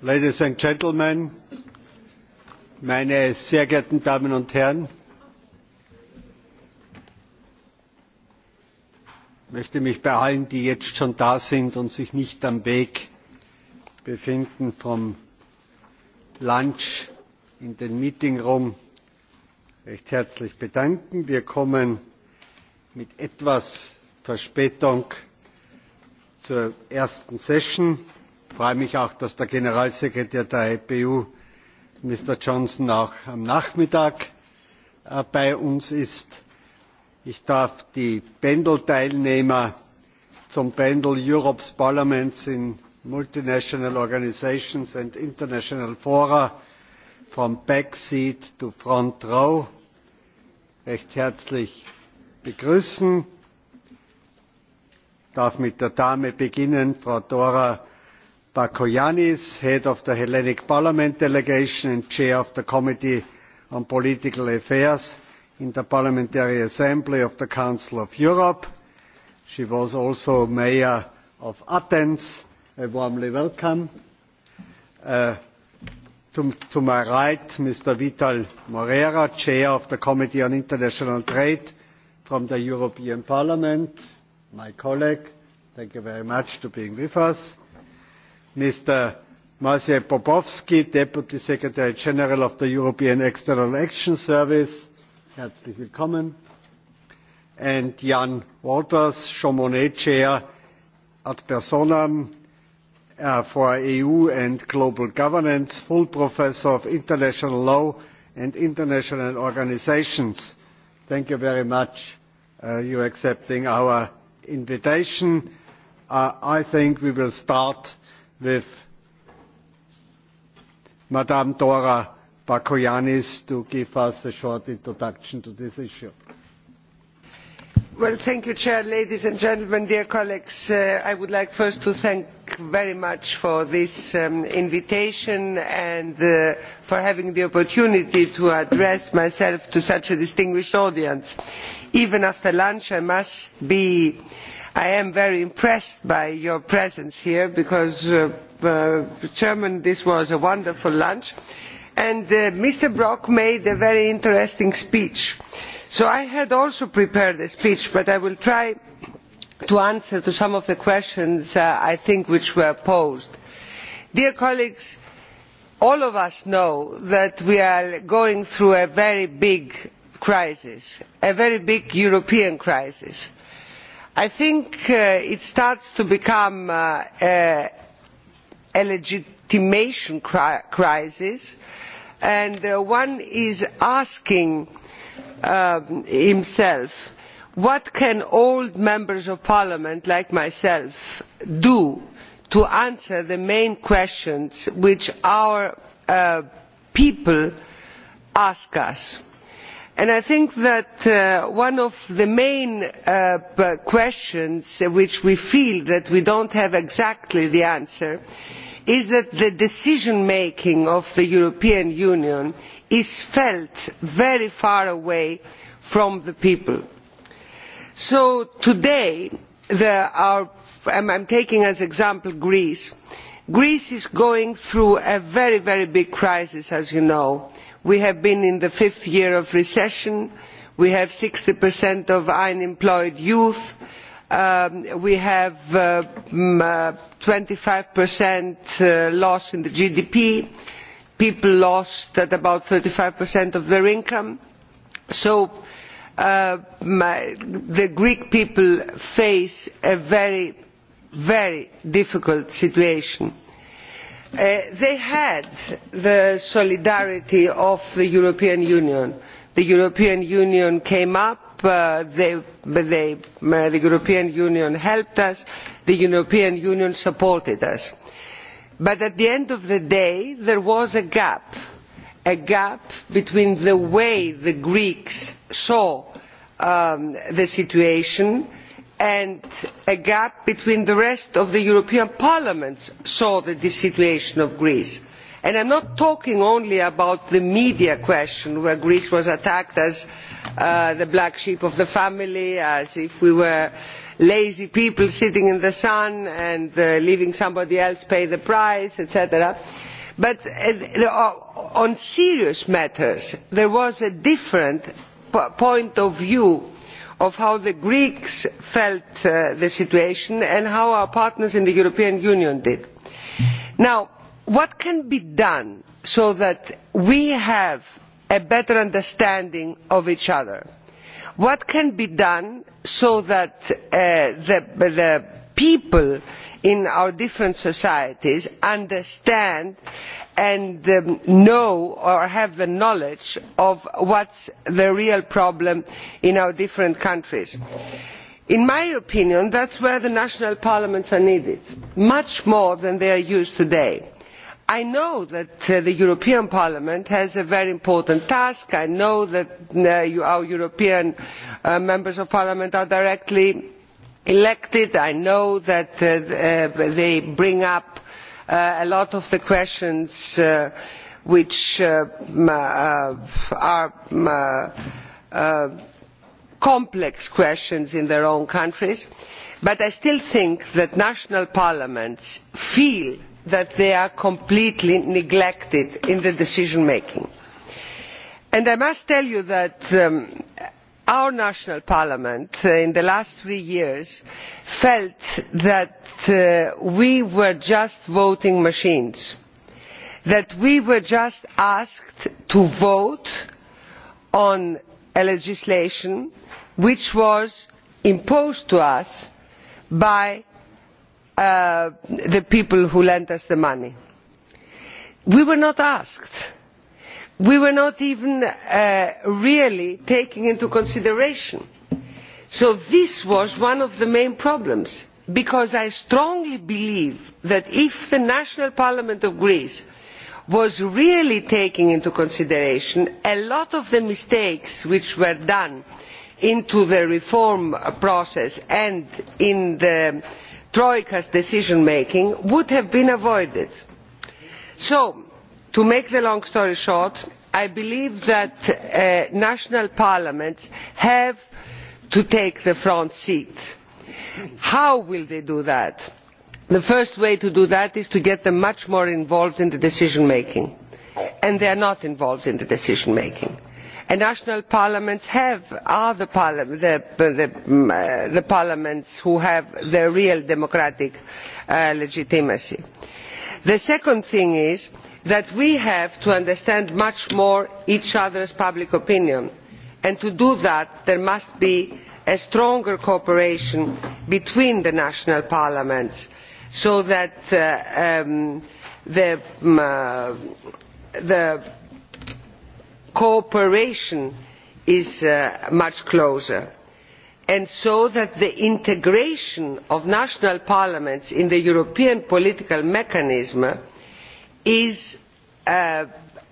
Ladies and Gentlemen, meine sehr geehrten Damen und Herren, ich möchte mich bei allen, die jetzt schon da sind und sich nicht am Weg befinden vom Lunch in den Meeting Room, recht herzlich bedanken. Wir kommen mit etwas verspätung zur ersten session. ich freue mich auch dass der generalsekretär der ipu e mister johnson auch am nachmittag äh, bei uns ist. ich darf die panel teilnehmer zum panel europe's parliaments in multinational organisations and international fora from backseat to front row recht herzlich begrüßen. ich darf mit der dame beginnen frau dora bakoyannis head of the hellenic parliament delegation and chair of the committee on political affairs in the parliamentary assembly of the council of europe. she was also mayor of athens. a warmly welcome. Uh, to my right mr vital moreira chair of the committee on international trade from the european parliament my colleague thank you very much for being with us mr maciej bobrovsky deputy secretary general of the european external action service herzlich willkommen and jan wolters chaumonet chair ad personam uh, for eu and global governance full professor of international law and international organisations thank you very much Uh, you accepting our invitation. Uh, i think we will start with ms dora bakoyannis to give us a short introduction to this issue. thank you ladies and gentlemen dear colleagues. Uh, i would like first to thank very much for this um, invitation and for having the opportunity to address myself to such a distinguished audience even after lunch i must say i am very impressed by your presence here because uh, uh, this was a wonderful lunch and uh, mr brok made a very interesting speech. i had also prepared a speech but i will try to answer some of the questions i think which were posed. dear colleagues all of us know that we are going through a very big crisis a very big european crisis. i think uh, it is starting to become uh, a legitimation crisis and uh, one is asking um, himself what can old members of parliament like myself do to answer the main questions which our people ask us? i think that uh, one of the main uh, questions which we feel that we do not have exactly the answer to is that the decision making of the european union is felt very far away from the people. so today and i am taking as an example greece greece is going through a very big crisis as you know we have been in the fifth year of recession we have sixty of unemployed youth um, we have uh, mm, uh, twenty five uh, loss in gdp people lost about thirty five of their income so mm, the greek people face a very very difficult situation. Uh, they had the solidarity of the european union. the european union came up uh, uh, the european union helped us the european union supported us but at the end of the day there was a gap a gap between the way the greeks saw um, the situation and and a gap between the rest of the european parliament saw the situation of greece and i am not talking only about the media question where greece was attacked as uh, the black sheep of the family as if we were lazy people sitting in the sun and uh, leaving somebody else to pay the price etc. but uh, on serious matters there was a different point of view of how the greeks felt about uh, the situation and how our partners in the european union did. what can be done so that we have a better understanding of each other? what can be done so that uh, the people in our different societies understand and um, know or have the knowledge of what is the real problem in our different countries. in my opinion that is where the national parliaments are needed much more than they are used today. i know that uh, the european parliament has a very important task. i know that uh, our european uh, members of parliament are directly elected i know that uh, uh, they bring up uh, a lot of the questions which are complex questions in their own countries but i still think that national parliaments feel that they are completely neglected in the decision making. i must tell you that um, our national parliament uh, in the last three years felt that uh, we were just voting machines that we were just asked to vote on legislation which was imposed on us by uh, the people who lent us the money. we were not asked we were not even uh, really taking into consideration. so this was one of the main problems because i strongly believe that if the national parliament of greece was really taking into consideration a lot of the mistakes which were made in the reform process and in the troika's decision making would have been avoided. so to make a long story short i believe that uh, national parliaments have to take the front seat. how will they do that? the first way to do that is to get them much more involved in the decision making and they are not involved in the decision making. national parliaments are mm, uh, the parliaments who have the real democratic uh, legitimacy. the second thing that we have to understand much more each other's public opinion and to do that there must be stronger cooperation between the national parliaments so that uh, um, um, uh, the cooperation is uh, much closer and so that the integration of national parliaments in the european political mechanism is uh,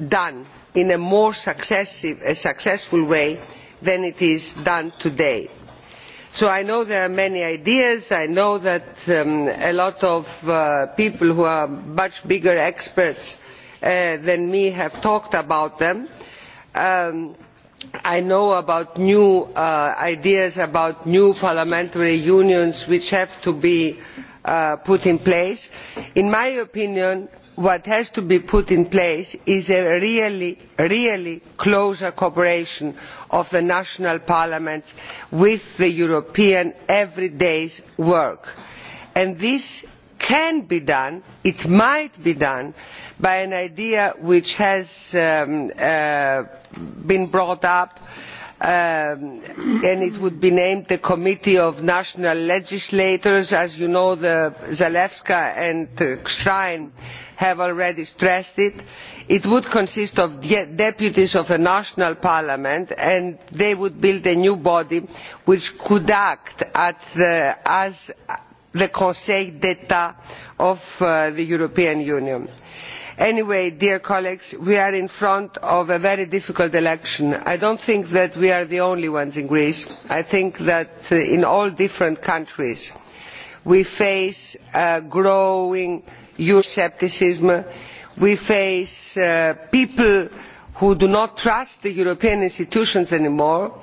done in a more successful way than it is done today. so i know there are many ideas i know that um, a lot of uh, people who are much bigger experts uh, than me have talked about them and um, i know about new ideas about new parliamentary unions which have to be put in place. in my opinion what has to be put in place is really closer cooperation of the national parliaments with the european everyday work and this can be done it might be done by an idea which has um, uh, been brought up um, and it would be named the committee of national legislators. as you know the zalewska and uh, schrein committees have already stressed it it would consist of deputies of a national parliament and they would build a new body which could act as the conseil d'tat of uh, the european union. anyway dear colleagues we are in front of a very difficult election. i do not think that we are the only ones in greece. i think that uh, in all different countries we face growing your scepticism. we face uh, people who do not trust the european institutions any more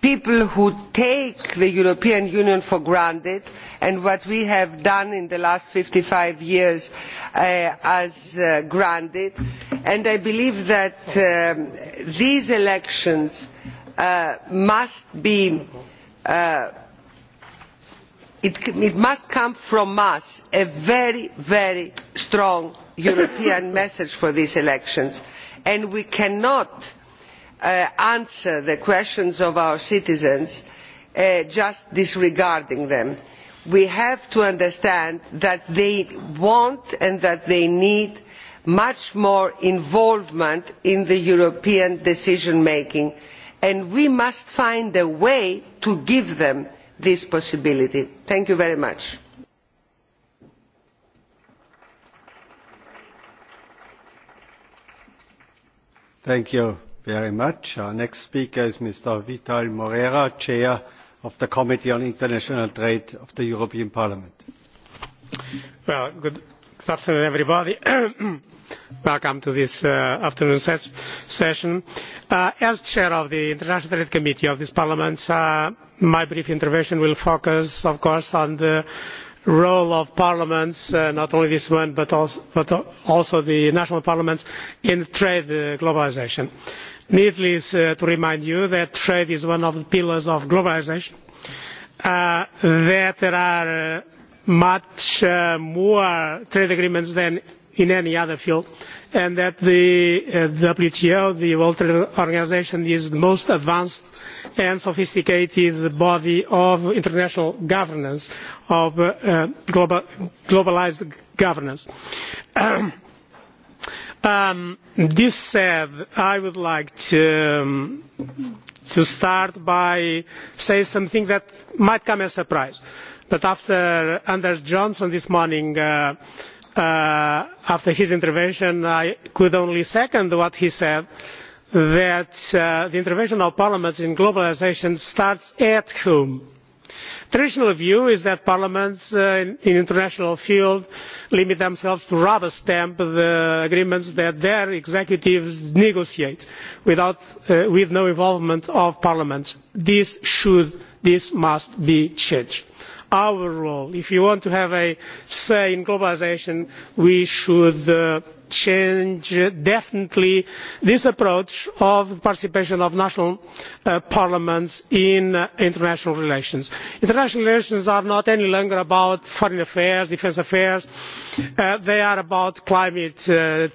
people who take the european union for granted and what we have done in the last fifty five years uh, as uh, granted and i believe that um, these elections must be it must come from us a very very strong european message for these elections and we cannot uh, answer the questions of our citizens uh, just disregarding them. we have to understand that they want and that they need much more involvement in the european decision making and we must find a way to give them this possibility. thank you very much. thank you very much. our next speaker is mr. vital moreira, chair of the committee on international trade of the european parliament. well, good afternoon, everybody. welcome to this uh, afternoon ses session. Uh, as chair of the International Trade Committee of this Parliament, uh, my brief intervention will focus, of course, on the role of parliaments, uh, not only this one, but also, but also the national parliaments, in trade uh, globalization. Needless uh, to remind you that trade is one of the pillars of globalization, uh, that there are uh, much uh, more trade agreements than in any other field and that the uh, wto the world trade organization is the most advanced and sophisticated body of international governance of uh, globalised governance. Um, um, this said i would like um, to start by saying something that might come as a surprise but after anders johnson this morning uh, Uh, after his intervention i could only second what he said that uh, the intervention of parliaments in globalisation starts at home. the traditional view is that parliaments uh, in the international field limit themselves to rubber stamping the agreements that their executives negotiate with no involvement of parliaments. this should this must be changed our role. if you want to have a say in globalisation we should uh, change definitely this approach of the participation of national uh, parliaments in uh, international relations. international relations are not any longer about foreign affairs defence affairs uh, they are about climate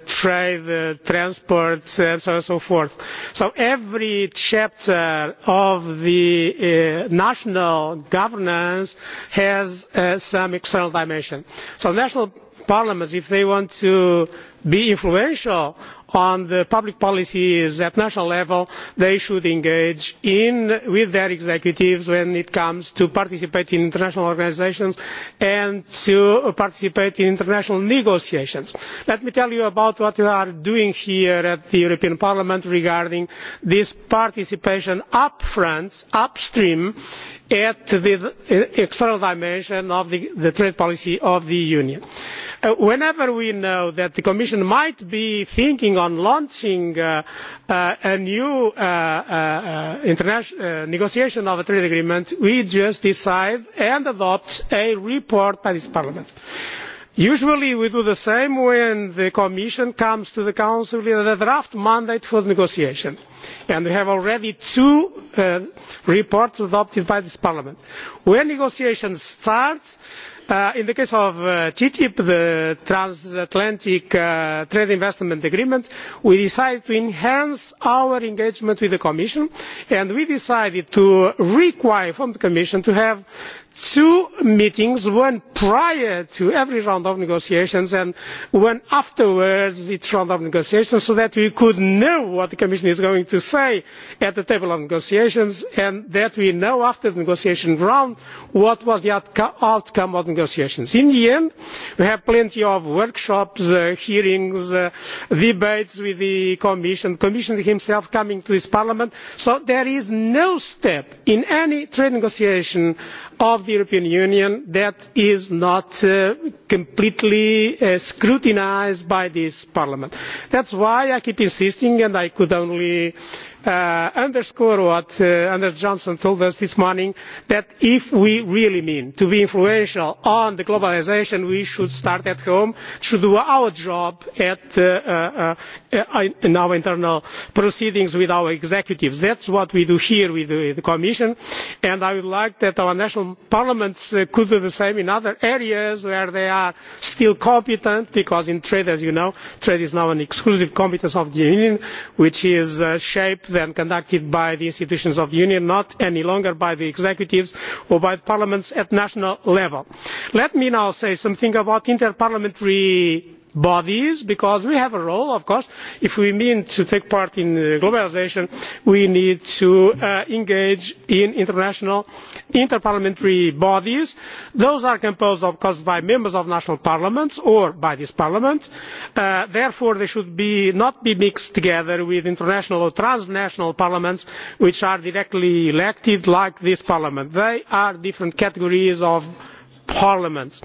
trade transport and so on and so forth. so every chapter of the national governance has some external dimension. so national parliaments if they want be influential on the public policies at national level they should engage with their executives when it comes to participating in international organisations and to participating in international negotiations. let me tell you about what we are doing here at the european parliament regarding this participation up front upstream at the external dimension of the trade policy of the union. Uh, whenever we know that the commission might be thinking of launching uh, uh, a new negotiation of a trade agreement we just decide and adopt a report by this parliament. usually we do the same when the commission comes to the council with a draft mandate for negotiation and we have already two reports adopted by this parliament. when negotiations start Uh, in the case of uh, ttip the transatlantic uh, trade investment agreement we decided to enhance our engagement with the commission and we decided to require the commission to have two meetings one prior to every round of negotiations and one afterwards each round of negotiations so that we could know what the commission is going to say at the table of negotiations and that we know after the negotiation round what was the outcome of the negotiation round negotiations. in the end we have plenty of workshops uh, hearings uh, debates with the commission the commissioner himself coming to this parliament so there is no step in any trade negotiation of the european union that is not uh, completely scrutinised by this parliament. that is why i keep insisting and i could only Uh, underscore what uh, anders johnson told us this morning that if we really mean to be influential on globalisation we should start at home should do our job uh, in our internal proceedings with our executives. that is what we do here with the commission and i would like our national parliaments to do the same in other areas where they are still competent because in trade as you know trade is now an exclusive competence of the union which is shaped then conducted by the institutions of the union not any longer by the executives or by parliaments at national level. let me now say something about inter parliamentary bodies because we have a role of course if we mean to take part in uh, globalisation we need to uh, engage in international interparliamentary bodies those are composed of course by members of national parliaments or by this parliament uh, therefore they should be not be mixed together with international or transnational parliaments which are directly elected like this parliament they are different categories of parliaments.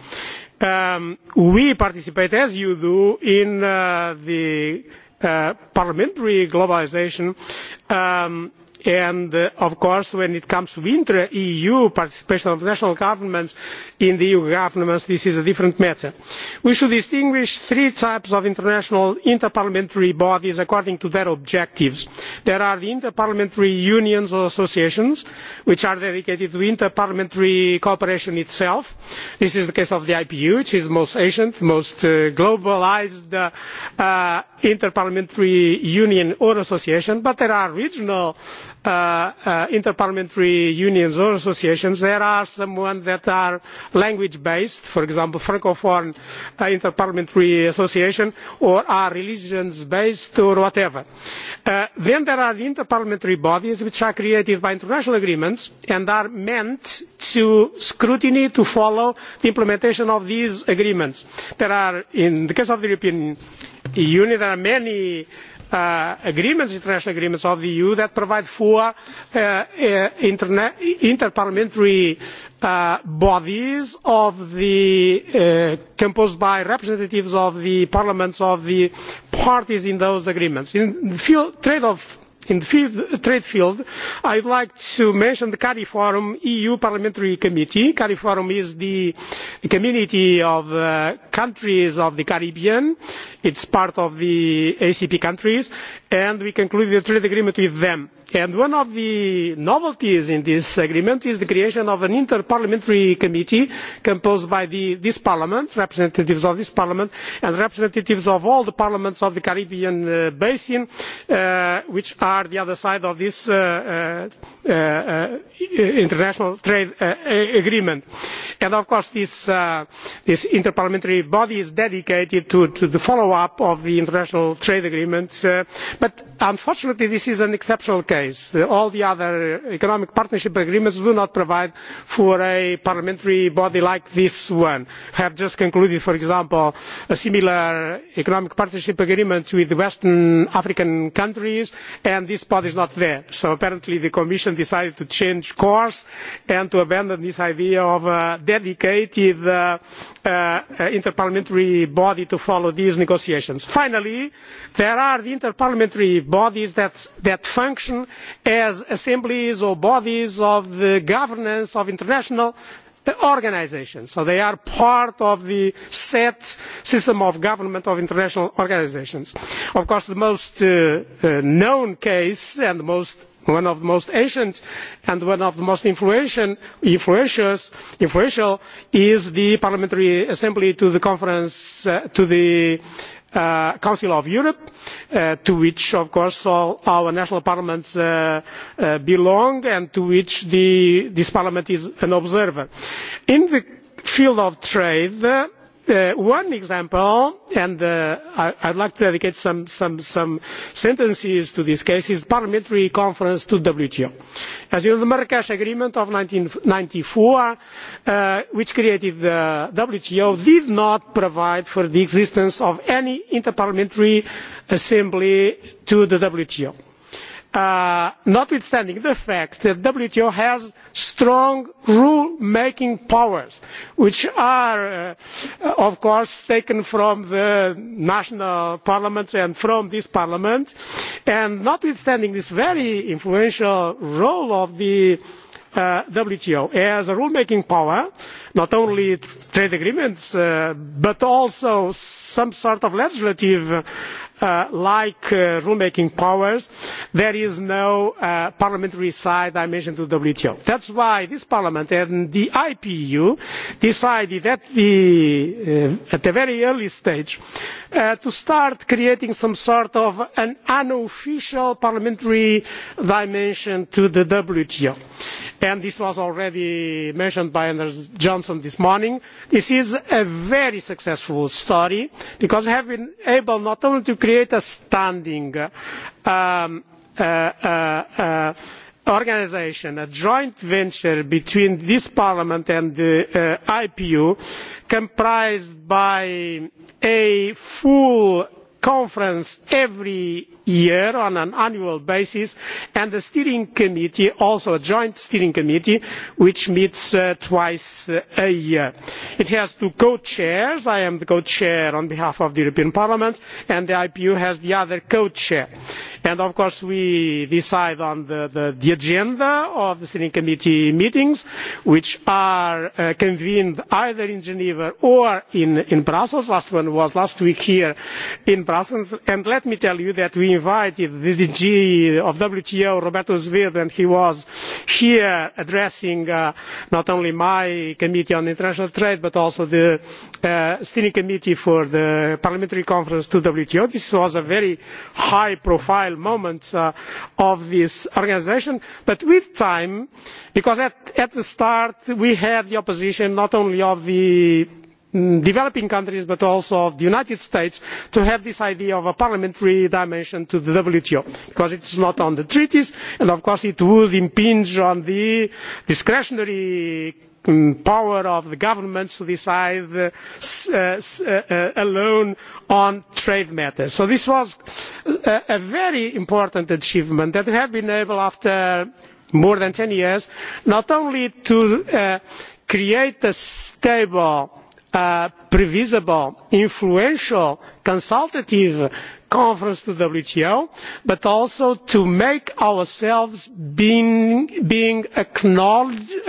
Um, we participate as you do in uh, the uh, parliamentary globalisation um, and uh, of course when it comes to intra eu participation of national governments in eu e governance this is a different matter. we should distinguish three types of international inter parliamentary bodies according to their objectives. there are the inter parliamentary unions or associations which are dedicated to inter parliamentary cooperation itself. this is the case of the ipu which is the most ancient most uh, globalised uh, inter parliamentary union or association but there are regional Uh, uh, interparliamentary unions or associations there are some that are language based for example francophone uh, interparliamentary associations or are religion based or whatever. then there are the interparliamentary bodies which are created by international agreements and are meant to scrutiny to follow the implementation of these agreements. there are in the case of the european union there are many Uh, agreements international agreements of the eu that provide for uh, uh, inter parliamentary bodies composed by representatives of the parliaments of the parties in those agreements. in the field of trade in the trade field i would like to mention the cariforum eu parliamentary committee. cariforum is the community of uh, countries of the caribbean it is part of the acp countries and we concluded a trade agreement with them. one of the novelties in this agreement is the creation of an inter parliamentary committee composed by this parliament representatives of this parliament and representatives of all the parliaments of the caribbean uh, basin uh, which are the other side of this uh, international trade agreement. of course this inter parliamentary body is dedicated to the follow up of the international trade agreements but unfortunately this is an exceptional case. all the other economic partnership agreements do not provide for a parliamentary body like this one. we have just concluded for example a similar economic partnership agreement with western african countries and this body is not there. so apparently the commission decided to change course and to abandon this idea of a dedicated uh, uh, uh, inter parliamentary body to follow these negotiations. finally there are the inter parliamentary bodies that function as assemblies or bodies of the governance of international organisations so they are part of the set system of government of international organisations. of course the most uh, uh, known case and the most one of the most ancient and one of the most influential is the parliamentary assembly to the conference uh, to the uh, council of europe uh, to which of course all our national parliaments belong and to which this parliament is an observer. in the field of trade Uh, one example and uh, i would like to dedicate some sentences to this case is the parliamentary conference to the wto. as you know the marrakesh agreement of one thousand nine hundred and ninety four uh, which created the wto did not provide for the existence of any inter parliamentary assembly to the wto. Uh, notwithstanding the fact that the wto has strong rule making powers which are uh, of course taken from the national parliaments and from this parliament and notwithstanding this very influential role of the uh, wto as a rule making power not only trade agreements but also some sort of legislative Uh, like uh, rule making powers there is no uh, parliamentary side dimension to the wto. that is why this parliament and the ipu e decided at a very early stage to start creating some sort of an unofficial parliamentary dimension to the wto. this was already mentioned by anders johnson this morning. this is a very successful story because we have been able not only create a standing um, uh, uh, uh, organisation a joint venture between this parliament and the ipu comprised of a full conference every year on an annual basis and the steering committee also a joint steering committee which meets uh, twice uh, a year. it has two co chairs i am the co chair on behalf of the european parliament and the ipu has the other co chair and of course we decide on the agenda of the steering committee meetings which are uh, convened either in geneva or in brussels the last one was last week here brussels and let me tell you that we invited the dg of wto roberto zver and he was here addressing uh, not only my committee on international trade but also the uh, steering committee for the parliamentary conference to wto. this was a very high profile moment uh, of this organisation but with time because at the start we had the opposition not only of the Mm, developing countries but also of the united states to have this idea of a parliamentary dimension to the wto because it is not in the treaties and of course it would impinge on the discretionary mm, power of the governments to decide uh, uh, uh, alone on trade matters. so this was a very important achievement that we have been able after more than ten years not only to create a stable Uh, previsible influential consultative conference to the wto but also to make ourselves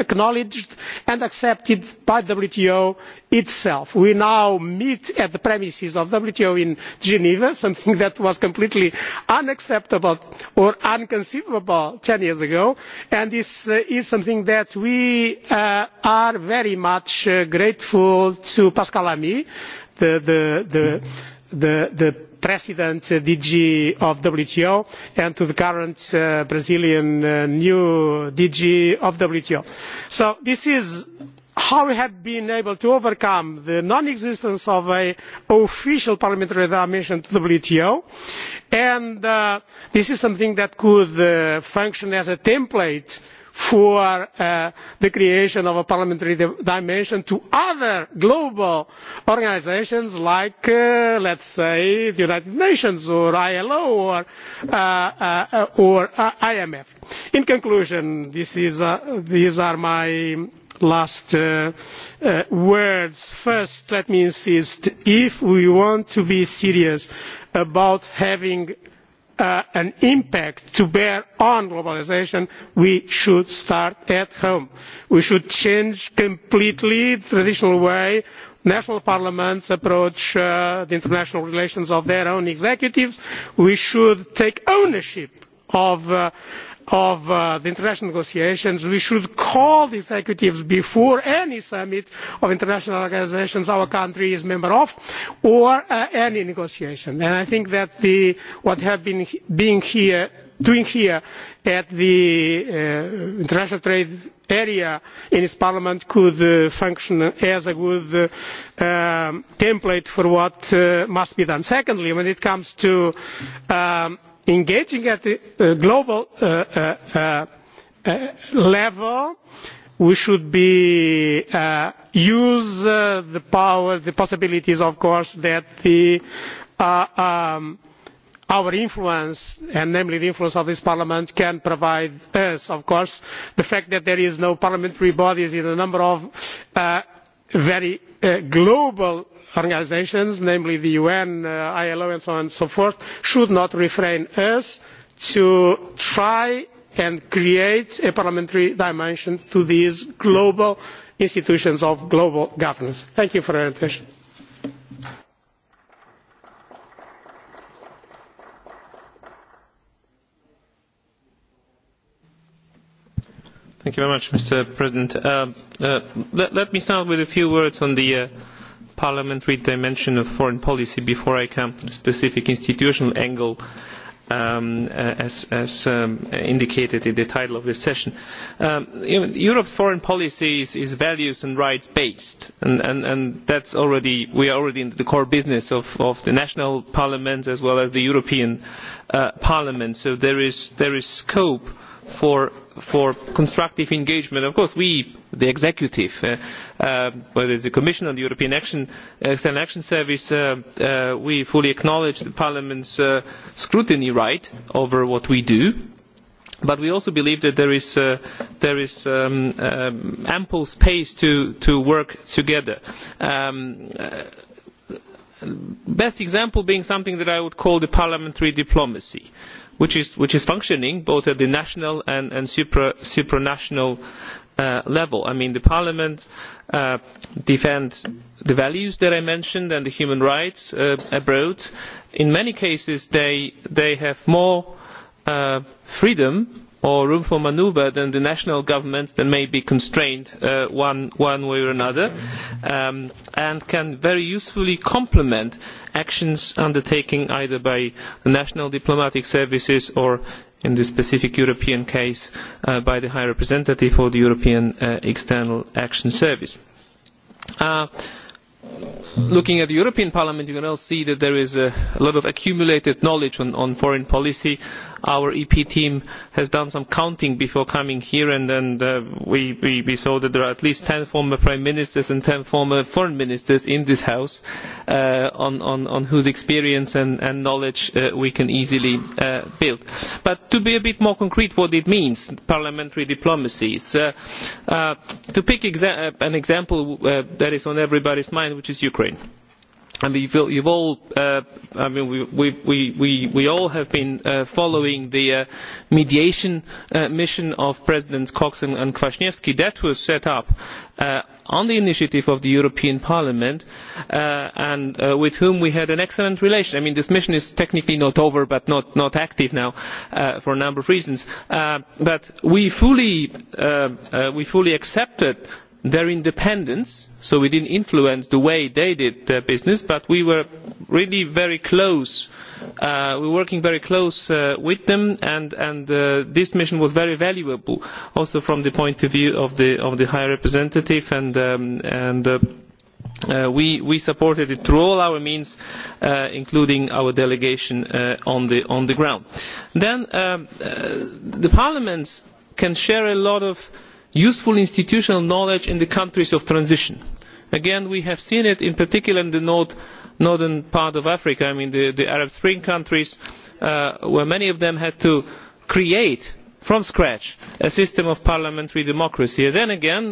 acknowledged and accepted by the wto itself. we now meet at the premises of the wto in geneva something that was completely unacceptable or inconceivable ten years ago and this uh, is something that we uh, are very much uh, grateful to pascal lamy the president uh, dg of wto and to the current uh, brazilian uh, new dg of wto so this is how we have been able to overcome the non-existence of an official parliamentary dimension to the WTO. And uh, this is something that could uh, function as a template for uh, the creation of a parliamentary dimension to other global organisations like uh, let us say the united nations or ilo or uh, imf. in conclusion these are my last words. first let me insist if we want to be serious about having Uh, an impact to bear on globalisation we should start at home. we should change completely the traditional way national parliaments approach uh, the international relations of their own executives. we should take ownership uh, of uh, the international negotiations we should call the executives before any summit of international organisations our country is a member of or uh, any negotiation. i think that what we have been doing here at the uh, international trade area in this parliament could function as a good um, template for what must be done. secondly when it comes to um, engaging at the uh, global uh, uh, level we should use the power the possibilities of course that um, our influence and namely the influence of this parliament can provide us. of course the fact that there is no parliamentary body in a number of very global organisations namely the un uh, ilo and so on and so forth should not refrain us from trying to create a parliamentary dimension to these global institutions of global governance. thank you for your attention. mr president uh, uh, let me start with a few words on the parliamentary dimension of foreign policy before I come to the specific institutional angle um, uh, as, as um, indicated in the title of this session. Um, Europe's foreign policy is, is values and rights based and, and, and that's already, we are already in the core business of, of the national parliaments as well as the European uh, parliament so there is, there is scope for for constructive engagement. of course we the executive uh, uh, whether it is the commission or the european external action service uh, we fully acknowledge parliament's scrutiny right over what we do but we also believe that there is um, um, ample space to work together. the um, best example being something that i would call parliamentary diplomacy' which is which is functioning both at the national and, and supra supranational uh, level. I mean, the Parliament uh, defends the values that I mentioned and the human rights uh, abroad. In many cases, they they have more uh, freedom or room for manoeuvre than the national governments that may be constrained uh, one way or another um, and can very usefully complement actions undertaken either by the national diplomatic services or in this specific european case uh, by the high representative or the european uh, external action service. looking at the european parliament you can see that there is a lot of accumulated knowledge on foreign policy our EP team has done some counting before coming here, and then uh, we, we, we saw that there are at least 10 former prime ministers and 10 former foreign ministers in this house uh, on, on, on whose experience and, and knowledge uh, we can easily uh, build. But to be a bit more concrete, what it means, parliamentary diplomacy. So, uh, uh, to pick exa- uh, an example uh, that is on everybody's mind, which is Ukraine we all have been uh, following the uh, mediation uh, mission of presidents cox and kwaniewski that was set up on the initiative of the european parliament and with whom we had an excellent relation. this mission is technically not over but not active now for a number of reasons but we fully accepted their independence so we didn't influence the way they did their business but we were really very close uh, we were working very close uh, with them and, and uh, this mission was very valuable also from the point of view of the, of the high representative and, um, and uh, uh, we, we supported it through all our means, uh, including our delegation uh, on, the, on the ground. Then uh, uh, the parliaments can share a lot of uh, useful institutional knowledge in the countries of transition. again we have seen it in particular in the northern part of africa i mean the arab spring countries uh, where many of them had to create from scratch a system of parliamentary democracy. then again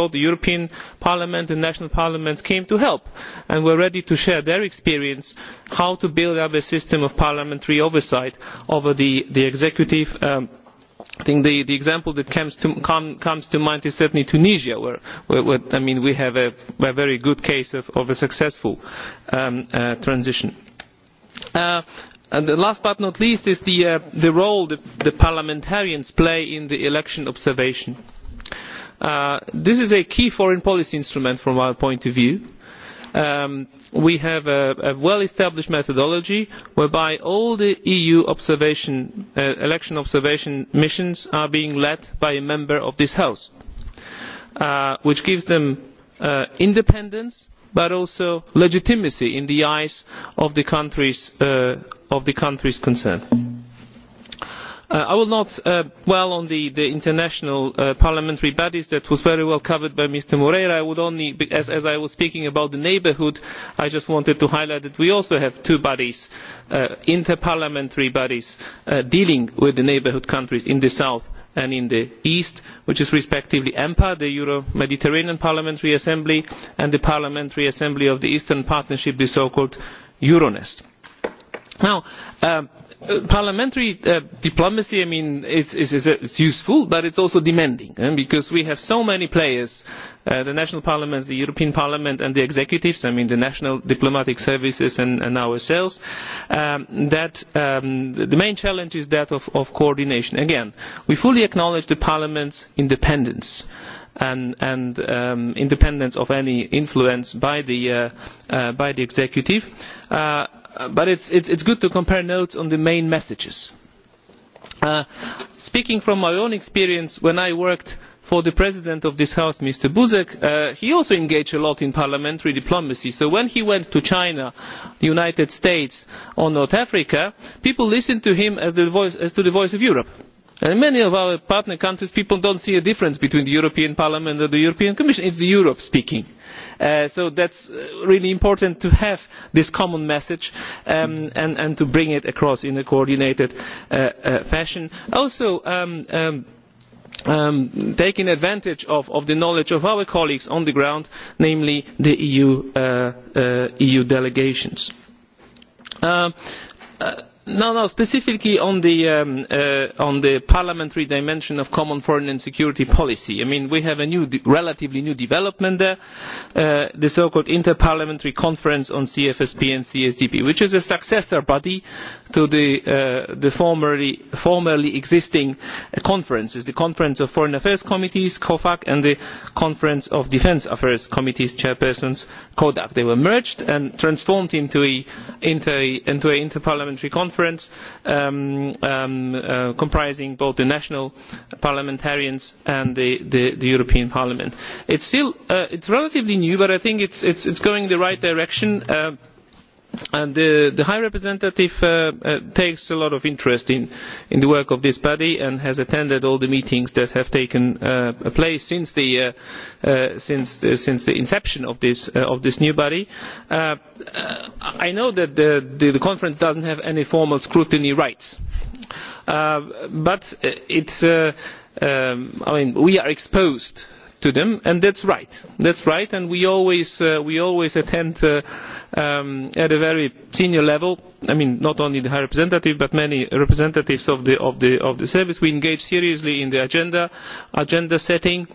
both the european parliament and national parliaments came to help and were ready to share their experience on how to build up a system of parliamentary oversight over the executive and um, I think the, the example that comes to, com, comes to mind is certainly Tunisia, where, where, where I mean, we have a, a very good case of, of a successful um, uh, transition. Uh, and the last but not least is the, uh, the role that the parliamentarians play in the election observation. Uh, this is a key foreign policy instrument from our point of view. Uh, Um, we have a well established methodology whereby all the eu uh, election observation missions are being led by a member of this house uh, which gives them uh, independence but also legitimacy in the eyes of the countries concerned. Uh, i will not dwell uh, on the international uh, parliamentary bodies that was very well covered by mr moreira. i would only as i was speaking about the neighbourhood i just wanted to highlight that we also have two bodies interparliamentary bodies dealing with the neighbourhood countries in the south and in the east which is respectively empa the euro mediterranean parliamentary assembly and the parliamentary assembly of the eastern partnership the so called euronest. Um, parliamentary uh, diplomacy is useful but it is also demanding eh? because we have so many players uh, the national parliaments the european parliament and the executives i mean the national diplomatic services and ourselves um, that um, the main challenge is that of coordination. again we fully acknowledge parliament's independence and, and um, independence of any influence by the, uh, uh, by the executive. Uh, but it's, it's, it's good to compare notes on the main messages. Uh, speaking from my own experience, when I worked for the president of this house, Mr. Buzek, uh, he also engaged a lot in parliamentary diplomacy. So when he went to China, the United States, or North Africa, people listened to him as, the voice, as to the voice of Europe and many of our partner countries people do not see a difference between the european parliament and the european commission it is europe speaking uh, so it is uh, really important to have this common message um, and to bring it across in a coordinated uh, fashion also um, um, taking advantage of the knowledge of our colleagues on the ground namely the eu e delegations. No, no, specifically um, uh, on the parliamentary dimension of common foreign and security policy we have a relatively new development there uh, the so called inter parliamentary conference on cfsp and csdp which is a successor body to the uh, formerly existing conferences the conference of foreign affairs committees cofac and the conference of defence affairs committees chairpersons codac. they were merged and transformed into an inter parliamentary conference conference um, um, uh, comprising both the national parliamentarians and the european parliament. it uh, is relatively new but i think it is going in the right direction. Uh, the high representative uh, uh, takes a lot of interest in the work of this body and has attended all the meetings that have taken uh, place since the inception of this new body. i know that the conference does not have any formal scrutiny rights but um, we are exposed to them and that is right and we always attend Um, at a very senior level not only the high representative but many representatives of the service we engage seriously in the agenda setting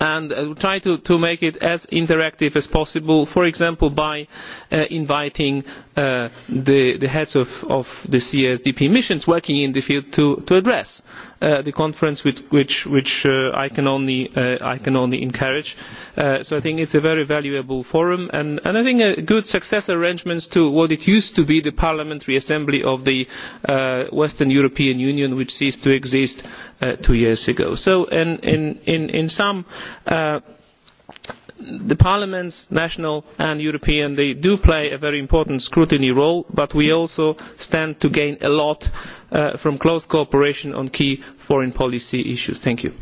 and uh, try to make it as interactive as possible for example by uh, inviting Uh, the, the heads of, of the CSDP missions working in the field to, to address uh, the conference, which, which, which uh, I, can only, uh, I can only encourage. Uh, so I think it's a very valuable forum, and, and I think a good success arrangements to what it used to be the Parliamentary Assembly of the uh, Western European Union, which ceased to exist uh, two years ago. So in, in, in, in some uh, parliaments national and european do play a very important scrutiny role but we also stand to gain a lot uh, from close cooperation on key foreign policy issues. thank you.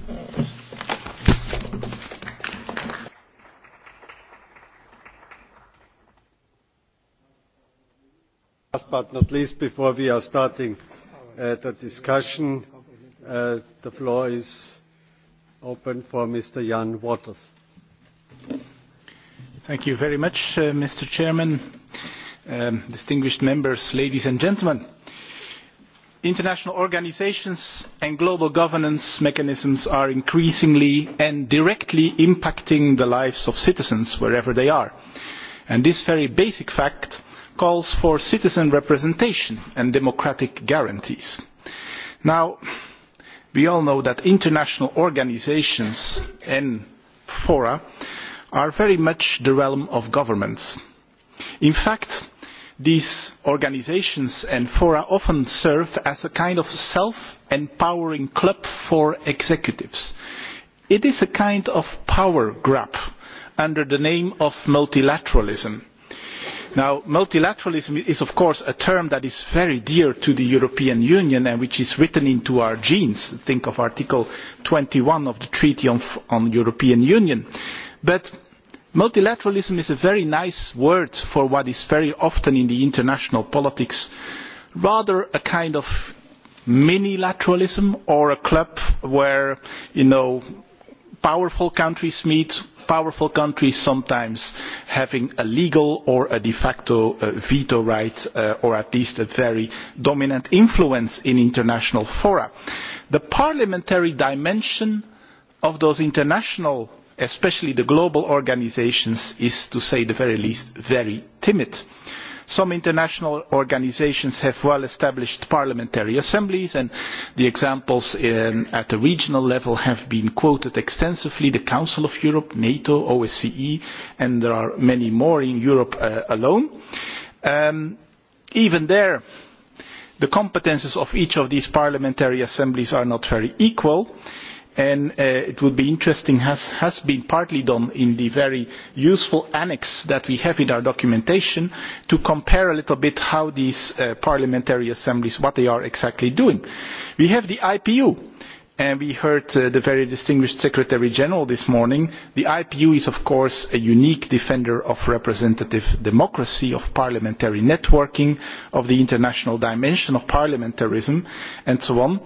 last but not least before we are starting uh, the discussion uh, the floor is open for mr jan waters mr uh, president um, distinguished members ladies and gentlemen international organisations and global governance mechanisms are increasingly and directly impacting the lives of citizens wherever they are and this very basic fact calls for citizen representation and democratic guarantees. now we all know that international organisations and fora are very much the realm of governments. in fact these organisations and fora often serve as a kind of self empowering club for executives. it is a kind of power grab under the name of multilateralism. now multilateralism is of course a term that is very dear to the european union and which is written into our genes think of article twenty one of the treaty on european union but multilateralism is a very nice word for what is very often in international politics rather a kind of mini lateralism or a club where powerful countries meet powerful countries sometimes having a legal or a de facto uh, veto right uh, or at least a very dominant influence in international fora. the parliamentary dimension of those international especially the global organisations is to say the very least very timid. some international organisations have well established parliamentary assemblies and the examples um, at the regional level have been quoted extensively the council of europe nato osce and there are many more in europe uh, alone. Um, even there the competences of each of these parliamentary assemblies are not very equally divided and uh, it would be interesting as has been partly done in the very useful annex that we have in our documentation to compare a little bit how these uh, parliamentary assemblies are exactly doing. we have the ipu and we heard uh, the very distinguished secretary general this morning. the ipu is of course a unique defender of representative democracy of parliamentary networking of the international dimension of parliamentarism and so on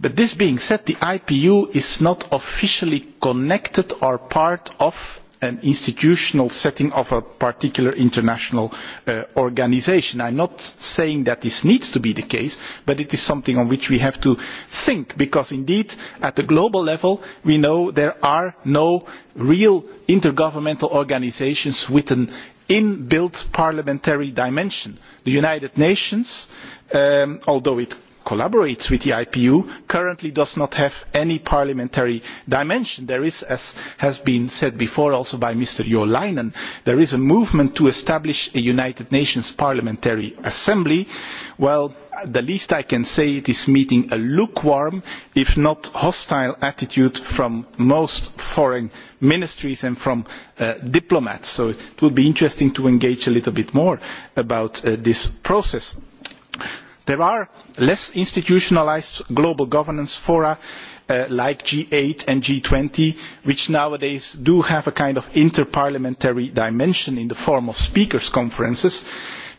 but this being said the ipu is not officially connected or part of an institutional setting of a particular international uh, organisation. i am not saying that this needs to be the case but it is something on which we have to think because indeed at the global level we know there are no real intergovernmental organisations with an inbuilt parliamentary dimension. the united nations um, although collaborates with the ipu currently does not have any parliamentary dimension. there is as has been said before also by mr juolainen a movement to establish a united nations parliamentary assembly. well the least i can say is that it is meeting a lukewarm if not hostile attitude from most foreign ministries and from uh, diplomats so it would be interesting to engage a little bit more about uh, this process there are less institutionalised global governance fora uh, like g eight and g twenty which nowadays do have a kind of inter parliamentary dimension in the form of speakers' conferences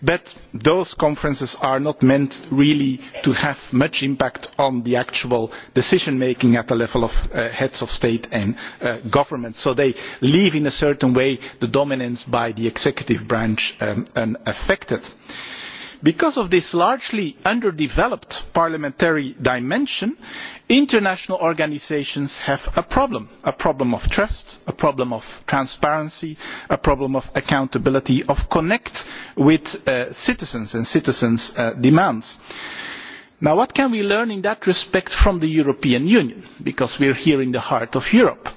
but those conferences are not meant really to have much impact on the actual decision making at the level of uh, heads of state and uh, government so they leave in a certain way the dominance by the executive branch um, unaffected because of this largely underdeveloped parliamentary dimension international organisations have a problem a problem of trust a problem of transparency a problem of accountability of connecting with uh, citizens and citizens uh, demands now what can we learn in that respect from the european union because we are here in the heart of europe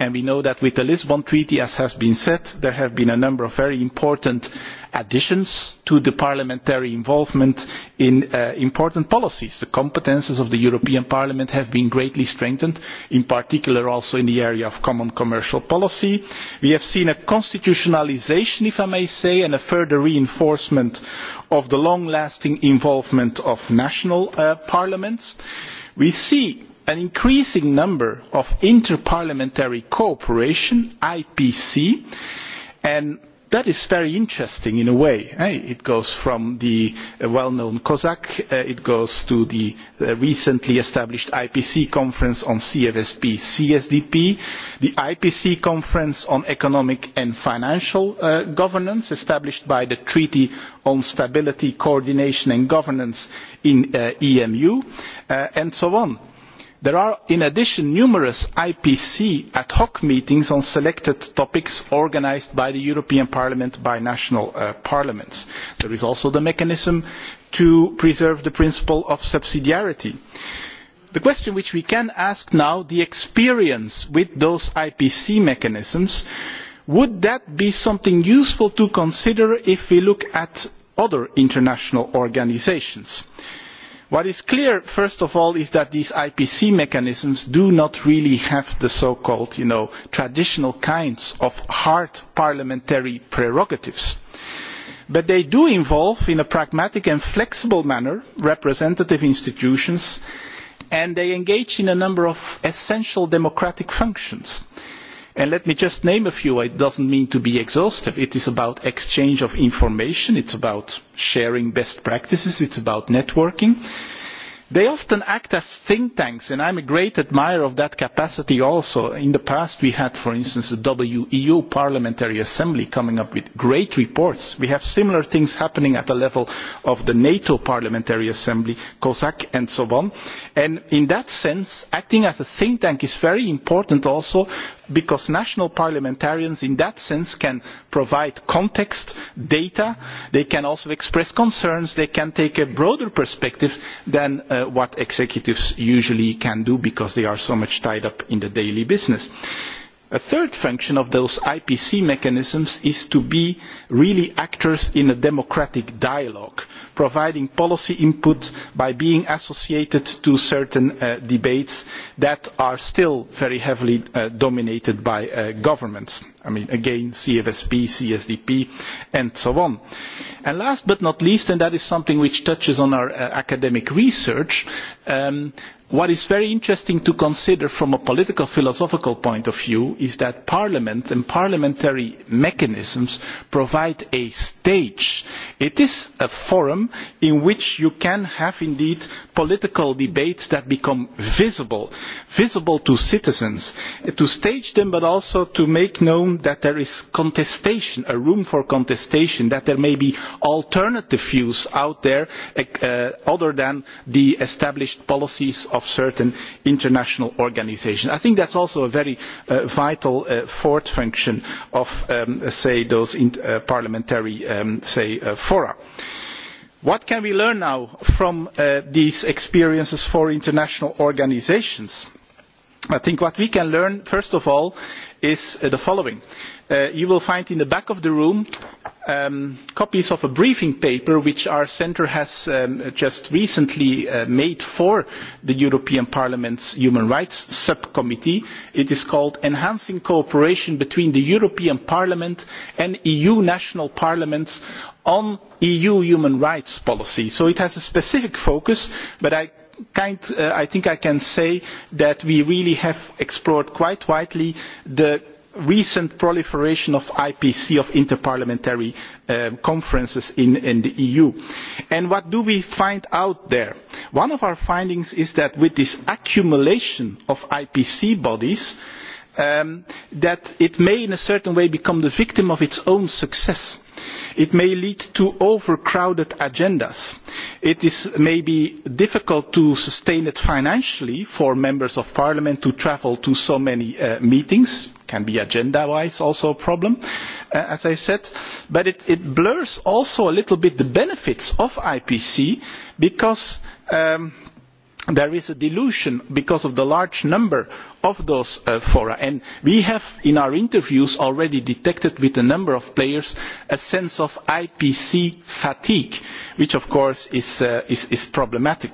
and we know that with the lisbon treaty as has been said there have been a number of very important additions to parliamentary involvement in uh, important policies. the competences of the european parliament have been greatly strengthened in particular also in the area of common commercial policy. we have seen a constitutionalisation if i may say and a further reinforcement of the long lasting involvement of national uh, parliaments. we see an increasing number of inter parliamentary cooperation ipc and that is very interesting in a way. It goes from the uh, well-known COSAC, uh, it goes to the uh, recently established IPC conference on CFSP-CSDP, the IPC conference on economic and financial governance established by the Treaty on Stability, Coordination and Governance in EMU, and so on there are in addition numerous ipc ad hoc meetings on selected topics organised by the european parliament by national uh, parliaments. there is also the mechanism to preserve the principle of subsidiarity. the question which we can ask now is the experience with those ipc mechanisms would that be something useful to consider if we look at other international organisations? what is clear first of all is that these ipc mechanisms do not really have the so called traditional kinds of hard parliamentary prerogatives but they do involve in a pragmatic and flexible manner representative institutions and they engage in a number of essential democratic functions let me just name a few it does not mean to be exhaustive it is about exchange of information it is about sharing best practices it is about networking. they often act as think tanks and i am a great admirer of that capacity also. in the past we had for instance the weu parliamentary assembly coming up with great reports. we have similar things happening at the level of the nato parliamentary assembly cosac and so on and in that sense acting as a think tank is very important also because national parliamentarians in that sense can provide context data they can also express concerns they can take a broader perspective than uh, what executives usually can do because they are so much tied up in the daily business a third function of those IPC mechanisms is to be really actors in a democratic dialogue. Uh, providing policy input by being associated to certain uh, debates that are still very heavily uh, dominated by uh, governments. I mean, again, CFSP, CSDP, and so on. And last but not least, and that is something which touches on our uh, academic research, um, what is very interesting to consider from a political philosophical point of view is that parliament and parliamentary mechanisms provide a stage. it is a forum in which you can have indeed political debates that become visible visible to citizens to stage them but also to make known that there is contestation a room for contestation that there may be alternative views out there eh, eh, other than the established policies of certain international organisations. i think that is also a very eh, vital fourth function of um, those parliamentary um, fora what can we learn now from uh, these experiences for international organisations? i think what we can learn first of all is uh, the following. Uh, you will find in the back of the room um, copies of a briefing paper which our centre has um, just recently uh, made for the european parliament's human rights subcommittee. it is called enhancing cooperation between the european parliament and eu national parliaments on eu human rights policy'. so it has a specific focus but uh, i think i can say that we really have explored quite widely the recent proliferation of ipc of inter parliamentary um, conferences in the eu and what do we find out there? one of our findings is that with this accumulation of ipc bodies um, it may in a certain way become the victim of its own success. it may lead to overcrowded agendas. it may be difficult to sustain it financially for members of parliament to travel to so many uh, meetings can be agenda wise also a problem, uh, as I said. But it, it blurs also a little bit the benefits of IPC because um, there is a dilution because of the large number of those uh, fora and we have in our interviews already detected with a number of players a sense of ipc fatigue which of course uh, is problematic.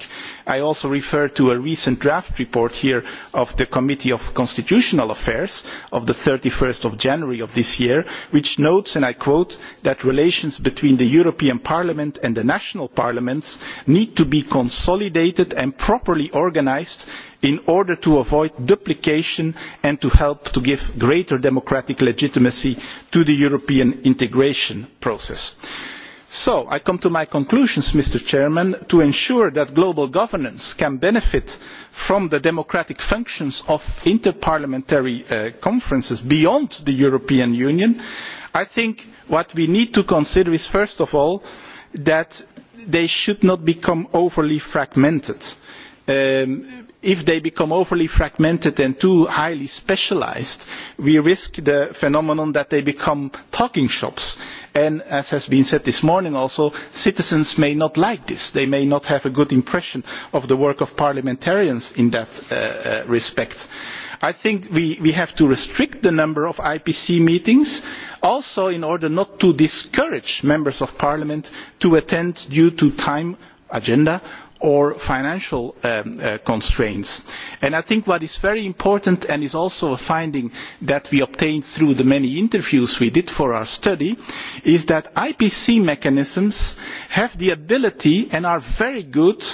i also refer to a recent draft report here of the committee on constitutional affairs of thirty one january of this year which notes and i quote that relations between the european parliament and the national parliaments need to be consolidated and properly organised in order to avoid duplication and to help to give greater democratic legitimacy to the european integration process. so i come to my conclusions mr president to ensure that global governance can benefit from the democratic functions of inter parliamentary uh, conferences beyond the european union i think what we need to consider is first of all that they should not become overly fragmented. Um, if they become overly fragmented and too highly specialised we risk the phenomenon that they become talking shops and as has been said this morning also citizens may not like this they may not have a good impression of the work of parliamentarians in that uh, uh, respect. i think we have to restrict the number of ipc meetings also in order not to discourage members of parliament from attending due to time agenda or financial um, uh, constraints. And I think what is very important and is also a finding that we obtained through the many interviews we did for our study is that IPC mechanisms have the ability and are very good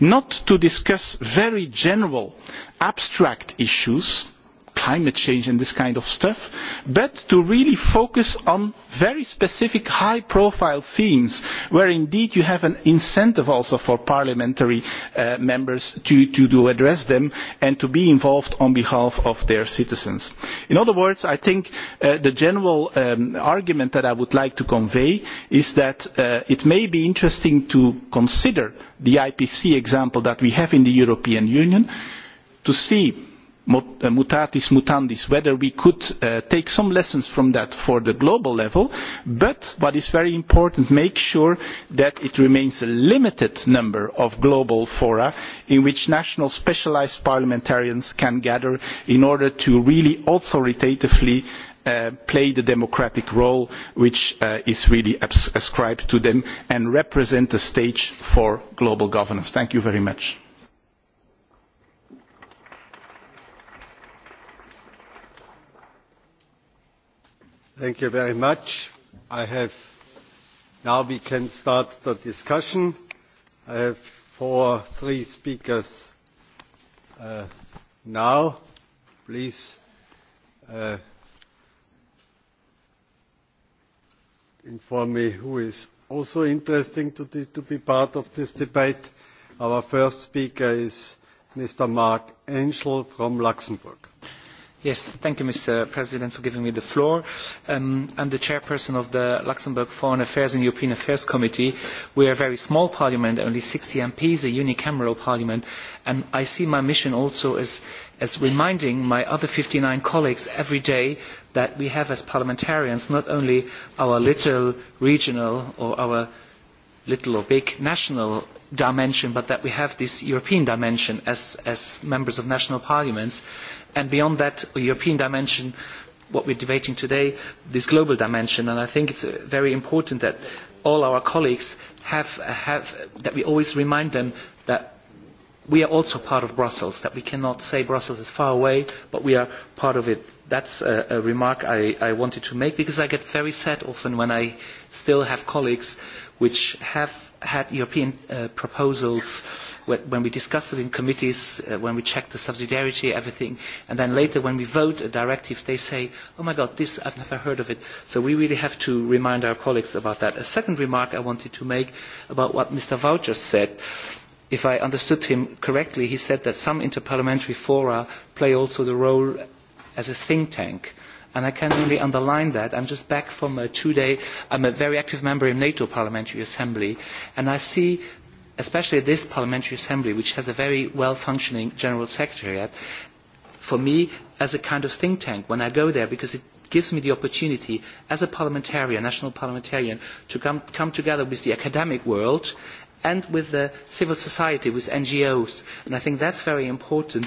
not to discuss very general abstract issues climate change and this kind of stuff, but to really focus on very specific high profile themes where indeed you have an incentive also for parliamentary uh, members to, to, to address them and to be involved on behalf of their citizens. In other words, I think uh, the general um, argument that I would like to convey is that uh, it may be interesting to consider the IPC example that we have in the European Union to see Uh, mutatis mutandis whether we could uh, take some lessons from that for the global level but what is very important is to make sure that it remains a limited number of global fora in which national specialised parliamentarians can gather in order to really authoritatively uh, play the democratic role which is really ascribed to them and represent the stage for global governance. thank you very much. thank you very much. now we can start the discussion. i have three speakers uh, now. please uh, inform me who is also interested to be part of this debate. our first speaker is mr. marc angel from luxembourg mr president for giving me the floor. i am um, the chairperson of the luxembourg foreign affairs and european affairs committee. we are a very small parliament only sixty mps a unicameral parliament and i see my mission also as reminding my other fifty nine colleagues every day that we have as parliamentarians not only our little regional or our little or big national dimension but that we have this european dimension as members of national parliaments and beyond that the european dimension what we are debating today this global dimension and i think it is uh, very important that all our colleagues always remind them that we are also part of brussels that we cannot say brussels is far away but we are part of it. that is a remark i wanted to make because i get very sad often when i still have colleagues who have had European uh, proposals when we discussed it in committees, uh, when we checked the subsidiarity, everything, and then later when we vote a directive, they say, oh my God, this, I've never heard of it. So we really have to remind our colleagues about that. A second remark I wanted to make about what Mr. Voucher said, if I understood him correctly, he said that some interparliamentary fora play also the role as a think tank. Uh, and I can only underline that. I'm just back from a two-day, I'm a very active member in NATO Parliamentary Assembly, and I see, especially this Parliamentary Assembly, which has a very well-functioning General Secretariat, for me, as a kind of think tank when I go there, because it gives me the opportunity, as a parliamentarian, national parliamentarian, to come, come together with the academic world and with the civil society, with NGOs. And I think that's very important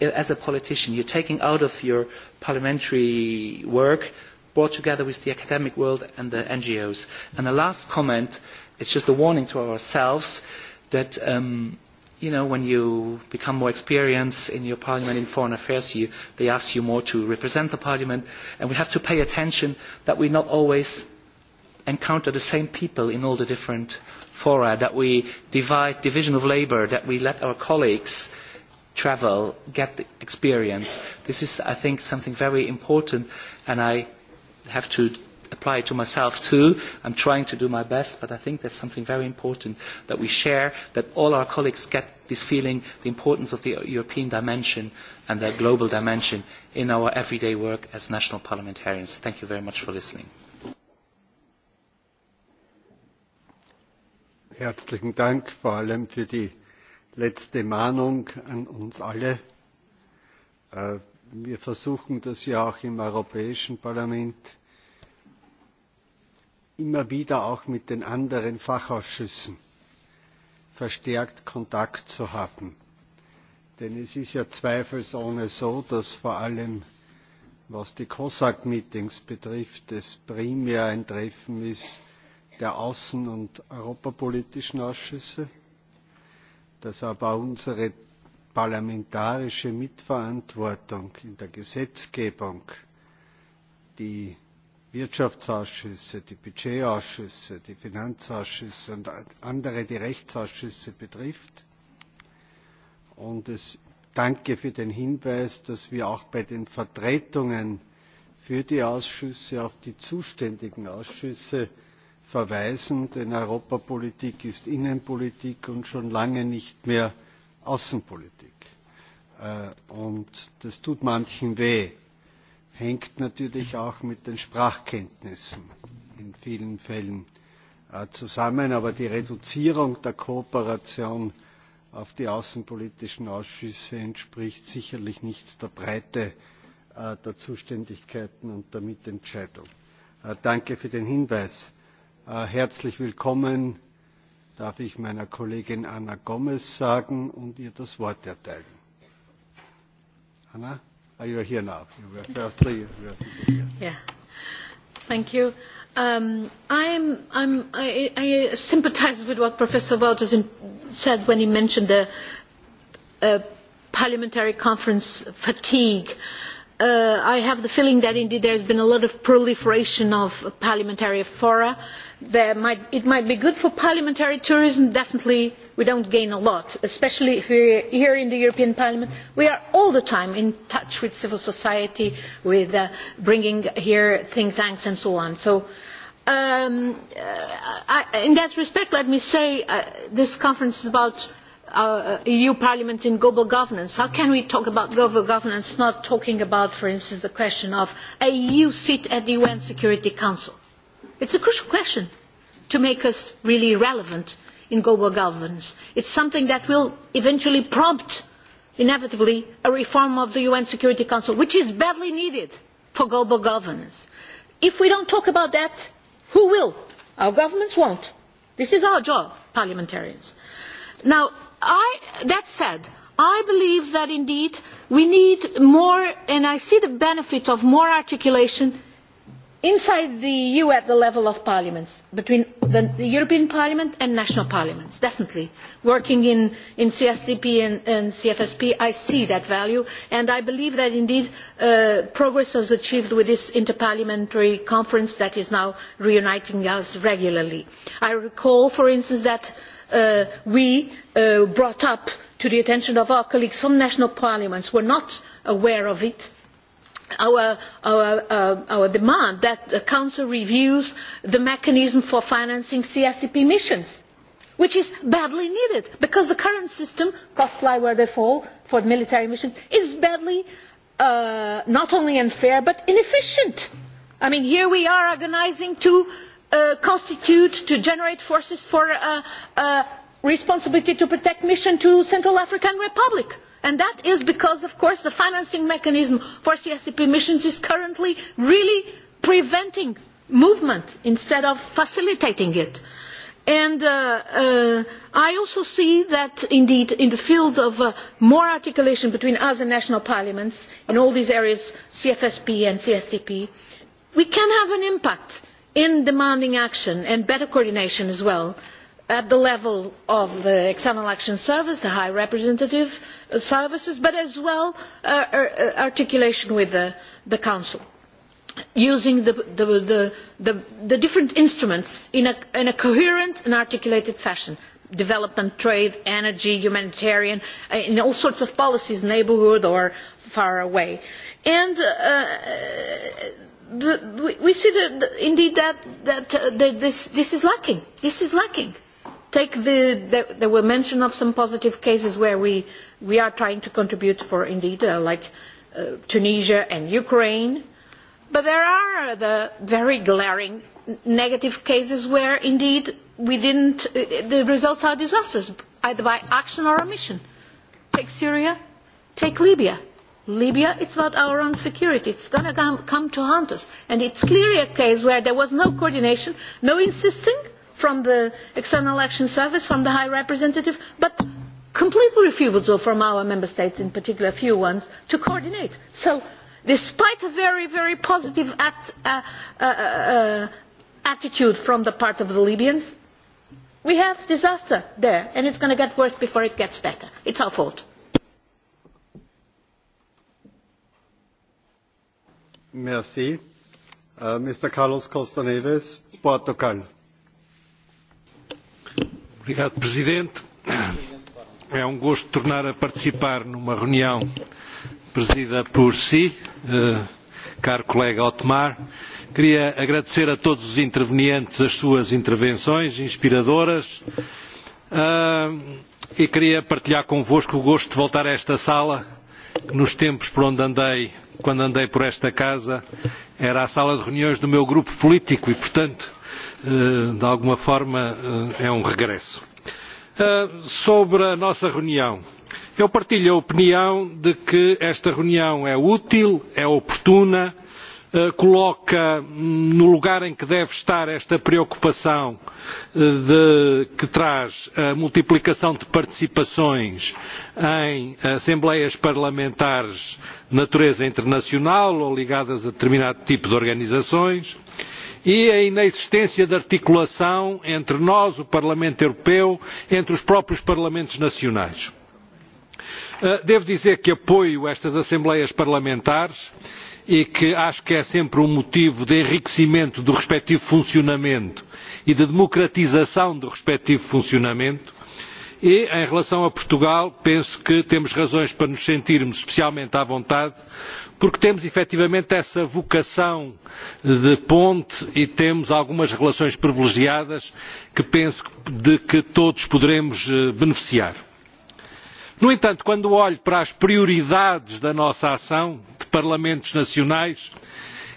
as a politician, you're taking out of your parliamentary work, brought together with the academic world and the NGOs. And the last comment, it's just a warning to ourselves that, um, you know, when you become more experienced in your parliament in foreign affairs, you, they ask you more to represent the parliament. And we have to pay attention that we not always encounter the same people in all the different fora, that we divide division of labor, that we let our colleagues travel, get the experience. This is, I think, something very important, and I have to apply it to myself too. I'm trying to do my best, but I think there's something very important that we share, that all our colleagues get this feeling, the importance of the European dimension and the global dimension in our everyday work as national parliamentarians. Thank you very much for listening. Herzlichen Dank vor allem für die letzte mahnung an uns alle äh, wir versuchen das ja auch im europäischen parlament immer wieder auch mit den anderen fachausschüssen verstärkt kontakt zu haben denn es ist ja zweifelsohne so dass vor allem was die cosac meetings betrifft das primär ein treffen ist der außen und europapolitischen ausschüsse dass aber unsere parlamentarische mitverantwortung in der gesetzgebung die wirtschaftsausschüsse die budgetausschüsse die finanzausschüsse und andere die rechtsausschüsse betrifft und danke für den hinweis dass wir auch bei den vertretungen für die ausschüsse auf die zuständigen ausschüsse verweisen denn europapolitik ist innenpolitik und schon lange nicht mehr außenpolitik. Äh, das tut manchen weh hängt natürlich auch mit den sprachkenntnissen in vielen fällen äh, zusammen. aber die reduzierung der kooperation auf die außenpolitischen ausschüsse entspricht sicherlich nicht der breite äh, der zuständigkeiten und der mitentscheidung. danke für den hinweis. Äh, herzlich willkommen darf ich meiner kollegin anna gomes sagen und ihr das wort erteilen. anna are you here now? You were firstly, you were here. yeah. thank you. Um, I'm, I'm, I, I sympathize with what Professor Wouters said when he mentioned the uh, parliamentary conference fatigue. Uh, I have the feeling that indeed there has been a lot of proliferation of parliamentary fora. Uh, it might be good for parliamentary tourism but definitely we do not gain a lot especially here in the european parliament. we are all the time in touch with civil society with uh, bringing here think tanks and so on. so um, uh, in that respect let me say that uh, this conference is about eu parliament and global governance. how can we talk about global governance without talking about for instance the question of a eu seat at the un security council? It's a crucial question to make us really relevant in global governance. It's something that will eventually prompt, inevitably, a reform of the UN Security Council, which is badly needed for global governance. If we don't talk about that, who will? Our governments won't. This is our job, parliamentarians. Now, I, that said, I believe that indeed we need more, and I see the benefit of more articulation inside the eu at the level of parliaments between the european parliament and national parliaments definitely working in csdp and cfsp i see that value and i believe that indeed uh, progress was achieved with this interparliamentary conference that is now reuniting us regularly. i recall for instance that uh, we uh, brought up to the attention of our colleagues from national parliaments who were not aware of it Uh, our demand that the council reviews the mechanism for financing csdp missions which is badly needed because the current system costs lie where they fall for military missions is badly uh, not only unfair but inefficient. I mean, here we are organising to uh, constitute, to generate forces for a uh, uh, responsibility to protect mission to Central African Republic and that is because of course the financing mechanism for csdp missions is currently really preventing movement instead of facilitating it. Uh, uh, i also see that indeed in the field of uh, more articulation between us and national parliaments in all these areas cfsp and csdp we can have an impact in demanding action and better coordination as well at the level of the external action service the high representative services but as well uh, uh, uh, articulation with the council using the different instruments in a coherent and articulated fashion development trade energy humanitarian in all sorts of policies neighbourhood or far away. and we see indeed that this is lacking. this is lacking take the there were mention of some positive cases where we we are trying to contribute for indeed uh, like uh, Tunisia and Ukraine but there are the very glaring negative cases where indeed we didn't uh, the results are disastrous either by action or omission take Syria take Libya Libya, it's about our own security. It's going to come to haunt us. And it's clearly a case where there was no coordination, no insisting, from the External Action Service, from the High Representative, but complete refusal from our member states, in particular a few ones, to coordinate. So, despite a very, very positive act, uh, uh, uh, attitude from the part of the Libyans, we have disaster there, and it's going to get worse before it gets better. It's our fault. Merci. Uh, Mr. Carlos Costa Neves, Portugal obrigado presidente é um gosto tornar a participar numa reunião presida por si eh, caro colega otmar queria agradecer a todos os intervenientes as suas intervenções inspiradoras eh, e queria partilhar convosco o gosto de voltar a esta sala que nos tempos por onde andei quando andei por esta casa era a sala de reuniões do meu grupo político e portanto Eh, de alguma forma eh, é um regresso. Eh, sobre a nossa reunião, eu partilho a opinião de que esta reunião é útil, é oportuna, coloca no lugar em que deve estar esta preocupação de, que traz a multiplicação de participações em assembleias parlamentares de natureza internacional ou ligadas a determinado tipo de organizações e e a inexistência de articulação entre nós o parlamento europeu e os próprios parlamentos nacionais. Ah, devo dizer que apoio estas assembleias parlamentares e que acho que é sempre um motivo de enriquecimento do respectivo funcionamento e de democratização do respectivo funcionamento e em relação a portugal penso que temos razões para nos sentirmos especialmente à vontade porque temos efetivamente essa vocação de ponte e temos algumas relações privilegiadas que penso de que todos poderemos eh, beneficiar. No entanto, quando olho para as prioridades da nossa ação de parlamentos nacionais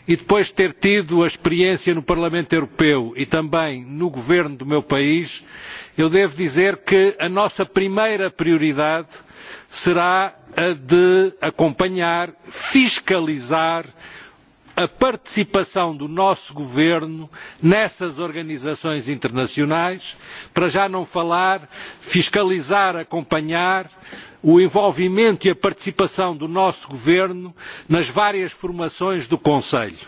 e depois de ter tido a experiência no Parlamento Europeu e também no governo do meu país, eu devo dizer que a nossa primeira prioridade será a de acompanhar fiscalizar a participação do nosso governo nessas organizações internacionais para já não falar fiscalizar acompanhar o envolvimento e a participação do nosso governo nas várias formações do conselho.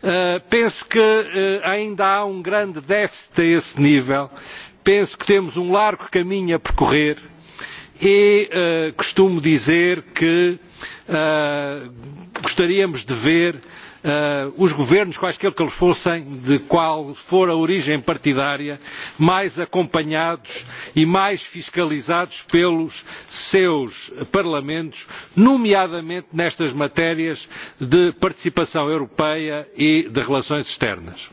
Uh, penso que uh, ainda há um grande déficit a esse nível. Penso que temos um largo caminho a percorrer. Uh, é e, eh, costumo dizer que uh, gostaríamos de ver uh, os governos, quaisquer que eles fossem, de qual for a origem partidária, mais acompanhados e mais fiscalizados pelos seus parlamentos, nomeadamente nestas matérias de participação europeia e de relações externas.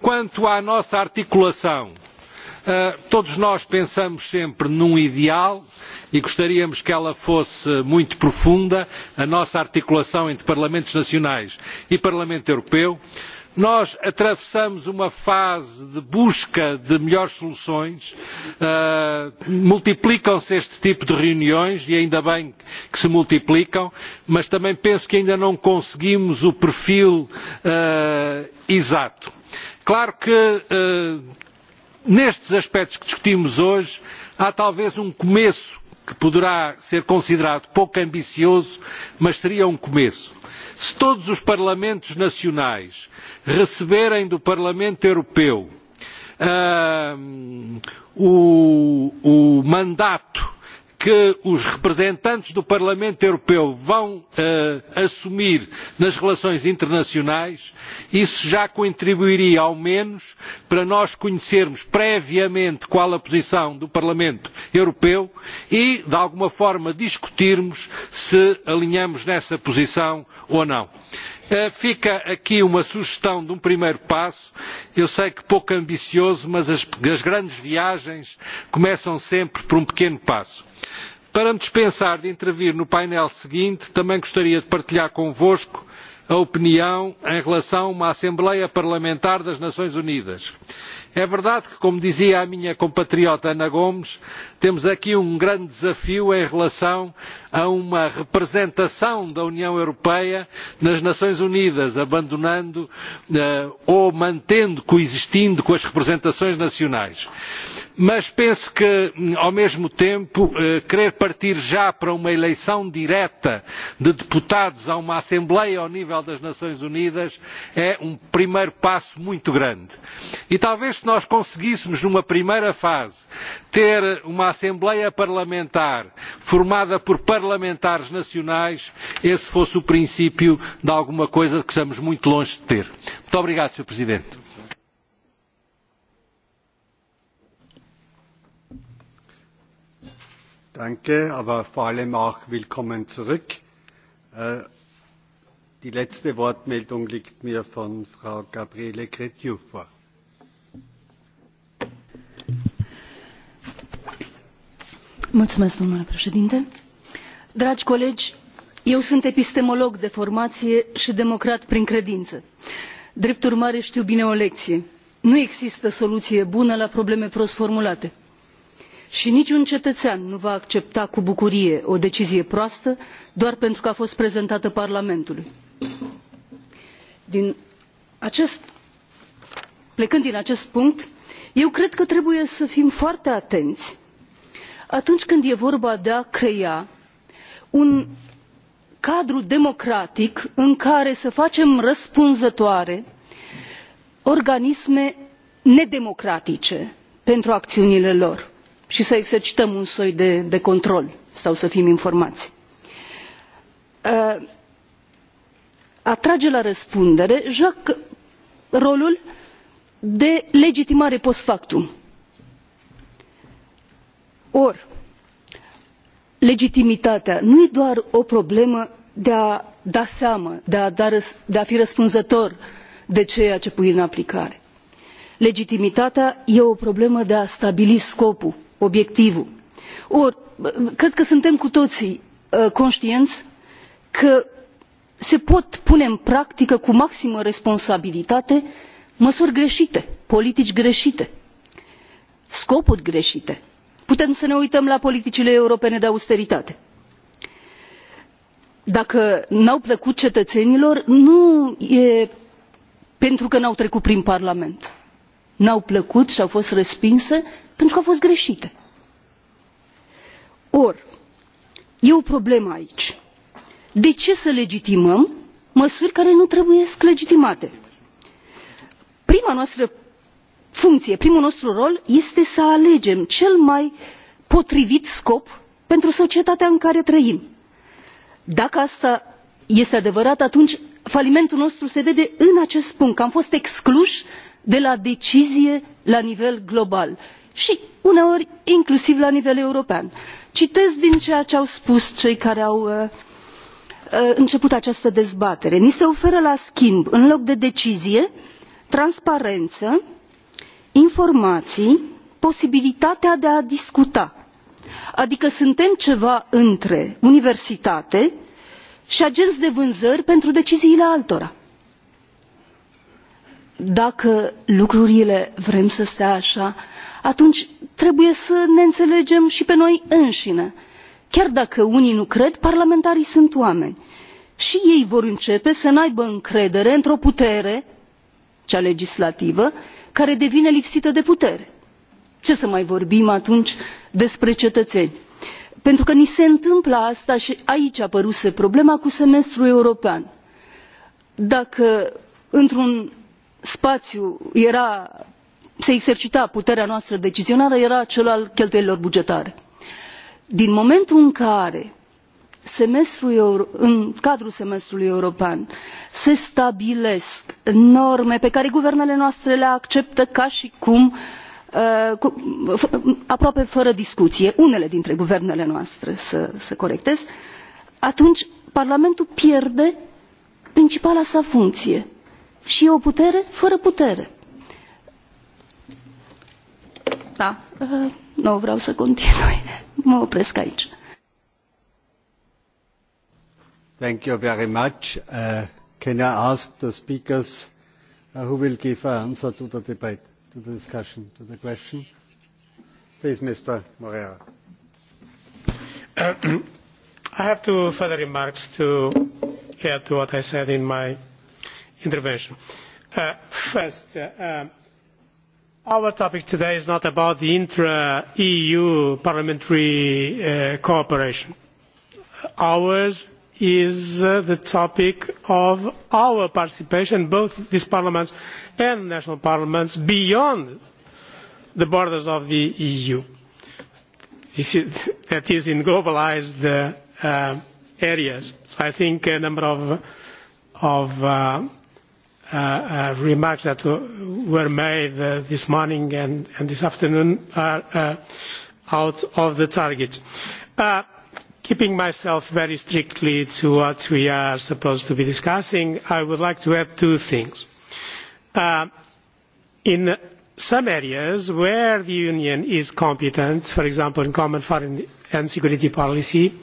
Quanto à nossa articulação Eh, todos nós pensamos sempre num ideal e gostaríamos que ela fosse muito profunda a nossa articulação entre parlamentos nacionais e parlamento europeu nós atravessamos uma fase de busca de melhores soluções uh, eh, multiplicam se este tipo de reuniões e ainda bem que se multiplicam mas também penso que ainda não conseguimos o perfil uh, exato claro que uh, nestes aspectos que discutimos hoje há talvez um começo que poderá ser considerado pouco ambicioso mas seria um começo se todos os parlamentos nacionais receberem do parlamento europeu uh, o, o mandato que os representantes do Parlamento Europeu vão uh, assumir nas relações internacionais, isso já contribuiria, ao menos, para nós conhecermos previamente qual a posição do Parlamento Europeu e, de alguma forma, discutirmos se alinhamos nessa posição ou não. Eh, fica aqui uma sugestão de um primeiro passo eu sei que pouco ambicioso mas as grandes viagens começam sempre por um pequeno passo. para me dispensar de intervir no painel seguinte também gostaria de partilhar convosco a opinião em relação a uma assembleia parlamentar das nações unidas é verdade que como dizia a minha compatriota ana gomes temos aqui um grande desafio em relação a uma representação da união europeia nas nações unidas abandonando eh, ou mantendo coexistindo com as representações nacionais mas penso que ao mesmo tempo eh, querer partir já para uma eleição direta de deputados a uma assembleia ao nível das nações unidas é um primeiro passo muito grande e talvez se nós conseguíssemos, numa primeira fase, ter uma Assembleia Parlamentar formada por parlamentares nacionais, esse fosse o princípio de alguma coisa que estamos muito longe de ter. Muito obrigado, Sr. Presidente. Danke, aber vor allem auch willkommen zurück. Äh, die letzte Wortmeldung liegt mir von Frau Gabriele Kretjou vor. dragi colegi eu sunt epistemolog de formație și democrat prin credință. drept urmare știu bine o lecție nu există soluție bună la probleme prost formulate și niciun cetățean nu va accepta cu bucurie o decizie proastă doar pentru că a fost prezentată parlamentului. plecând din acest punct eu cred că trebuie să fim foarte atenți atunci când e vorba de a crea un cadru democratic în care să facem răspunzătoare organisme nedemocratice pentru acțiunile lor și să exercităm un soi de, de control sau să fim informați. Atrage la răspundere joacă rolul de legitimare post factum ori legitimitatea nu e doar o problemă de a da seama de a fi răspunzător de ceea ce pui în aplicare legitimitatea e o problemă de a stabili scopul obiectivul. ori cred că suntem cu toții uh, conștienți că se pot pune în practică cu maximă responsabilitate măsuri greșite politici greșite scopuri greșite putem să ne uităm la politicile europene de austeritate dacă nu au plăcut cetățenilor nu e pentru că nu au trecut prin parlament nu au plăcut și au fost respinse pentru că au fost greșite ori e o problemă aici de ce să legitimăm măsuri care nu trebuie legitimate prima noastră funcție primul nostru rol este să alegem cel mai potrivit scop pentru societatea în care trăim. Dacă asta este adevărat, atunci falimentul nostru se vede în acest punct, că am fost excluși de la decizie la nivel global și uneori inclusiv la nivel european. Citez din ceea ce au spus cei care au uh, uh, început această dezbatere. Ni se oferă la schimb, în loc de decizie, transparență, informații posibilitatea de a discuta adică suntem ceva între universitate și agenți de vânzări pentru deciziile altora. Dacă lucrurile vrem să stea așa, atunci trebuie să ne înțelegem și pe noi înșine. Chiar dacă unii nu cred, parlamentarii sunt oameni. Și ei vor începe să n-aibă încredere într-o putere, cea legislativă, care devine lipsită de putere. Ce să mai vorbim atunci despre cetățeni? Pentru că ni se întâmplă asta și aici a apărut problema cu semestrul european. Dacă într-un spațiu era, se exercita puterea noastră decizională, era cel al cheltuielilor bugetare. Din momentul în care în cadrul semestrului european se stabilesc norme pe care guvernele noastre le acceptă ca și cum uh, aproape fără discuție unele dintre guvernele noastre să corectez atunci parlamentul pierde principala sa funcție și e o putere fără putere. da uh, nu vreau să continui mă opresc aici thank you very much. Uh, can I ask the speakers uh, who will give an answer to the debate, to the discussion, to the question? Please, Mr. Moreira. Uh, I have two further remarks to add to what I said in my intervention. Uh, first, uh, um, our topic today is not about the intra-EU parliamentary uh, cooperation. Ours is uh, the topic of our participation both this parliament's and national parliaments beyond the borders of the eu that is in globalised uh, areas. so i think a number of uh, remarks that were made this morning and this afternoon are out of the target keeping myself very strictly to what we are supposed to be discussing, I would like to add two things. Uh, in some areas where the Union is competent, for example in common foreign and security policy,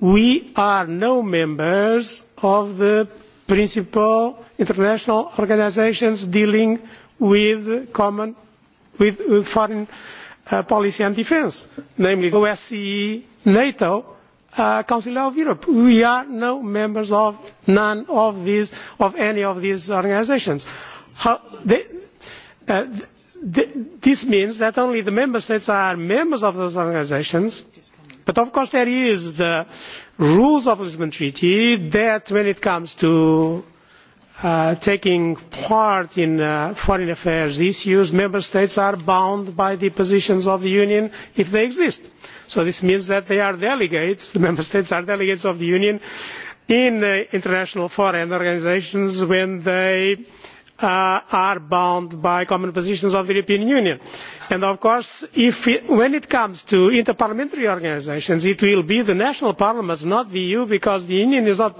we are no members of the principal international organizations dealing with common with, with foreign uh, policy and defense, namely OSCE, NATO, Uh, council of europe we are not members of any of these organisations. Uh, this means that only the member states are members of those organisations but of course there is the rules of the lisbon treaty that when it comes to uh, taking part in foreign affairs issues member states are bound by the positions of the union if they exist so this means that they are delegates the member states are delegates of the union in uh, international fora and organisations when they uh, are bound by common positions of the european union. of course when it comes to inter parliamentary organisations it will be the national parliaments not the eu because the union is not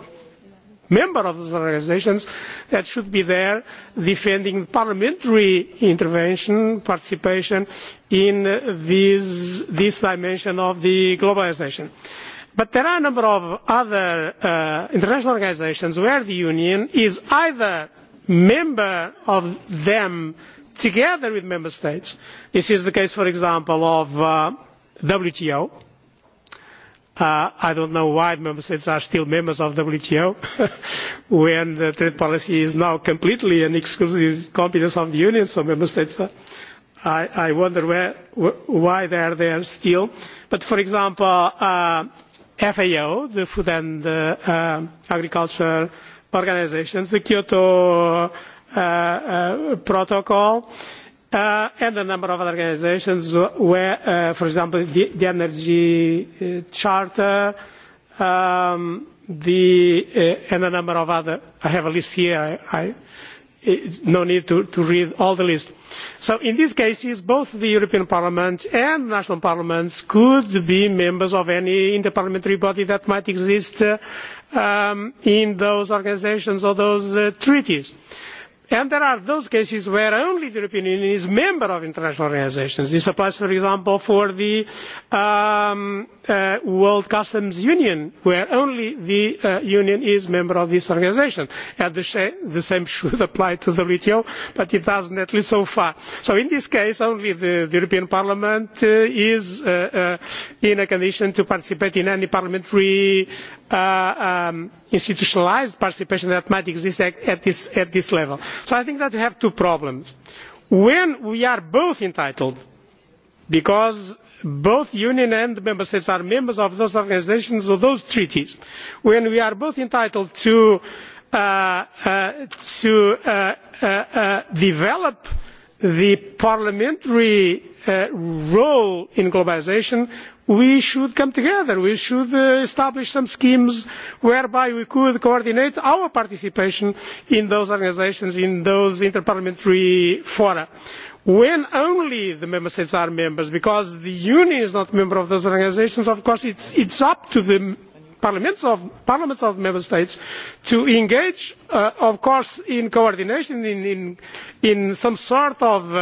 member of those organisations that should be there defending parliamentary intervention participation in this dimension of globalisation. but there are a number of other uh, international organisations where the union is either a member of them together with member states this is the case for example of the uh, wto Uh, i do not know why member states are still members of the wto when the trade policy is now completely and exclusively the competence of the union so member states i wonder why they are there still. but for example uh, fao the food and uh, agriculture organisation the kyoto protocol Uh, and a number of other organisations where uh, for example the energy uh, charter um, the uh, and a number of other i have a list here i, I it's no need to, to read all the list. So in these cases, both the European Parliament and national parliaments could be members of any interparliamentary body that might exist uh, um, in those organizations or those uh, treaties. Uh, and there are those cases where only the european union is a member of international organisations. this applies for example to the um, uh, world customs union where only the uh, union is a member of this organisation and the same should apply to the wto but it does not at least so far. so in this case only the european parliament uh, is in a condition to participate in any parliamentary Uh, um, institutionalised participation that might exist at this level. so i think that we have two problems. when we are both entitled because both the union and the member states are members of those organisations or those treaties when we are both entitled to uh, uh, develop the parliamentary role in globalisation we should come together we should uh, establish some schemes whereby we could coordinate our participation in those organisations in those inter parliamentary fora. when only the member states are members because the union is not a member of those organisations of course it is up to the parliaments of the member states to engage uh, of course in coordination in some sort of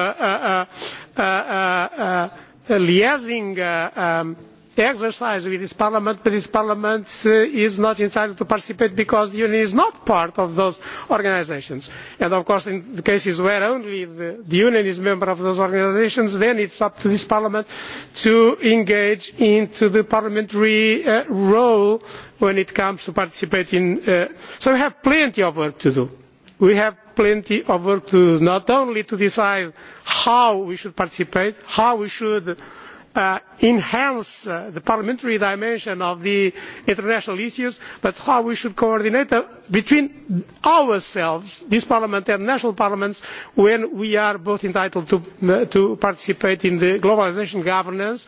uh, liaising uh, um, exercise with this parliament but this parliament uh, is not entitled to participate because the union is not part of those organisations. of course in cases where only the union is a member of those organisations then it is up to this parliament to engage in the parliamentary uh, role when it comes to participating. so we have plenty of work to do plenty of work to do not only to decide how we should participate how we should Uh, enhance uh, the parliamentary dimension of the international issues but how we should coordinate uh, between ourselves this parliament and national parliaments when we are both entitled to participate in the globalisation governance.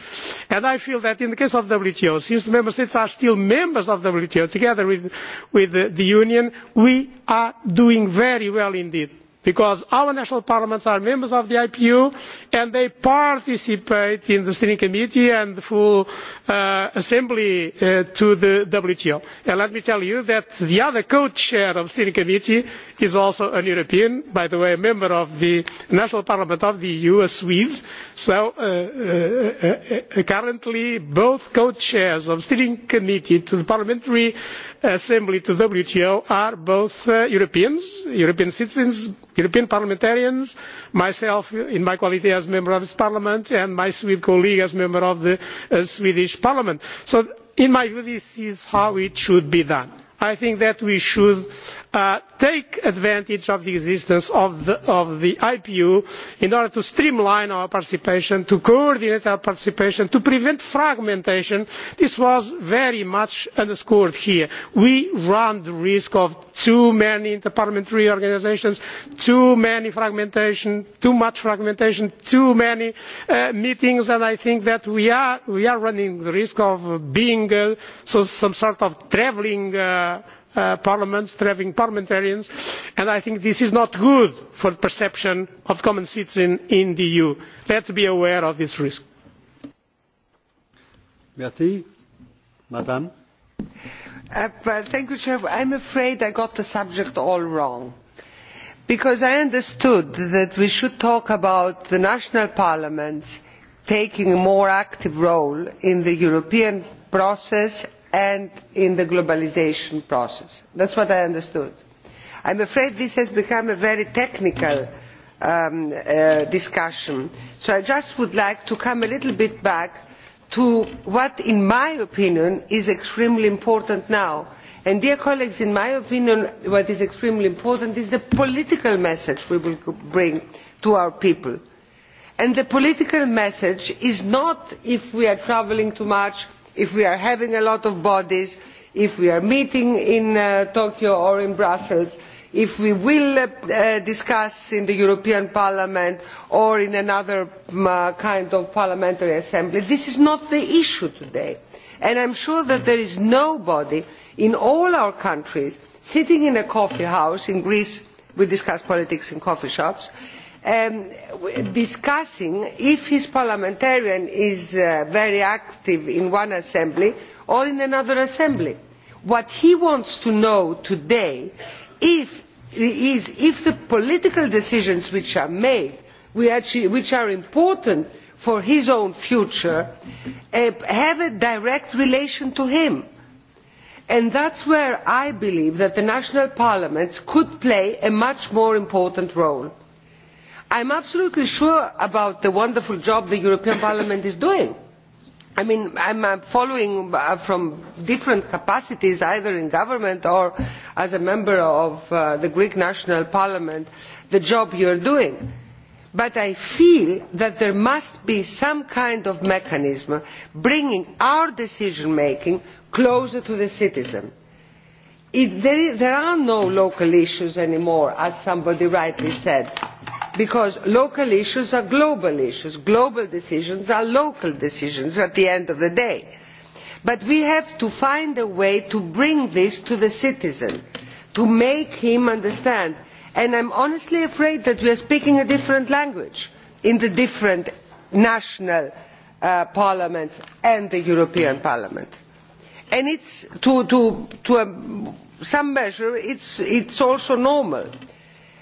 i feel that in the case of the wto since the member states are still members of the wto together with the union we are doing very well indeed because our national parliaments are members of the ipu and they participate in the steering committee and the full uh, assembly uh, of the wto. let me tell you that the other co chair of the steering committee is also a european by the way a member of the national parliament of the eu a swede so uh, currently both co chairs of the steering committee to the parliamentary assembly to the wto are both uh, europeans european citizens european parliamentarians myself in my quality of member of this parliament and my swede colleague as member of the uh, swedish parliament. so in my view this is how it should be done. i think that we should take advantage of the existence of the ipu in order to streamline our participation to coordinate our participation to prevent fragmentation. this was very much underscored here. we run the risk of too many interparliamentary organisations too much fragmentation too much fragmentation too many uh, meetings and i think that we are running the risk of being uh, some sort of travelling uh, Uh, parliaments traveling parliamentarians and i think this is not good for the perception of common citizens in the eu. let us be aware of this risk. i am uh, afraid i got the subject all wrong because i understood that we should talk about the national parliaments taking a more active role in the european process and in the globalisation process. that is what i understood. i am afraid this has become a very technical um, uh, discussion so i would just like to come a little bit back to what in my opinion is extremely important now. dear colleagues in my opinion what is extremely important is the political message we will bring to our people. and the political message is not if we are travelling too much if we are having a lot of bodies if we are meeting in uh, tokyo or in brussels if we will uh, discuss in the european parliament or in another mm, uh, kind of parliamentary assembly this is not the issue today and i am sure that there is nobody in all our countries sitting in a coffee house in greece we discuss politics in coffee shops Um, discussing if his parliamentarian is uh, very active in one assembly or in another assembly. what he wants to know today is if the political decisions which are made which are important for his own future uh, have a direct relation to him. that is where i believe that the national parliaments could play a much more important role i am absolutely sure about the wonderful job the european parliament is doing. i mean i am uh, following uh, from different capacities either in government or as a member of uh, the greek national parliament the job you are doing but i feel that there must be some kind of mechanism bringing our decision making closer to the citizen. there are no local issues any more as somebody rightly said because local issues are global issues global decisions are local decisions at the end of the day but we have to find a way to bring this to the citizen to make him understand and i am honestly afraid that we are speaking a different language in the different national uh, parliaments and the european parliament and to um, some extent it is also normal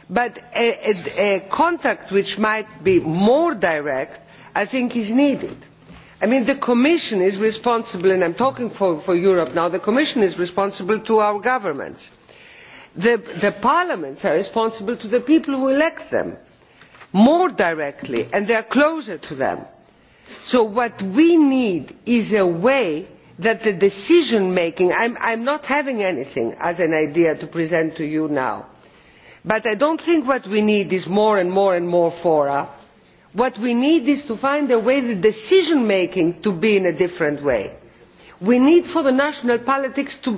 but a contact which might be more direct i think is needed. the commission is responsible and i am talking for europe now the commission is responsible to our governments the parliaments are responsible to the people who elect them more directly and they are closer to them. so what we need is a way that the decision making i am not having anything as an idea to present to you now but i do not think what we need is more and more and more fora. what we need is to find a way for decision making to be in a different way. we need for the national politics to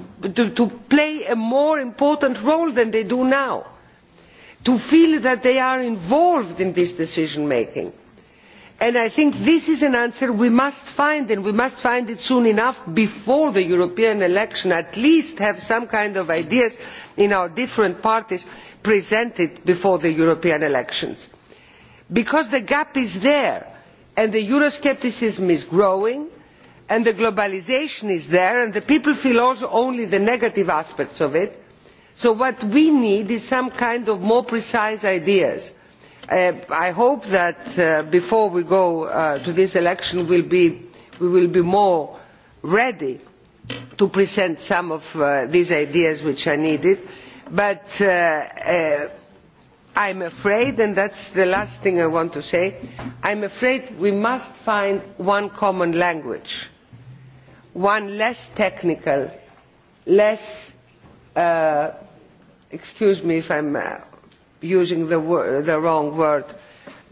play a more important role than they do now to feel that they are involved in this decision making i think this is an answer we must find and we must find it soon enough before the european elections at least have some kind of ideas in our different parties presented before the european elections because the gap is there and euroscepticism is growing and globalisation is there and people feel only the negative aspects of it so what we need is some kind of more precise ideas. Uh, i hope that uh, before we go uh, to this election we will be more ready to present some of these ideas which are needed but i am afraid and that is the last thing i want to say i am afraid we must find one common language one less technical less excuse me if i am using the wrong word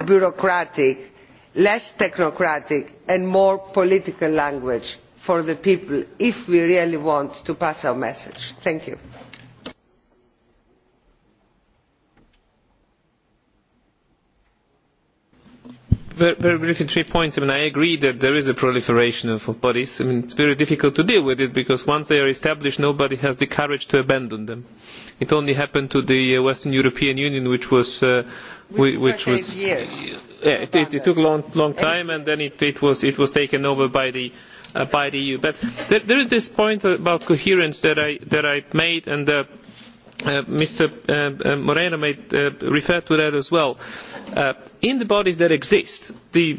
bureaucratic less technocratic and more political language for the people if we really want to pass our message. thank you. very briefly three points. i mean, i agree that there is a proliferation of bodies. i mean, it's very difficult to deal with it because once they are established, nobody has the courage to abandon them it only happened to the uh, Western European Union, which was uh, which, which was years yeah, it, it, it took a long long time, and then it, it was it was taken over by the uh, by the EU. But there, there is this point about coherence that I that I made, and uh, uh, Mr. Uh, uh, Moreno made uh, refer to that as well. Uh, in the bodies that exist, the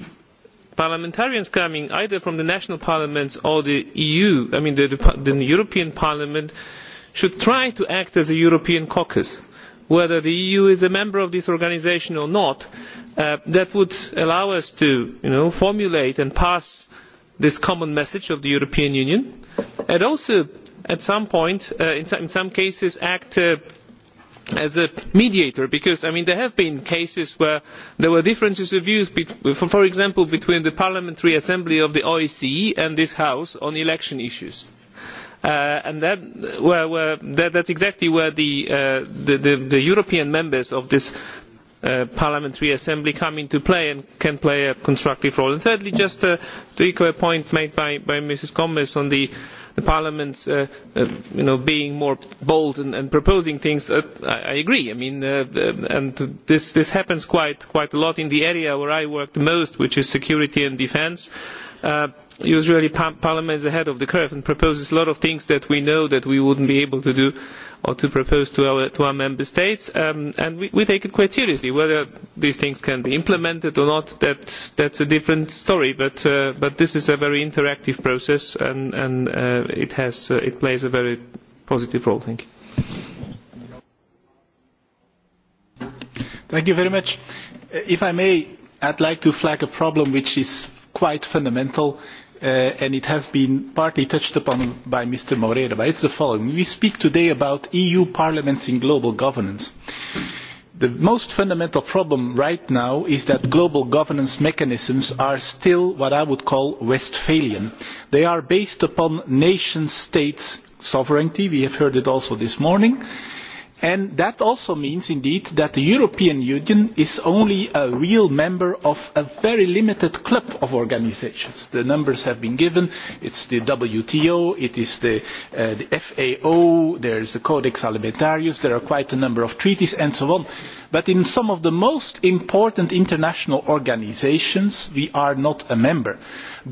parliamentarians coming either from the national parliaments or the EU, I mean the, the, the European Parliament. Uh, should try to act as a european caucus whether the eu is a member of this organisation or not uh, that would allow us to formulate and pass this common message of the european union and also at some point uh, in some cases act uh, as a mediator because there have been cases where there were differences of views for example between the parliamentary assembly of the osce e and this house on election issues. Uh, and that where, where, that, that's exactly where the, uh, the, the, the European members of this uh, parliamentary assembly come into play and can play a constructive role. And thirdly, just uh, to echo a point made by, by Mrs. Gomez on the, the parliament's uh, uh, you know, being more bold and, and proposing things, uh, I, I agree. I mean, uh, uh and this, this happens quite, quite a lot in the area where I work the most, which is security and defence. Uh, usually parliament is ahead of the curve and proposes a lot of things that we know that we wouldn't be able to do or to propose to our, to our member states um, and we, we take it quite seriously whether these things can be implemented or not that, that's a different story but, uh, but this is a very interactive process and, and uh, it, has, uh, it plays a very positive role thank you thank you very much uh, if i may i'd like to flag a problem which is quite fundamental uh, and it has been partly touched upon by Mr. Moreira, but it's the following. We speak today about EU parliaments in global governance. The most fundamental problem right now is that global governance mechanisms are still what I would call Westphalian. They are based upon nation states' sovereignty. We have heard it also this morning. Uh, And that also means indeed that the European Union is only a real member of a very limited club of organizations. The numbers have been given. It's the WTO, it is the, uh, the FAO, there is the Codex Alimentarius, there are quite a number of treaties and so on. But in some of the most important international organizations, we are not a member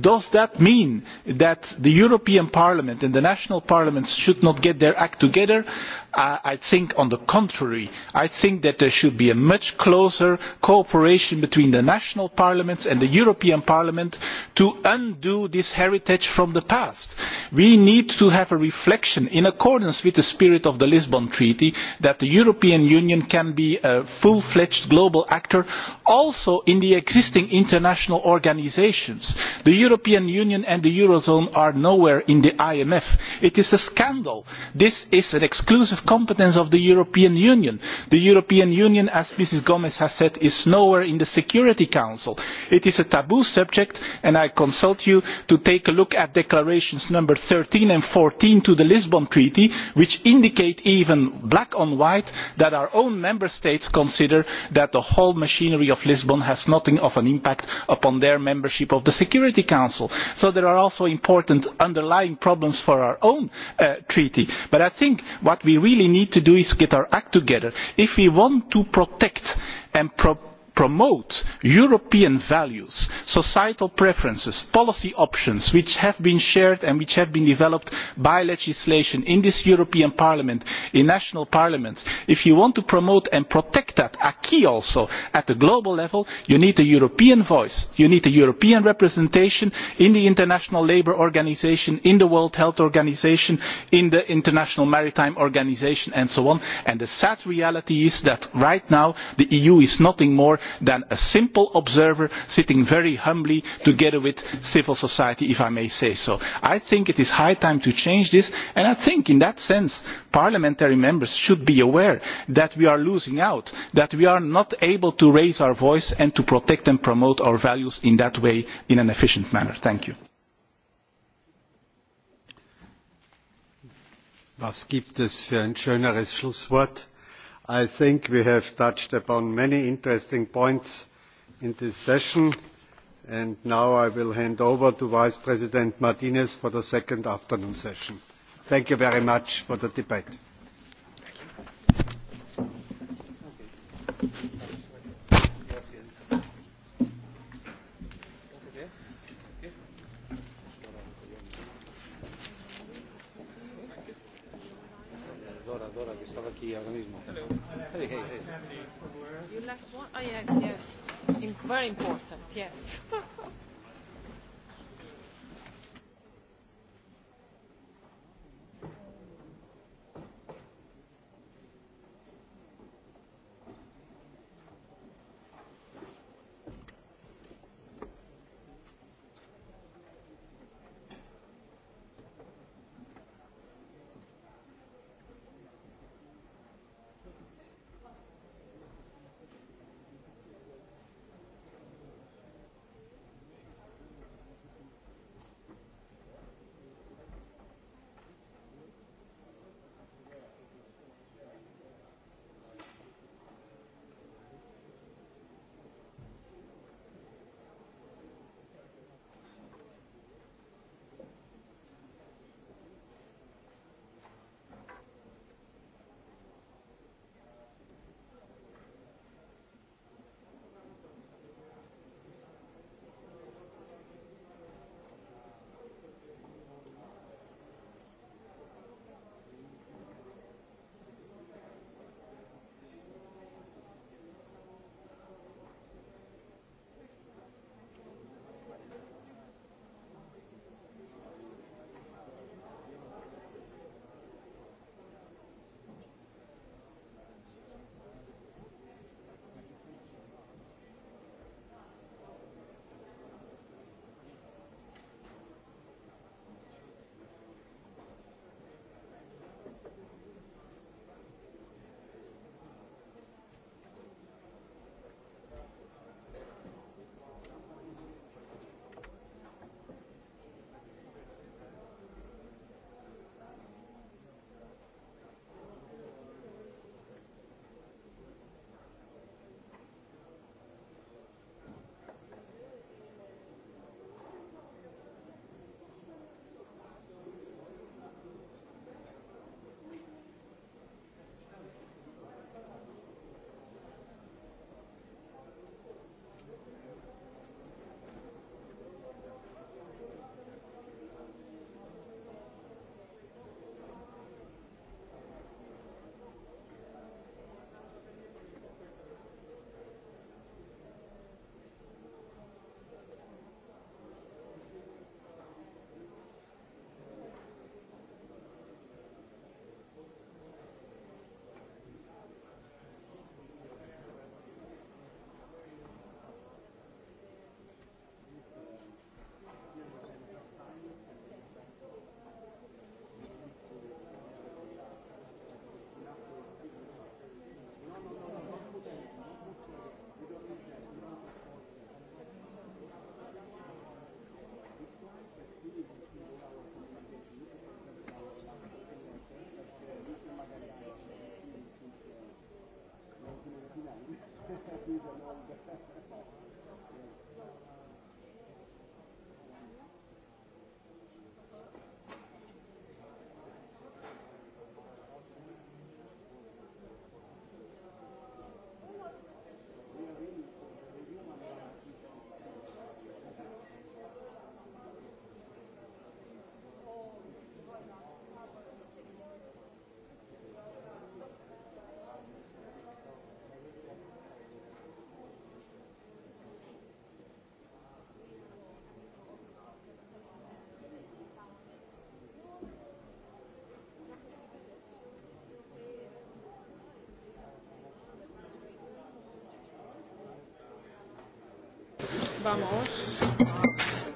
does that mean that the european parliament and the national parliaments should not get their act together? Uh, i think on the contrary i think that there should be a much closer cooperation between the national parliaments and the european parliament to undo this heritage from the past. we need to have a reflection in accordance with the spirit of the lisbon treaty that the european union can be a full fledged global actor also in the existing international organisations. the european union and the eurozone are nowhere in the imf. it is a scandal. this is an exclusive competence of the european union. the european union as mrs gomes has said is nowhere in the security council. it is a taboo subject and i consult you to take a look at declarations number thirteen and fourteen to the lisbon treaty which indicate even black on white that our own member states consider that the whole machinery of lisbon has nothing of an impact upon their membership of the security council. so there are also important underlying problems for our own uh, treaty. but i think what we really need to do is get our act together if we want to protect and pro- promote european values societal preferences policy options which have been shared and which have been developed by legislation in this european parliament in national parliaments if you want to promote and protect that acquis also at the global level you need a european voice you need a european representation in the international labour organisation in the world health organisation in the international maritime organisation and so on and the sad reality is that right now the eu is nothing more than a simple observer sitting very humbly together with civil society, if I may say so. I think it is high time to change this, and I think in that sense, parliamentary members should be aware that we are losing out, that we are not able to raise our voice and to protect and promote our values in that way in an efficient manner. Thank you. Was gibt es für ein schöneres Schlusswort? i think we have touched upon many interesting points in this session and now i will hand over to vice president martinez for the second afternoon session. thank you very much for the debate. Dora, Dora, che stava qui ora mismo. Hey, hey, hey. You left one? Oh, yes, yes. In, very important, yes.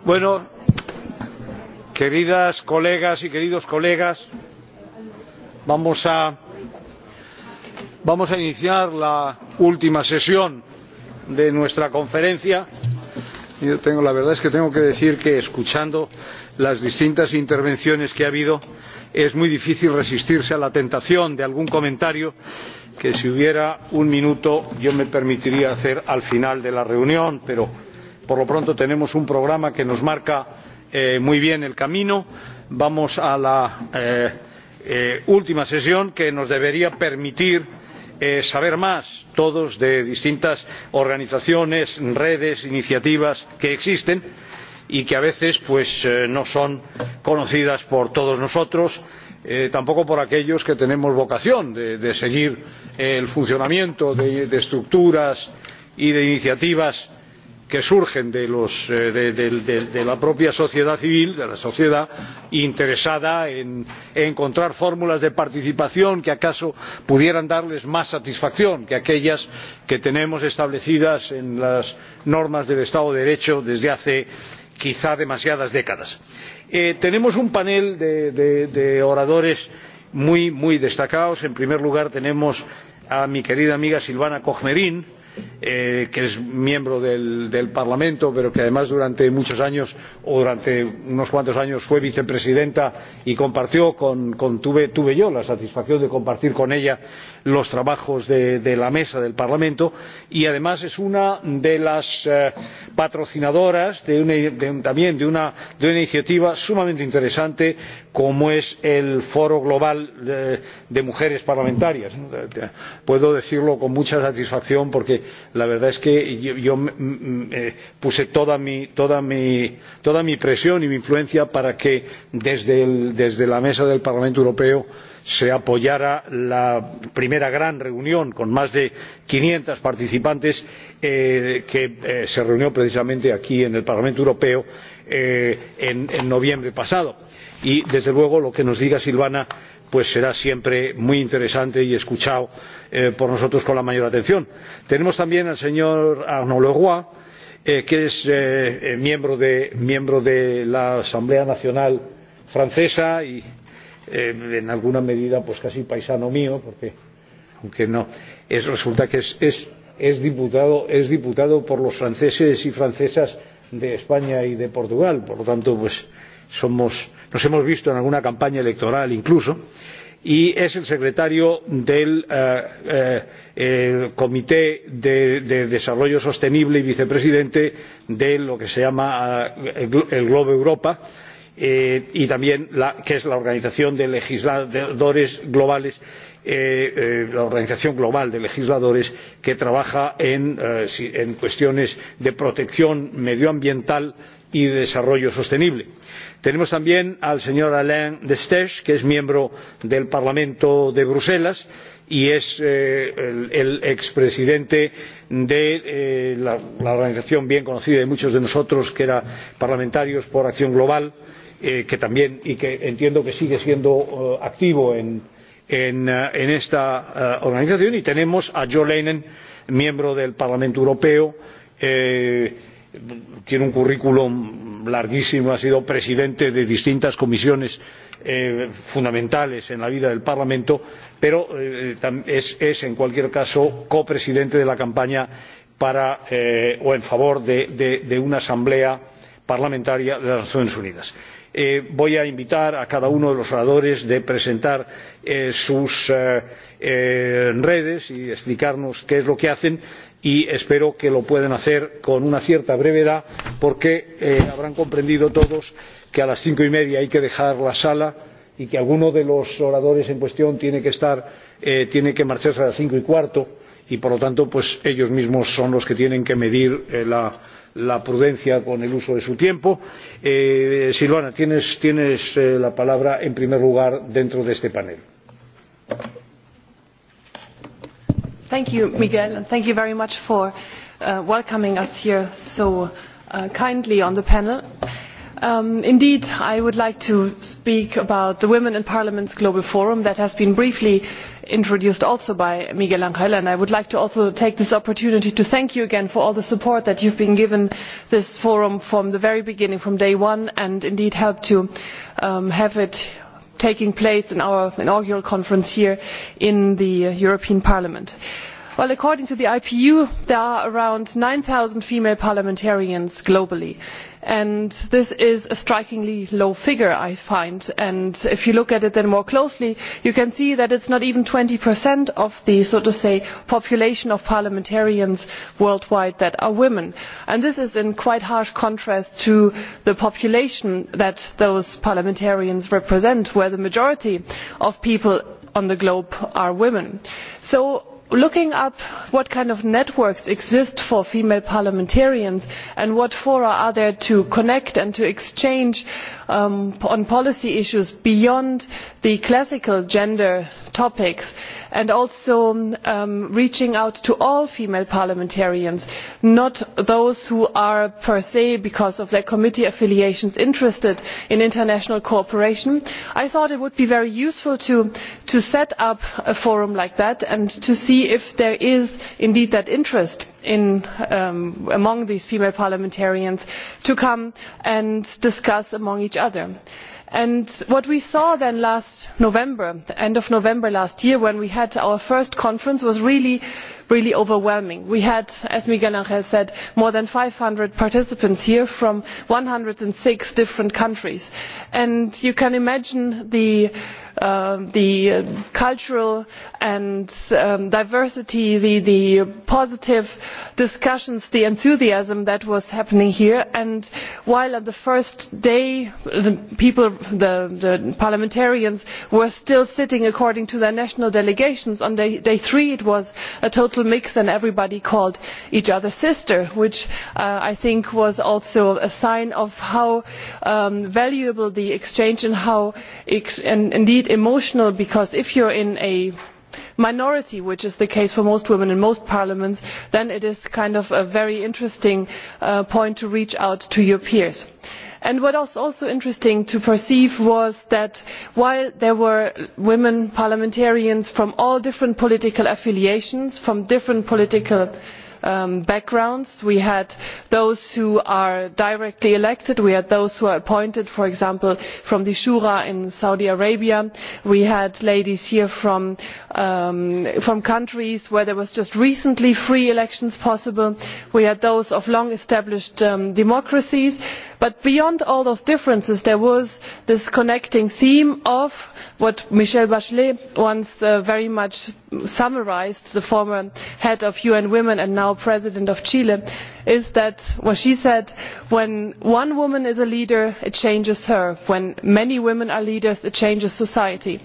bueno queridas colegas y queridos colegas vamos a vamos a iniciar la última sesión de nuestra conferencia yo tengo la verdad es que tengo que decir que escuchando las distintas intervenciones que ha habido es muy difícil resistirse a la tentación de algún comentario que si hubiera un minuto yo me permitiría hacer al final de la reunión pero por lo pronto tenemos un programa que nos marca eh, muy bien el camino. vamos a la eh, eh, última sesión que nos debería permitir saber más todos de distintas organizaciones redes iniciativas que existen y que a veces no son conocidas por todos nosotros tampoco por aquellos que tenemos vocación de seguir el funcionamiento de estructuras y de iniciativas que surgen eh, de la propia sociedad civil de la sociedad interesada en encontrar fórmulas de participación que acaso pudieran darles más satisfacción que aquellas que tenemos establecidas en las normas del estado de derecho desde hace quizá demasiadas décadas. Eh, tenemos un panel de oradores muy destacados. en primer lugar tenemos a mi querida amiga silvana kohmerin Eh, que es miembro del parlamento pero que además durante muchos años o durante unos cuantos años fue vicepresidenta y tuve yo la satisfacción de compartir con ella los los trabajos de la mesa del parlamento y además es una de las eh, patrocinadoras también de una iniciativa sumamente interesante como es el foro global de mujeres parlamentarias. ¿no? puedo decirlo con mucha satisfacción porque la verdad es que yo eh, puse toda mi presión y mi influencia para que desde la mesa del parlamento europeo se apoyara la primera gran reunión con más de quinientos participantes eh, que eh, se celebró precisamente aquí en el parlamento europeo eh, en noviembre pasado. y desde luego lo que nos diga silvana será siempre muy interesante y escuchado por nosotros con la mayor atención. tenemos también al señor arnaud leroi que es miembro de la asamblea nacional francesa eh, en alguna medida pues casi paisano mío porque aunque no es, resulta que es, es, es, diputado, es diputado por los franceses y francesas de España y de Portugal por lo tanto pues somos, nos hemos visto en alguna campaña electoral incluso y es el secretario del eh, eh, el Comité de, de Desarrollo Sostenible y vicepresidente de lo que se llama eh, el Globo Europa, Eh, y también que es la organización de legisladores globales eh, eh, la organización global de legisladores que trabaja en cuestiones de protección medioambiental y de desarrollo sostenible. tenemos también al señor alain destache que es miembro del parlamento de bruselas y es el expresidente de la organización bien conocida de muchos de nosotros que era parlamentarios por acción global eh, que también y que entiendo que sigue siendo uh, activo en, en, uh, en esta uh, organización y tenemos a Joe Lennon, miembro del Parlamento Europeo, eh, tiene un currículum larguísimo, ha sido presidente de distintas comisiones eh, fundamentales en la vida del Parlamento, pero eh, es, es, en cualquier caso, copresidente de la campaña para, eh, o en favor de, de, de una asamblea parlamentaria de las Naciones Unidas. Eh, voy a invitar a cada uno de los oradores a presentar eh, sus eh, redes y a explicarnos qué es lo que hacen y espero que lo puedan hacer con una cierta brevedad porque habrán comprendido todos que a las cinco y media hay que dejar la sala y que alguno de los oradores en cuestión tiene que marcharse a las cinco y cuarto y por lo tanto ellos mismos son los que tienen que medir la prudencia con el uso de su tiempo. Eh, silvana tienes eh, la palabra en primer lugar dentro de este panel. miguel gracias por recibirnos aquí tan amablemente en el panel. en efecto me gustaría hablar sobre las mujeres en el parlamento global que ha sido brevemente introduced also by miguel angel and i would like to also take this opportunity to thank you again for all the support that you have been giving this forum from the very beginning from day one and indeed helped to um, have it taking place in our inaugural conference here in the uh, european parliament. according to the ipu there are around nine zero female parliamentarians globally and this is a strikingly low figure i find and if you look at it more closely you can see that it is not even twenty of the so to say population of parliamentarians worldwide that are women and this is in quite harsh contrast to the population that those parliamentarians represent where the majority of people on the globe are women. so looking up what kind of networks exist for female parliamentarians and what fora there are to connect and to exchange with Um, on policy issues beyond the classical gender topics and also um, reaching out to all female parliamentarians not those who are per se because of their committee affiliations interested in international cooperation i thought it would be very useful to set up a forum like that and to see if there is indeed that interest. Um, among these female parliamentarians to come and discuss among each other. what we saw then last november at the end of november last year when we had our first conference was really really overwhelming. we had as miguel angel said more than five hundred participants here from one hundred and six different countries and you can imagine the um, uh, cultural um, diversity the positive discussions the enthusiasm that was happening here and while on the first day the parliamentarians were still sitting according to their national delegations on day three it was a total mix and everybody called each other sister' which uh, i think was also a sign of how um, valuable the exchange was and how indeed emotional because if you are in a minority which is the case for most women in most parliaments then it is a very interesting uh, point to reach out to your peers on what was also interesting to perceive was that while there were women parliamentarians from all different political affiliations from different political um, backgrounds we had those who are directly elected we had those who are appointed for example from the shura in saudi arabia we had ladies here from um, countries where there were just recently free elections possible we had those of long established um, democracies but beyond all those differences there was this connecting theme of what michelle bachelet once uh, very much summarised the former head of un women and now president of chile when she said when one woman is a leader it changes her when many women are leaders it changes society.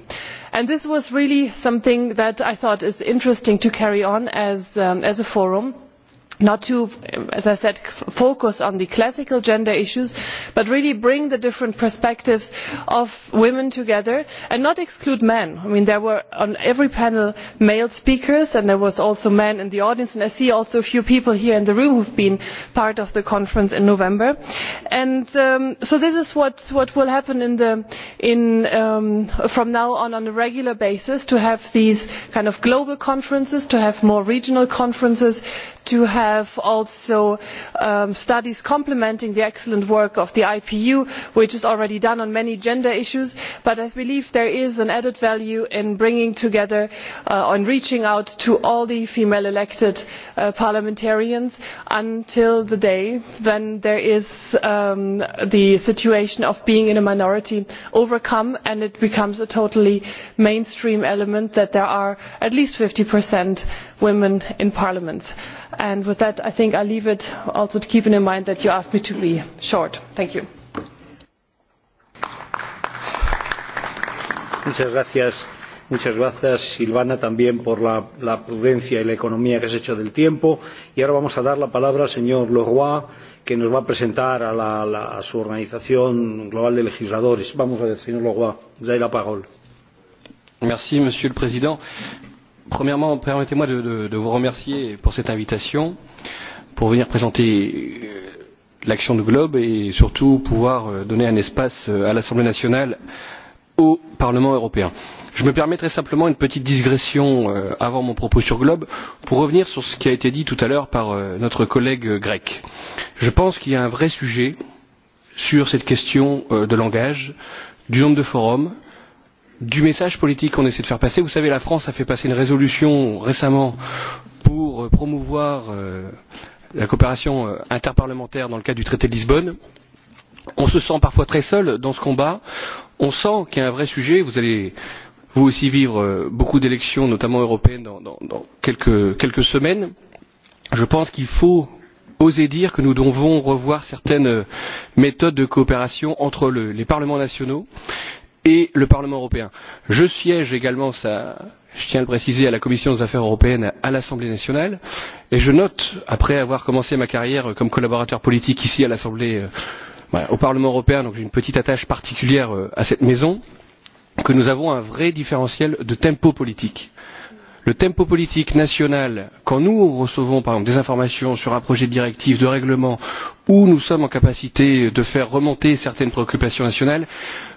this was really something that i thought is interesting to carry on as um, a forum not to as i said focus on the classical gender issues but really bring the different perspectives of women together and not exclude men. there were on every panel male speakers and there were also men in the audience and i see also a few people here in the room who have been part of the conference in november. Um, so this is what will happen um, from now on on a regular basis to have these kind of global conferences to have more regional conferences have also um, studies complementing the excellent work of the ipu which is already done on many gender issues but i believe there is an added value in bringing together and uh, reaching out to all the female elected uh, parliamentarians until the day when there is um, the situation of being in a minority overcome and it becomes a totally mainstream element that there are at least fifty women in parliament and with that i think i leave it also keeping in mind that you asked me to be short. thank you. muchas gracias silvana también por la prudencia y la economía que has hecho del tiempo y ahora vamos a dar la palabra al señor leroy que nos va a presentar a, la, la, a su organización global de legisladores. vamos a ver señor leroy. Merci, Monsieur le Président premièrement permettez moi de, de, de vous remercier pour cette invitation pour venir présenter euh, l'action de globe et surtout pouvoir euh, donner un espace euh, à l'assemblée nationale au parlement européen. je me permettrai simplement une petite digression avant mon propos sur globe pour revenir sur ce qui a été dit tout à l'heure par notre collègue grec. je pense qu'il y a un vrai sujet sur cette question de langage du nombre de forums du message politique qu'on essaie de faire passer. Vous savez, la France a fait passer une résolution récemment pour euh, promouvoir euh, la coopération euh, interparlementaire dans le cadre du traité de Lisbonne. On se sent parfois très seul dans ce combat. On sent qu'il y a un vrai sujet. Vous allez vous aussi vivre euh, beaucoup d'élections, notamment européennes, dans, dans, dans quelques, quelques semaines. Je pense qu'il faut oser dire que nous devons revoir certaines méthodes de coopération entre le, les parlements nationaux et le parlement européen. je siège également je tiens à le préciser à la commission des affaires européennes à l'assemblée nationale et je note après avoir commencé ma carrière comme collaborateur politique ici euh, au parlement européen donc j'ai une petite attache particulière euh, à cette maison que nous avons un vrai différentiel de tempo politique. nous le tempo politique national quand nous recevons par exemple des informations sur un projet de directive de règlement où nous sommes en capacité de faire remonter certaines préoccupations nationales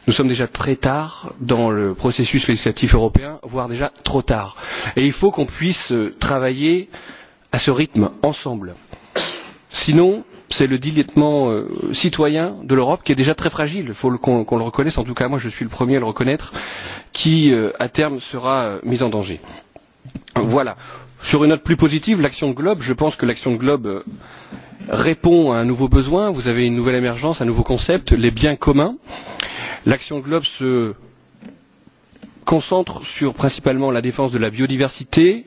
nous sommes déjà très tard dans le processus législatif européen voire déjà trop tard et il faut qu'on puisse travailler à ce rythme ensemble sinon c'est le dilettement euh, citoyen de l'europe qui est déjà très fragile il faut qu'on le reconnaisse en tout cas moi je suis le premier à le reconnaître qui euh, à terme sera euh, mis en danger sur une note plus positive l'action de l'europe je pense que l'action de l'europe répond à un nouveau besoin vous avez une nouvelle émergence un nouveau concept les biens communs. l'action de l'europe se concentre principalement sur la défense de la biodiversité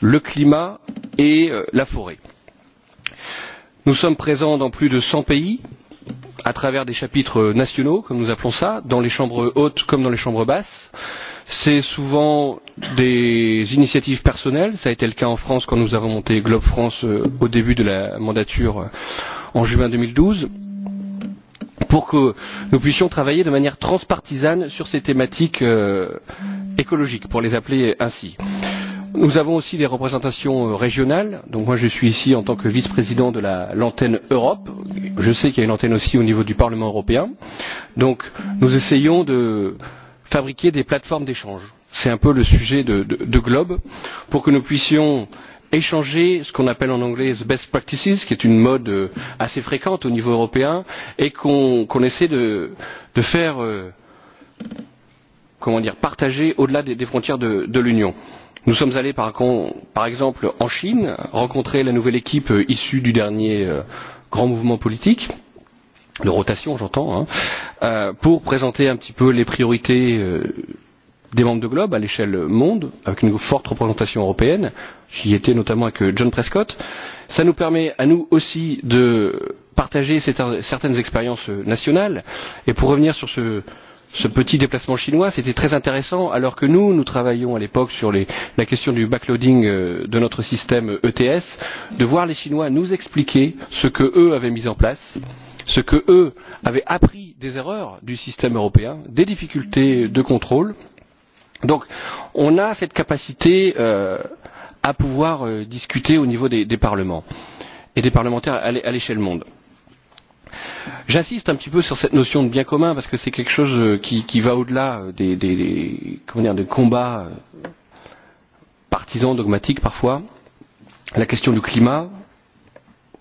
le climat et euh, la forêt. nous sommes présents dans plus de cent pays à travers des chapitres nationaux comme nous appelons cela dans les chambres hautes comme dans les chambres basses c'est souvent des initiatives personnelles. Ça a été le cas en France quand nous avons monté Globe France euh, au début de la mandature euh, en juin 2012 pour que nous puissions travailler de manière transpartisane sur ces thématiques euh, écologiques, pour les appeler ainsi. Nous avons aussi des représentations euh, régionales. Donc moi, je suis ici en tant que vice-président de l'antenne la, Europe. Je sais qu'il y a une antenne aussi au niveau du Parlement européen. Donc nous essayons de, fabriquer des plateformes d'échange. C'est un peu le sujet de, de, de Globe, pour que nous puissions échanger ce qu'on appelle en anglais best practices, qui est une mode euh, assez fréquente au niveau européen, et qu'on qu essaie de, de faire euh, comment dire, partager au-delà des, des frontières de, de l'Union. Nous sommes allés par, par exemple en Chine, rencontrer la nouvelle équipe euh, issue du dernier euh, grand mouvement politique de rotation, j'entends, hein, euh, pour présenter un petit peu les priorités euh, des membres de Globe à l'échelle monde, avec une forte représentation européenne. J'y étais notamment avec euh, John Prescott. Ça nous permet à nous aussi de partager certaines expériences euh, nationales. Et pour revenir sur ce, ce petit déplacement chinois, c'était très intéressant, alors que nous, nous travaillions à l'époque sur les, la question du backloading euh, de notre système ETS, de voir les Chinois nous expliquer ce qu'eux avaient mis en place ce que eux avaient appris des erreurs du système européen, des difficultés de contrôle. Donc on a cette capacité euh, à pouvoir euh, discuter au niveau des, des parlements et des parlementaires à l'échelle monde. J'insiste un petit peu sur cette notion de bien commun parce que c'est quelque chose euh, qui, qui va au-delà euh, des, des, des, comment dire, des combats euh, partisans, dogmatiques parfois. La question du climat,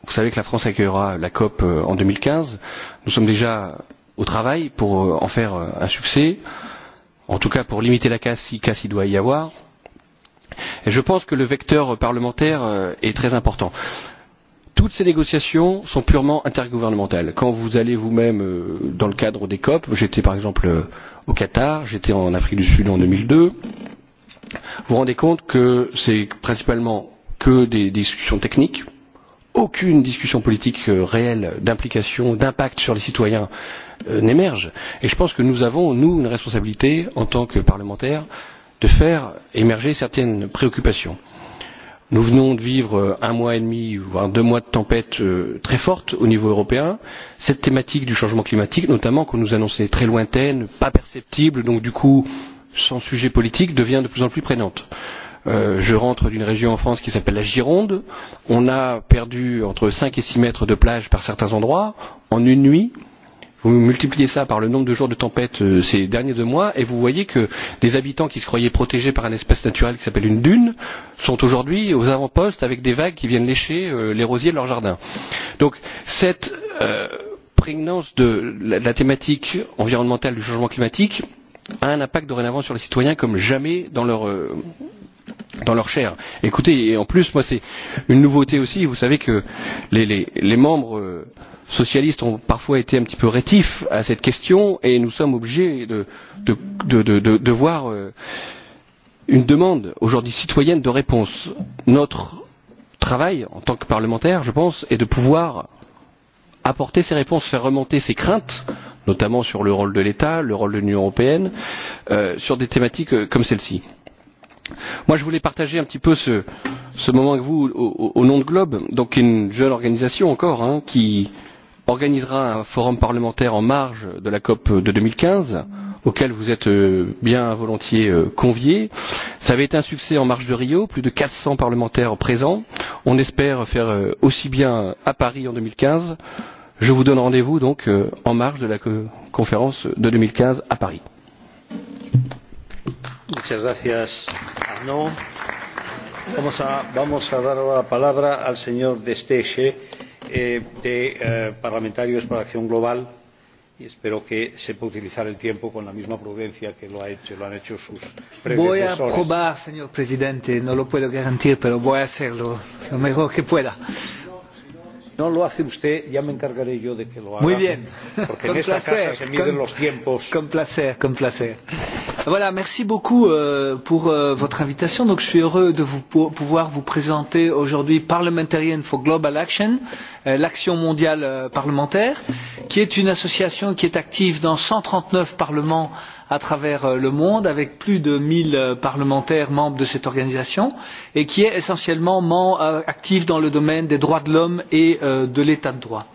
vous savez que la france accueillera la cop euh, en. deux mille quinze nous sommes déjà au travail pour euh, en faire euh, un succès en tout cas pour limiter la casse si casse il doit y avoir. Et je pense que le vecteur parlementaire est très important. Toutes ces négociations sont purement intergouvernementales. Quand vous allez vous-même dans le cadre des COP, j'étais par exemple au Qatar, j'étais en Afrique du Sud en 2002, vous vous rendez compte que c'est principalement que des discussions techniques aucune discussion politique euh, réelle d'implication d'impact sur les citoyens euh, n'émerge et je pense que nous avons nous une responsabilité en tant que parlementaires de faire émerger certaines préoccupations. Nous venons de vivre euh, un mois et demi, voire deux mois de tempête très forte au niveau européen. Cette thématique du changement climatique, notamment, qu'on nous annonçait très lointaine, pas perceptible, donc du coup sans sujet politique, devient de plus en plus prégnante. Euh, je rentre d'une région en France qui s'appelle la Gironde. On a perdu entre 5 et 6 mètres de plage par certains endroits en une nuit. Vous multipliez ça par le nombre de jours de tempête euh, ces derniers deux mois et vous voyez que des habitants qui se croyaient protégés par un espèce naturel qui s'appelle une dune sont aujourd'hui aux avant-postes avec des vagues qui viennent lécher euh, les rosiers de leur jardin. Donc cette euh, prégnance de la, de la thématique environnementale du changement climatique a un impact dorénavant sur les citoyens comme jamais dans leur. Euh, dans leur chair. Écoutez, et en plus, moi, c'est une nouveauté aussi. Vous savez que les, les, les membres euh, socialistes ont parfois été un petit peu rétifs à cette question, et nous sommes obligés de, de, de, de, de, de voir euh, une demande aujourd'hui citoyenne de réponse. Notre travail, en tant que parlementaire, je pense, est de pouvoir apporter ces réponses, faire remonter ces craintes, notamment sur le rôle de l'État, le rôle de l'Union européenne, euh, sur des thématiques euh, comme celle-ci je voulais partager un petit peu ce, ce moment avec vous au, au nom de Globe, donc une jeune organisation encore, hein, qui organisera un forum parlementaire en marge de la COP de 2015, auquel vous êtes euh, bien volontiers euh, conviés. Ça avait été un succès en marge de Rio, plus de 400 parlementaires présents. On espère faire euh, aussi bien à Paris en 2015. Je vous donne rendez-vous donc en marge de la conférence de 2015 à Paris. Merci vamos a dar la palabra al señor destéche eh, de eh, parlamentarios para acción global y espero que sepa utilizar el tiempo con la misma prudencia que lo han hecho, lo han hecho sus predecesores. voy a probar señor presidente no lo puedo garantizar pero voy a hacerlo lo mejor que pueda. Eh, no lo hace usted, ya me encargaré yo de que lo haga. Muy bien. ¿no? Porque con en esta placer. casa se miden con, los tiempos. Con placer, con placer. Voilà, merci beaucoup euh, pour euh, votre invitation. Donc, je suis heureux de vous, pour, pouvoir vous présenter aujourd'hui Parliamentarian for Global Action, euh, l'action mondiale euh, parlementaire, qui est une association qui est active dans 139 parlements à travers euh, le monde avec plus de 1000 euh, parlementaires membres de cette organisation et qui est essentiellement euh, actif dans le domaine des droits de l'homme et de l'état de droit.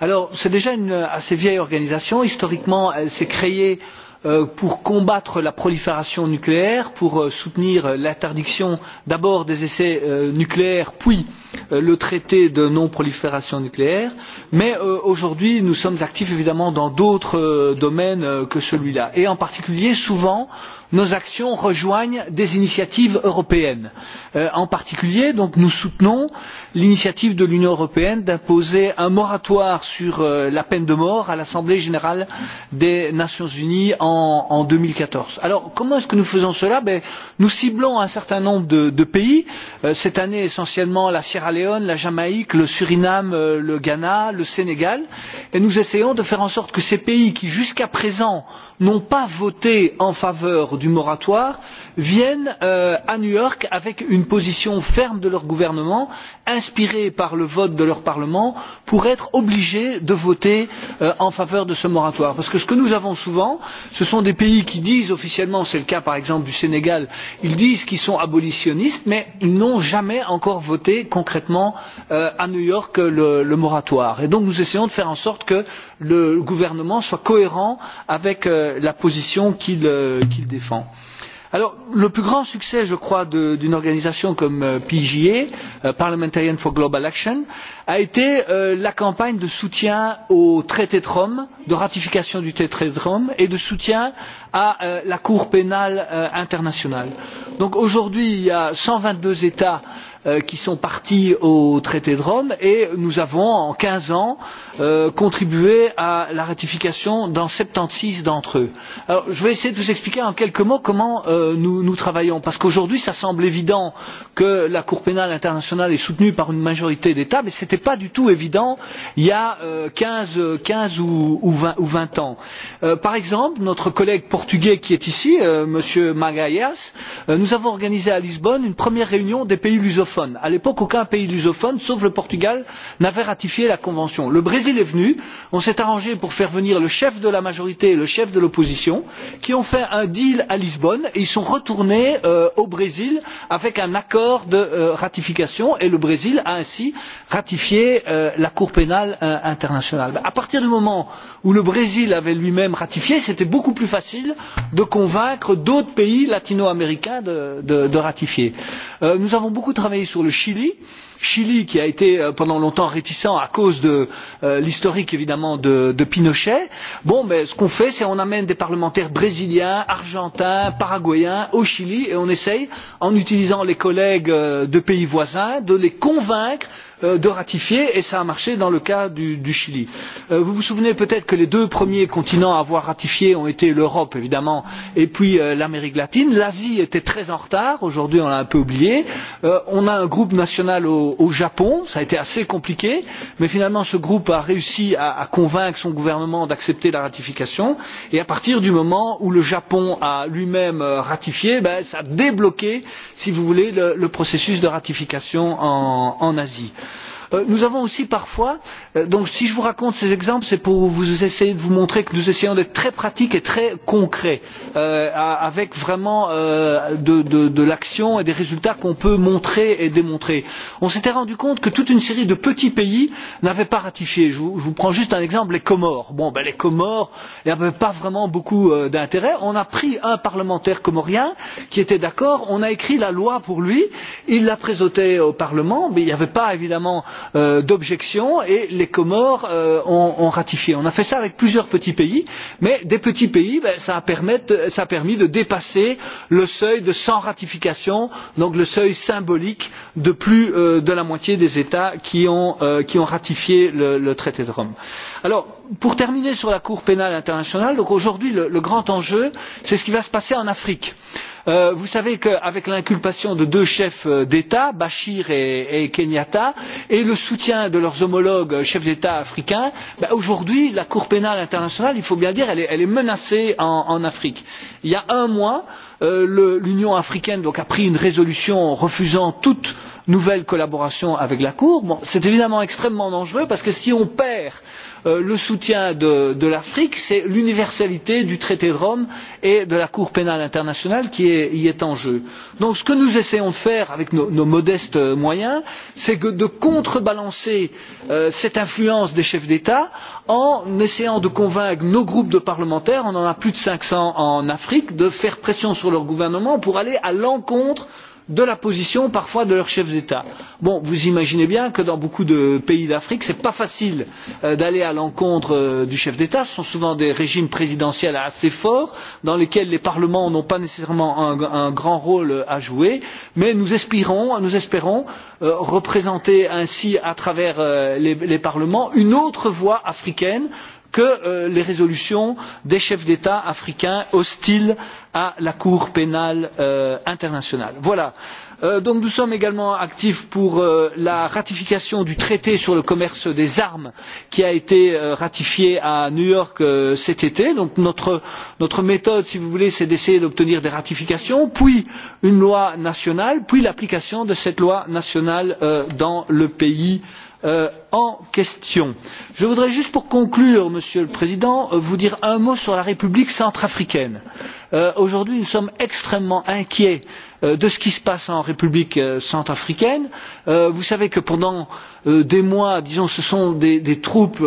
Alors, c'est déjà une assez vieille organisation. Historiquement, elle s'est créée en Euh, pour combattre la prolifération nucléaire, pour euh, soutenir l'interdiction d'abord des essais euh, nucléaires, puis le traité de non-prolifération nucléaire. Mais aujourd'hui, nous sommes actifs évidemment dans d'autres domaines que celui-là. Et en particulier, souvent, nos actions rejoignent des initiatives européennes. Euh, en particulier nous soutenons l'initiative de l'union européenne d'imposer un moratoire sur euh, la peine de mort à l'assemblée générale des nations unies en. deux mille quatorze comment faisons nous cela? nous ciblons un certain nombre de pays euh, cette année essentiellement la sierra leone la jamaïque le suriname le ghana le sénégal et nous essayons de faire en sorte que ces pays qui jusqu'à présent n'ont pas voté en faveur du moratoire viennent euh, à new york avec une position ferme de leur gouvernement inspirée par le vote de leur parlement pour être obligés de voter euh, en faveur de ce moratoire. parce que ce que nous avons souvent ce sont des pays qui disent officiellement c'est le cas par exemple du sénégal qu'ils sont abolitionnistes mais ils n'ont jamais encore voté concrètement euh, à new york le moratoire. et donc nous essayons de faire en sorte que le gouvernement soit cohérent avec Euh, la position qu'il euh, qu défend. Alors, le plus grand succès, je crois, d'une organisation comme euh, PGA, Parliamentarian for Global Action, a été euh, la campagne de soutien au traité de Rome, de ratification du traité de Rome et de soutien à euh, la Cour pénale euh, internationale. Donc aujourd'hui, il y a 122 États Euh, qui sont partis au traité de Rome et nous avons en 15 ans euh, contribué à la ratification dans 76 d'entre eux. Alors, je vais essayer de vous expliquer en quelques mots comment euh, nous, nous travaillons parce qu'aujourd'hui ça semble évident que la Cour pénale internationale est soutenue par une majorité d'États mais ce n'était pas du tout évident il y a euh, 15, 15 ou, ou, 20, ou 20 ans. Euh, par exemple, notre collègue portugais qui est ici, euh, M. Magalhães, euh, nous avons organisé à Lisbonne une première réunion des pays lusophones lusophone. à l'époque aucun pays lusophone sauf le portugal n'avait ratifié la convention. le brésil est venu on s'est arrangé pour faire venir le chef de la majorité et le chef de l'opposition qui ont fait un deal à lisbonne et ils sont retournés euh, au brésil avec un accord de euh, ratification et le brésil a ainsi ratifié euh, la cour pénale internationale. à partir du moment où le brésil avait lui même ratifié c'était beaucoup plus facile de convaincre d'autres pays latino américains de, de, de ratifier. nous avons beaucoup travaillé pays sur le chili chili qui a été euh, pendant longtemps réticent à cause de euh, l'historique évidemment de pinochet bon ben ce qu'on fait c'est on amène des parlementaires brésiliens argentins paraguayens au chili et on essaie en utilisant les collègues euh, de pays voisins de les convaincre Euh, de ratifier et ça a marché dans le cas du, du Chili. Euh, vous vous souvenez peut-être que les deux premiers continents à avoir ratifié ont été l'Europe évidemment et puis euh, l'Amérique latine. L'Asie était très en retard, aujourd'hui on l'a un peu oublié. Euh, on a un groupe national au, au Japon, ça a été assez compliqué, mais finalement ce groupe a réussi à, à convaincre son gouvernement d'accepter la ratification et à partir du moment où le Japon a lui-même euh, ratifié, ben, ça a débloqué, si vous voulez, le, le processus de ratification en, en Asie. Euh, Euh, nous avons aussi parfois euh, si je vous raconte ces exemples c'est pour essayer de vous montrer que nous essayons d'être très pratiques et très concrets euh, avec vraiment de, de, de l'action et des résultats qu'on peut montrer et démontrer. on s'était rendu compte que toute une série de petits pays n'avaient pas ratifié. je vous, je vous prends juste un exemple les comores. bon ben les comores il n'y avait pas vraiment beaucoup d'intérêt. on a pris un parlementaire comorien qui était d'accord on a écrit la loi pour lui il l'a présentée au parlement mais il n'y avait pas évidemment Euh, d'objection et les Comores euh, ont, ont ratifié. On a fait ça avec plusieurs petits pays, mais des petits pays, ben, ça, a ça a permis de dépasser le seuil de 100 ratifications, donc le seuil symbolique de plus euh, de la moitié des États qui ont, euh, qui ont ratifié le, le traité de Rome. Alors, pour terminer sur la Cour pénale internationale, aujourd'hui, le, le grand enjeu, c'est ce qui va se passer en Afrique. Euh, vous savez qu'avec l'inculpation de deux chefs euh, d'état bachir et kenyatta et le soutien de leurs homologues euh, chefs d'état africains aujourd'hui la cour pénale internationale il faut bien le dire est menacée en afrique. il y a un mois l'union africaine a pris une résolution refusant toute nouvelle collaboration avec la cour. c'est évidemment extrêmement dangereux parce que si on perd Euh, le soutien de l'afrique c'est l'universalité du traité de rome et de la cour pénale internationale qui y est en jeu. donc ce que nous essayons de faire avec nos modestes moyens c'est de contrebalancer euh, cette influence des chefs d'état en essayant de convaincre nos groupes de parlementaires on en a plus de cinq cents en afrique de faire pression sur leurs gouvernements pour aller à l'encontre de la position parfois de leurs chefs d'État. Bon, vous imaginez bien que dans beaucoup de pays d'Afrique, ce n'est pas facile euh, d'aller à l'encontre euh, du chef d'État. Ce sont souvent des régimes présidentiels assez forts dans lesquels les parlements n'ont pas nécessairement un, un grand rôle à jouer. Mais nous espérons, nous espérons euh, représenter ainsi à travers les, les parlements une autre voix africaine que euh, les résolutions des chefs d'état africains hostiles à la cour pénale euh, internationale. Euh, nous sommes également actifs pour la ratification du traité sur le commerce des armes qui a été ratifié à new york cet été. notre méthode si vous voulez c'est d'essayer d'obtenir des ratifications puis une loi nationale puis l'application de cette loi nationale dans le pays en question. je voudrais juste pour conclure monsieur le président vous dire un mot sur la république centrafricaine. Euh, aujourd'hui nous sommes extrêmement inquiets euh, de ce qui se passe en république euh, centrafricaine. vous savez que pendant des mois disons ce sont des troupes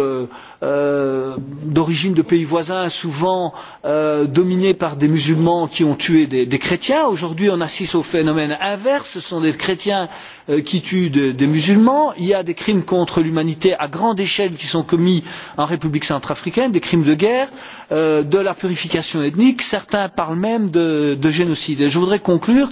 d'origine de pays voisins souvent dominées par des musulmans qui ont tué des chrétiens. aujourd'hui on assiste au phénomène inverse ce sont des chrétiens qui tuent des musulmans. il y a des crimes contre humanitaires à grande échelle qui sont commis en république centrafricaine des crimes de guerre euh, de la purification ethnique certains parlent même de, de génocide. Et je voudrais conclure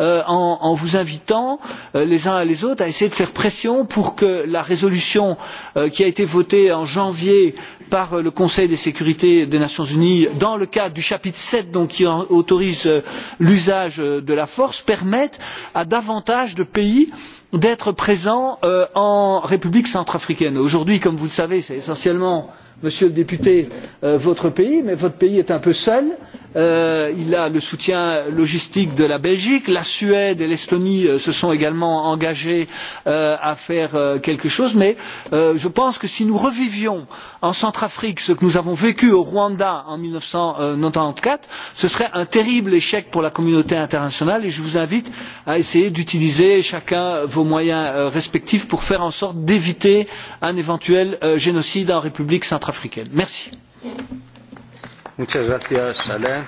euh, en, en vous invitant euh, les uns et les autres à essayer de faire pression pour que la résolution euh, qui a été votée en janvier par euh, le Conseil de sécurité des Nations Unies dans le cadre du chapitre 7 donc, qui autorise euh, l'usage euh, de la force permette à davantage de pays euh, d'être présents euh, en république centrafricaine. aujourd'hui comme vous le savez c'est essentiellement monsieur le député euh, votre pays mais votre pays est un peu seul et Euh, il a le soutien logistique de la belgique la suède et l'estonie euh, se sont également engagées euh, à faire quelque chose mais je pense que si nous revivions en centrafrique ce que nous avons vécu au rwanda en mille neuf cent quatre vingt quatorze ce serait un terrible échec pour la communauté internationale et je vous invite à essayer d'utiliser chacun vos moyens respectifs pour faire en sorte d'éviter un éventuel génocide en république centrafricaine. merci. Merci muchas gracias Alain.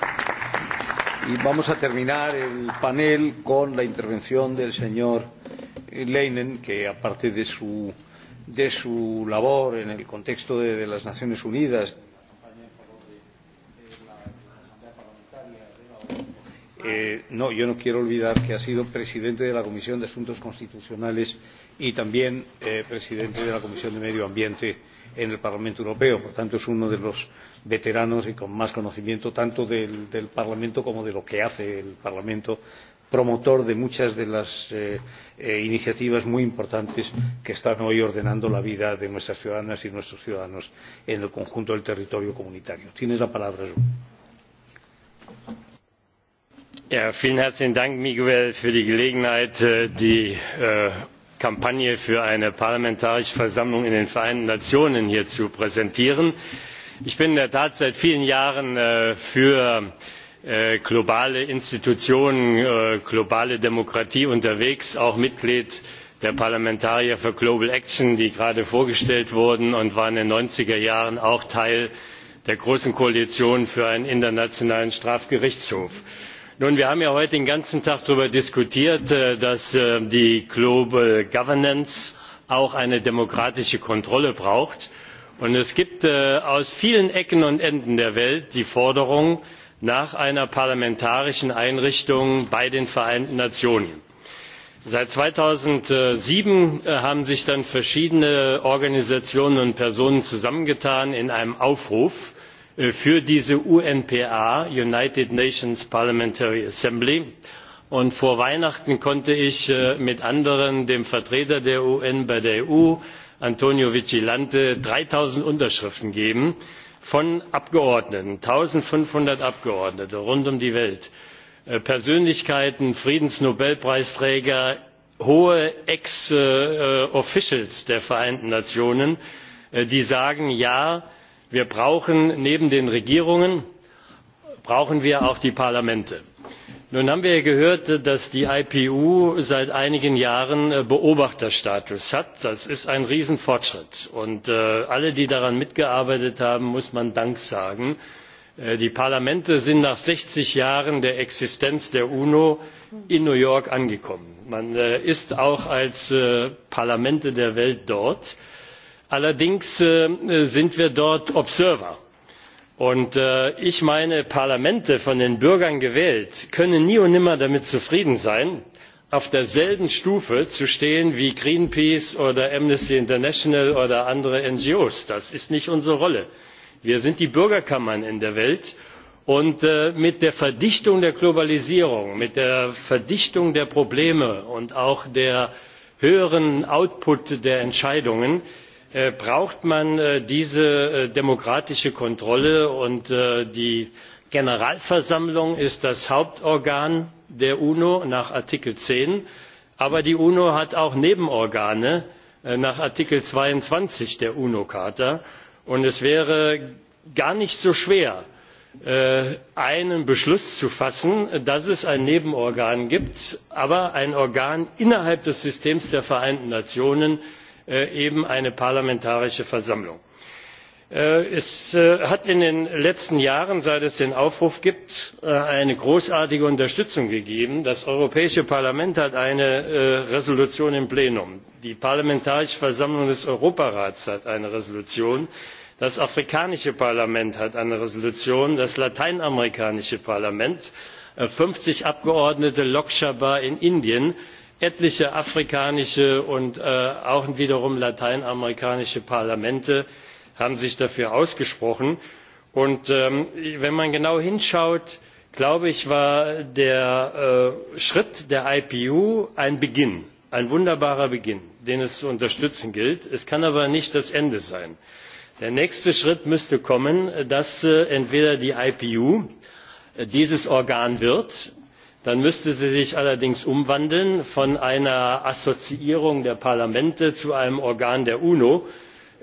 y vamos a terminar el panel con la intervención del señor Leinen que aparte de su de su labor en el contexto de, de las Naciones Unidas eh, no, yo no quiero olvidar que ha sido presidente de la Comisión de Asuntos Constitucionales y también eh, presidente de la Comisión de Medio Ambiente en el parlamento europeo por tanto es uno de los veteranos y con más conocimiento tanto del parlamento como de lo que hace el parlamento promotor de muchas de las eh, eh, iniciativas muy importantes que están hoy ordenando la vida de nuestras ciudadanas y nuestros ciudadanos en el conjunto del territorio comunitario. Tienes la palabra, Jun. Ja, vielen herzlichen Dank, Miguel, für die Gelegenheit, äh, die äh, kampagne für eine parlamentarische versammlung in den vereinten nationen hier zu präsentieren. ich bin in der tat seit vielen jahren äh, für äh, globale institutionen äh, globale demokratie unterwegs auch mitglied der parlamentarier für global action die gerade vorgestellt wurden und war in den neunzig er jahren auch teil der großen koalition für einen internationalen strafgerichtshof wir haben ja heute den ganzen tag darüber diskutiert äh, dass äh, die global governance auch eine demokratische kontrolle braucht und es gibt äh, aus vielen ecken und enden der welt die forderung nach einer parlamentarischen einrichtung bei den vereinten nationen. seit zweitausendsieben haben sich dann verschiedene organisationen und personen zusammengetan in einem aufruf Uh, für diese unpa united nations parliamentary assembly und vor weihnachten konnte ich äh, mit anderen dem vertreter der un bei der eu antonio vigilante drei null unterschriften geben von abgeordneten eins fünfhundert abgeordnete rund um die welt äh, persönlichkeiten friedensnobelpreisträger hohe ex äh, officials der vereinten nationen die sagen ja wir brauchen neben den regierungen brauchen wir auch die parlamente. nun haben wir gehört dass die ipu seit einigen jahren äh, beobachterstatus hat. das ist ein riesenfortschritt und äh, allen die daran mitgearbeitet haben muss man dank sagen. Äh, die parlamente sind nach sechzig jahren der existenz der uno in new york angekommen. man ist auch als parlamente der welt dort allerdings äh, sind wir dort observer und äh, ich meine parlamente von den bürgern gewählt können nie und nimmer damit zufrieden sein auf derselben stufe zu stehen wie greenpeace oder amnesty international oder andere ngos. das ist nicht unsere rolle. wir sind die bürgerkammern in der welt und äh, mit der verdichtung der globalisierung mit der verdichtung der probleme und auch dem höheren output der entscheidungen Äh, braucht man äh, diese äh, demokratische kontrolle und die generalversammlung ist das hauptorgan der uno nach artikel zehn aber die uno hat auch nebenorgane nach artikel zweiundzwanzig der uno charta und es wäre gar nicht so schwer einen beschluss zu fassen dass es ein nebenorgan gibt aber ein organ innerhalb des systems der vereinten nationen Äh, eben eine parlamentarische versammlung. Äh, es äh, hat in den letzten jahren seit es den aufruf gibt eine großartige unterstützung gegeben. das europäische parlament hat eine entschließung im plenum die parlamentarische versammlung des europarats hat eine entschließung das afrikanische parlament hat eine entschließung das lateinamerikanische parlament fünfzig abgeordnete lok sabha in indien etliche afrikanische und äh, auch wiederum lateinamerikanische parlamente haben sich dafür ausgesprochen. Ähm, wenn man genau hinschaut war der äh, schritt der ipu ein beginn ein wunderbarer beginn den es zu unterstützen gilt. es kann aber nicht das ende sein. der nächste schritt müsste kommen dass äh, entweder die ipu dieses organ wird dann müsste sie sich allerdings umwandeln von einer assoziierung der parlamente zu einem organ der uno.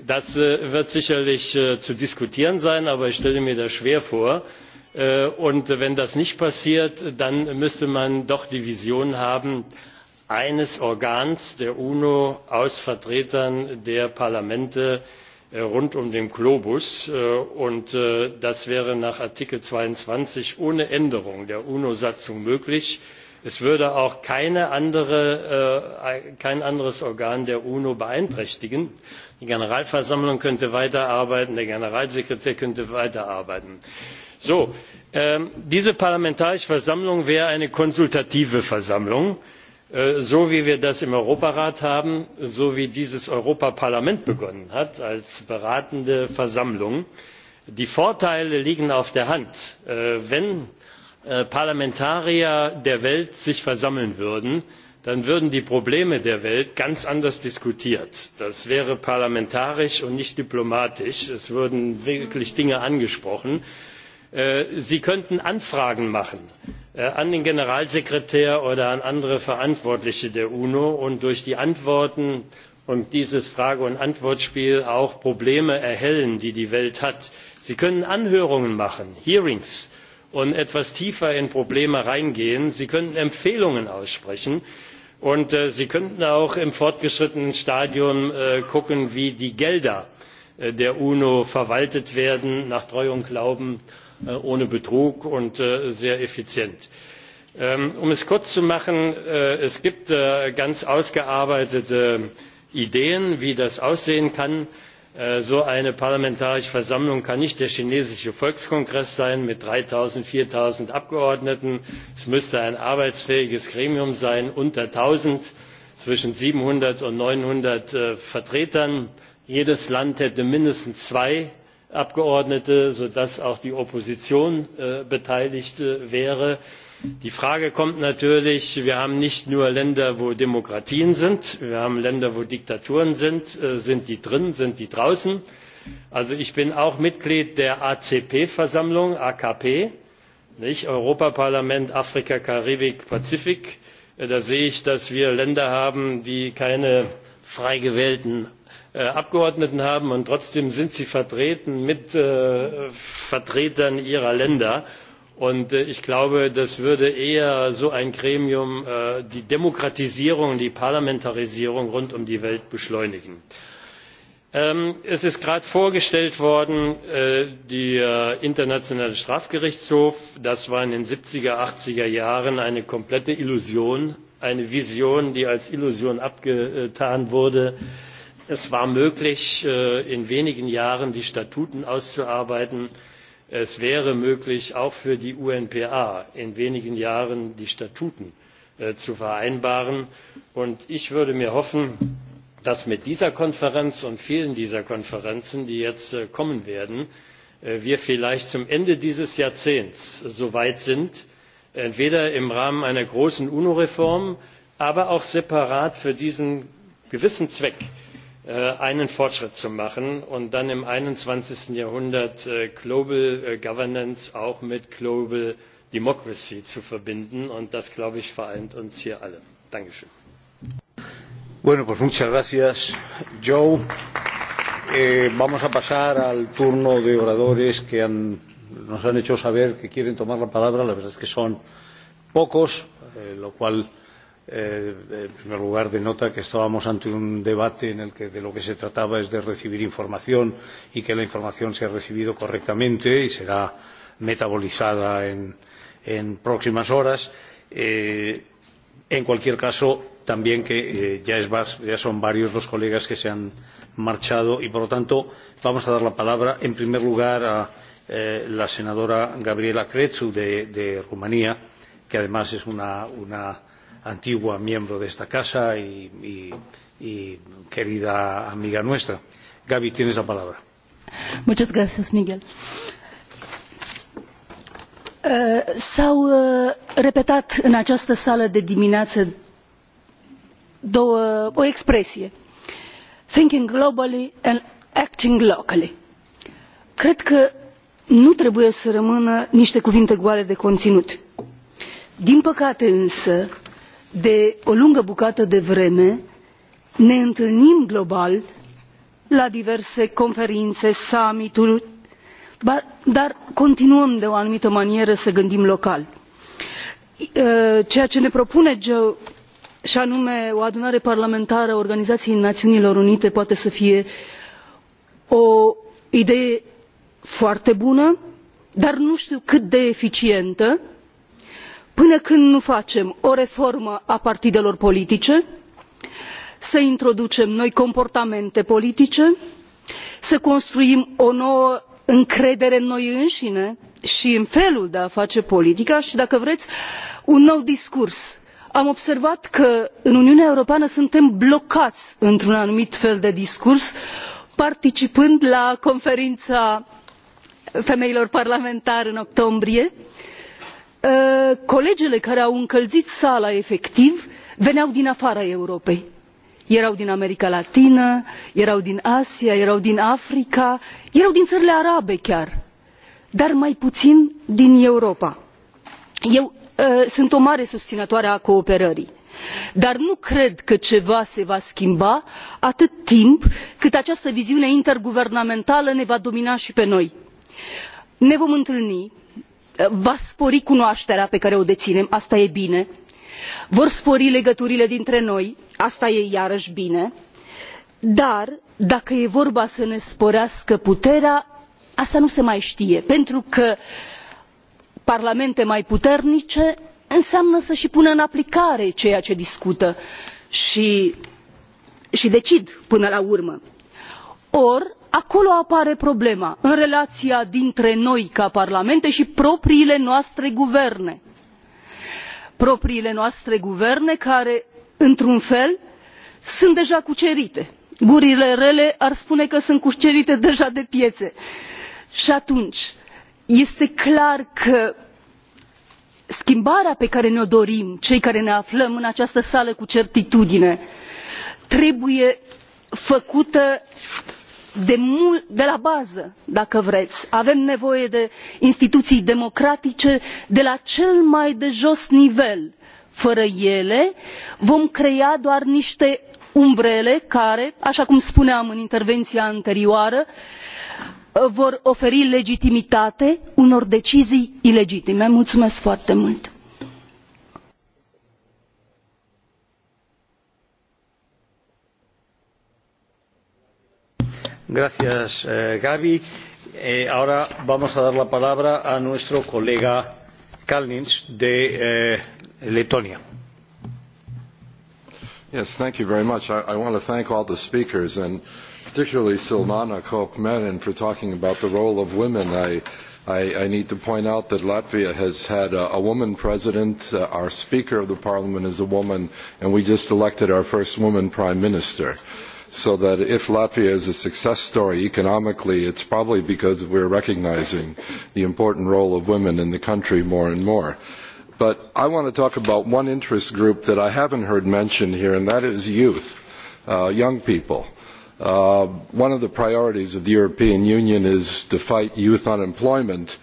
das äh, wird sicherlich äh, zu diskutieren sein aber ich stelle mir das schwer vor. Äh, und wenn das nicht passiert dann müsste man doch die vision haben eines organs der uno aus vertretern der parlamente Äh, rund um den globus äh, und äh, das wäre nach artikel zweiundzwanzig ohne änderung der uno satzung möglich. es würde auch kein anderes organ der uno beeinträchtigen. die generalversammlung könnte weiterarbeiten der generalsekretär könnte weiterarbeiten. Ähm, diese parlamentarische versammlung wäre eine konsultative versammlung Äh, so wie wir das im europarat haben so wie dieses europäische parlament begonnen hat als beratende versammlung. die vorteile liegen auf der hand äh, wenn äh, parlamentarier der welt sich versammeln würden dann würden die probleme der welt ganz anders diskutiert. das wäre parlamentarisch und nicht diplomatisch es würden wirklich dinge angesprochen. sie könnten anfragen machen Äh, an den generalsekretär oder an andere verantwortliche der uno und durch die antworten und dieses frage und antwort spiel auch probleme erhellen die die welt hat. sie können anhörungen machen hearings und etwas tiefer in probleme hineingehen sie können empfehlungen aussprechen und äh, sie könnten auch im fortgeschrittenen stadium schauen äh, wie die gelder der uno verwaltet werden nach treu und glauben Äh, ohne betrug und äh, sehr effizient. Ähm, um es kurz zu machen äh, es gibt ganz ausgearbeitete ideen wie das aussehen kann. so eine parlamentarische versammlung kann nicht der chinesische volkskongress sein mit drei null vier null abgeordneten. es müsste ein arbeitsfähiges gremium sein unter eins null zwischen siebenhundert und neunhundert vertretern. jedes land hätte mindestens zwei abgeordnete sodass auch die opposition äh, beteiligt äh, wäre. die frage kommt natürlich wir haben nicht nur länder wo demokratien sind wir haben länder wo diktaturen sind äh, sind die drin sind die draußen? ich bin auch mitglied der akp versammlung akp europäisches parlament afrika karibik pazifik. da sehe ich dass wir länder haben die keine frei gewählten Äh, abgeordneten haben und trotzdem sind sie vertreten mit äh, vertretern ihrer länder und äh, ich glaube das würde eher so ein gremium die demokratisierung die parlamentarisierung rund um die welt beschleunigen. Ähm, es ist gerade vorgestellt worden der internationale strafgerichtshof das war in den siebzig er achtzig er jahren eine komplette illusion eine vision die als illusion abgetan wurde es war möglich äh, in wenigen jahren die statuten auszuarbeiten es wäre möglich auch für die unpa in wenigen jahren die statuten äh, zu vereinbaren und ich würde mir hoffen dass mit dieser konferenz und vielen dieser konferenzen die jetzt äh, kommen werden wir vielleicht zum ende dieses jahrzehnts so weit sind entweder im rahmen einer großen uno reform aber auch separat für diesen gewissen zweck Äh, einen fortschritt zu machen und dann im. einundzwanzig jahrhundert äh, global äh, governance auch mit global democracy zu verbinden und das glaube ich vereint uns hier alle. dankeschön. Eh, vamos a pasar al turno de oradores que han, nos han hecho saber que quieren tomar la palabra. la verdad es que son pocos eh, lo cual Eh, en primer lugar denota que estábamos ante un debate en el que de lo que se trataba es de recibir información y que la información se ha recibido correctamente y será metabolizada en próximas horas eh, en cualquier caso también que eh, ya, es, ya son varios los colegas que se han marchado y por lo tanto vamos a dar la palabra en primer lugar a eh, la senadora Gabriela Crețu de, de Rumanía que además es una, una antigua miembro de esta casa y, y, y querida amiga nuestra. Gaby, tienes la palabra. Muchas gracias, Miguel. Uh, s-au uh, repetat în această sală de dimineață două, o expresie. Thinking globally and acting locally. Cred că nu trebuie să rămână niște cuvinte goale de conținut. Din păcate însă, de o lungă bucată de vreme ne întâlnim global la diverse conferințe dar continuăm de o anumită manieră să gândim local ceea ce ne propune joe și anume o adunare parlamentară a organizației națiunilor unite poate să fie o idee foarte bună dar nu știu cât de eficientă până când nu facem o reformă a partidelor politice să introducem noi comportamente politice să construim o nouă încredere în noi înșine și în felul de a face politică și dacă vreți un nou discurs. am observat că în uniunea europeană suntem blocați într un anumit fel de discurs participând la conferința femeilor parlamentare din octombrie în colegele care au încălzit sala efectiv veneau din afara europei erau din america latină erau din asia erau din africa erau din țările arabe chiar dar mai puțin din europa. eu sunt o mare susținătoare a cooperării dar nu cred că ceva se va schimba atât timp cât această viziune interguvernamentală ne va domina și pe noi. ne vom întâlni va spori cunoaterea pe care o deinem asta e bine vor spori legăturile dintre noi asta e iarăi bine dar dacă e vorba să ne sporească puterea asta nu se mai tie pentru că parlamente mai puternice înseamnă să i pună în aplicare ceea ce discută i decid până la urmă ori acolo apare problema în relația dintre noi ca parlamente și propriile noastre guverne propriile noastre guverne care într un fel sunt deja cucerite gurile rele ar spune că sunt cucerite deja de piețe și atunci este clar că schimbarea pe care ne o dorim cei care ne aflăm în această sală cu certitudine trebuie făcută de la bază dacă vreți avem nevoie de instituții democratice de la cel mai de jos nivel fără ele vom crea doar niște umbrele care așa cum spuneam în intervenția anterioară vor oferi legitimitate unor decizii ilegitime. mulțumesc foarte mult. gracias eh, gabi. Eh, ahora vamos a dar la palabra a nuestro colega kalnis de eh, letonia. i want to thank all the speakers and particularly silvana kopmanen for talking about the role of women. i, I, I need to point out that latvia has had a, a woman president. Uh, our speaker of the parliament is a woman and we just elected our first woman prime minister. Uh, so that if Latvia is a success story economically, it's probably because we're recognizing the important role of women in the country more and more. But I want to talk about one interest group that I haven't heard mentioned here, and that is youth, uh, young people. Uh, one of the priorities of the European Union is to fight youth unemployment. Uh,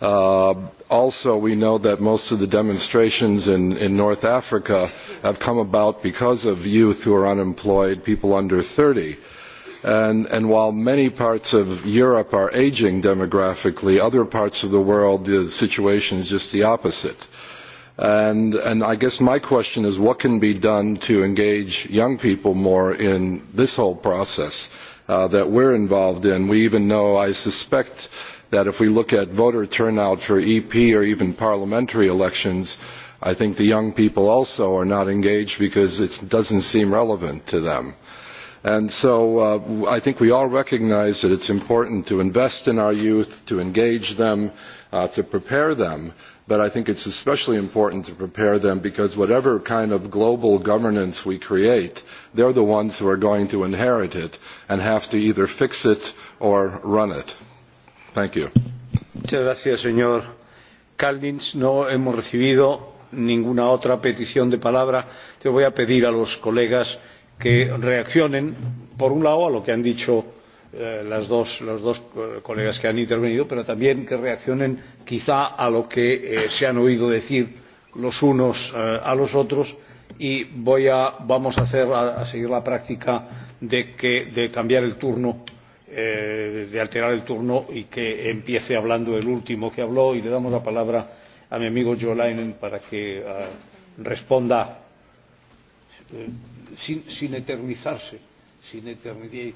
Uh, also we know that most of the demonstrations in, in North Africa have come about because of youth who are unemployed, people under 30. And, and while many parts of Europe are aging demographically, other parts of the world, the situation is just the opposite. And, and I guess my question is what can be done to engage young people more in this whole process uh, that we're involved in? We even know, I suspect, that if we look at voter turnout for EP or even parliamentary elections, I think the young people also are not engaged because it doesn't seem relevant to them. And so uh, I think we all recognize that it's important to invest in our youth, to engage them, uh, to prepare them. But I think it's especially important to prepare them because whatever kind of global governance we create, they're the ones who are going to inherit it and have to either fix it or run it señor kalnia no hemos recibido ninguna otra petición de palabra. yo voy a pedir a los colegas que reaccionen por un lado a lo que han dicho eh, los dos eh, colegas que han intervenido pero también que reaccionen quizá a lo que eh, se han oído decir los unos a los otros y vamos a seguir la práctica de cambiar el turno de los que intervienen. Eh, de alterar el turno y que empiece hablando el último que habló y le damos la palabra a mi amigo Joe Leinen para que uh, responda uh, sin, sin eternizarse. Sin eternizar. Eh,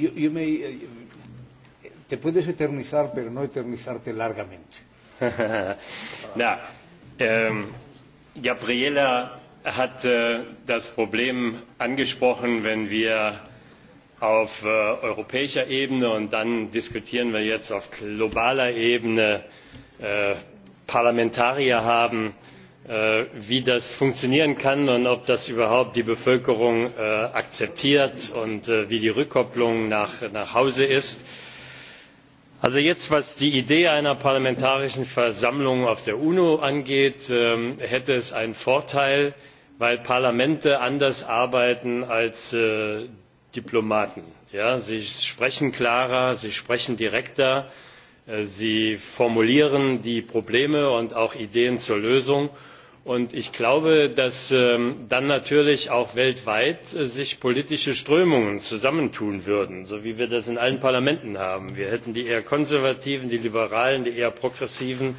yo, yo me, te puedes eternizar, pero no eternizarte largamente. Na, ähm, Gabriela hat äh, das Problem angesprochen, wenn wir auf äh, europäischer ebene und dann diskutieren wir jetzt auf globaler ebene äh, parlamentarier haben äh, wie das funktionieren kann und ob das überhaupt die bevölkerung akzeptiert und wie die rückkopplung nach hause ist. also jetzt was die idee einer parlamentarischen versammlung auf der uno angeht ähm, hätte es einen vorteil weil parlamente anders arbeiten als diplomaten. Ja? sie sprechen klarer sie sprechen direkter äh, sie formulieren die probleme und auch ideen zur lösung. ich glaube dass sich ähm, dann natürlich auch weltweit äh, politische strömungen zusammentun würden so wie wir das in allen parlamenten haben. wir hätten die eher konservativen die liberalen die eher progressiven.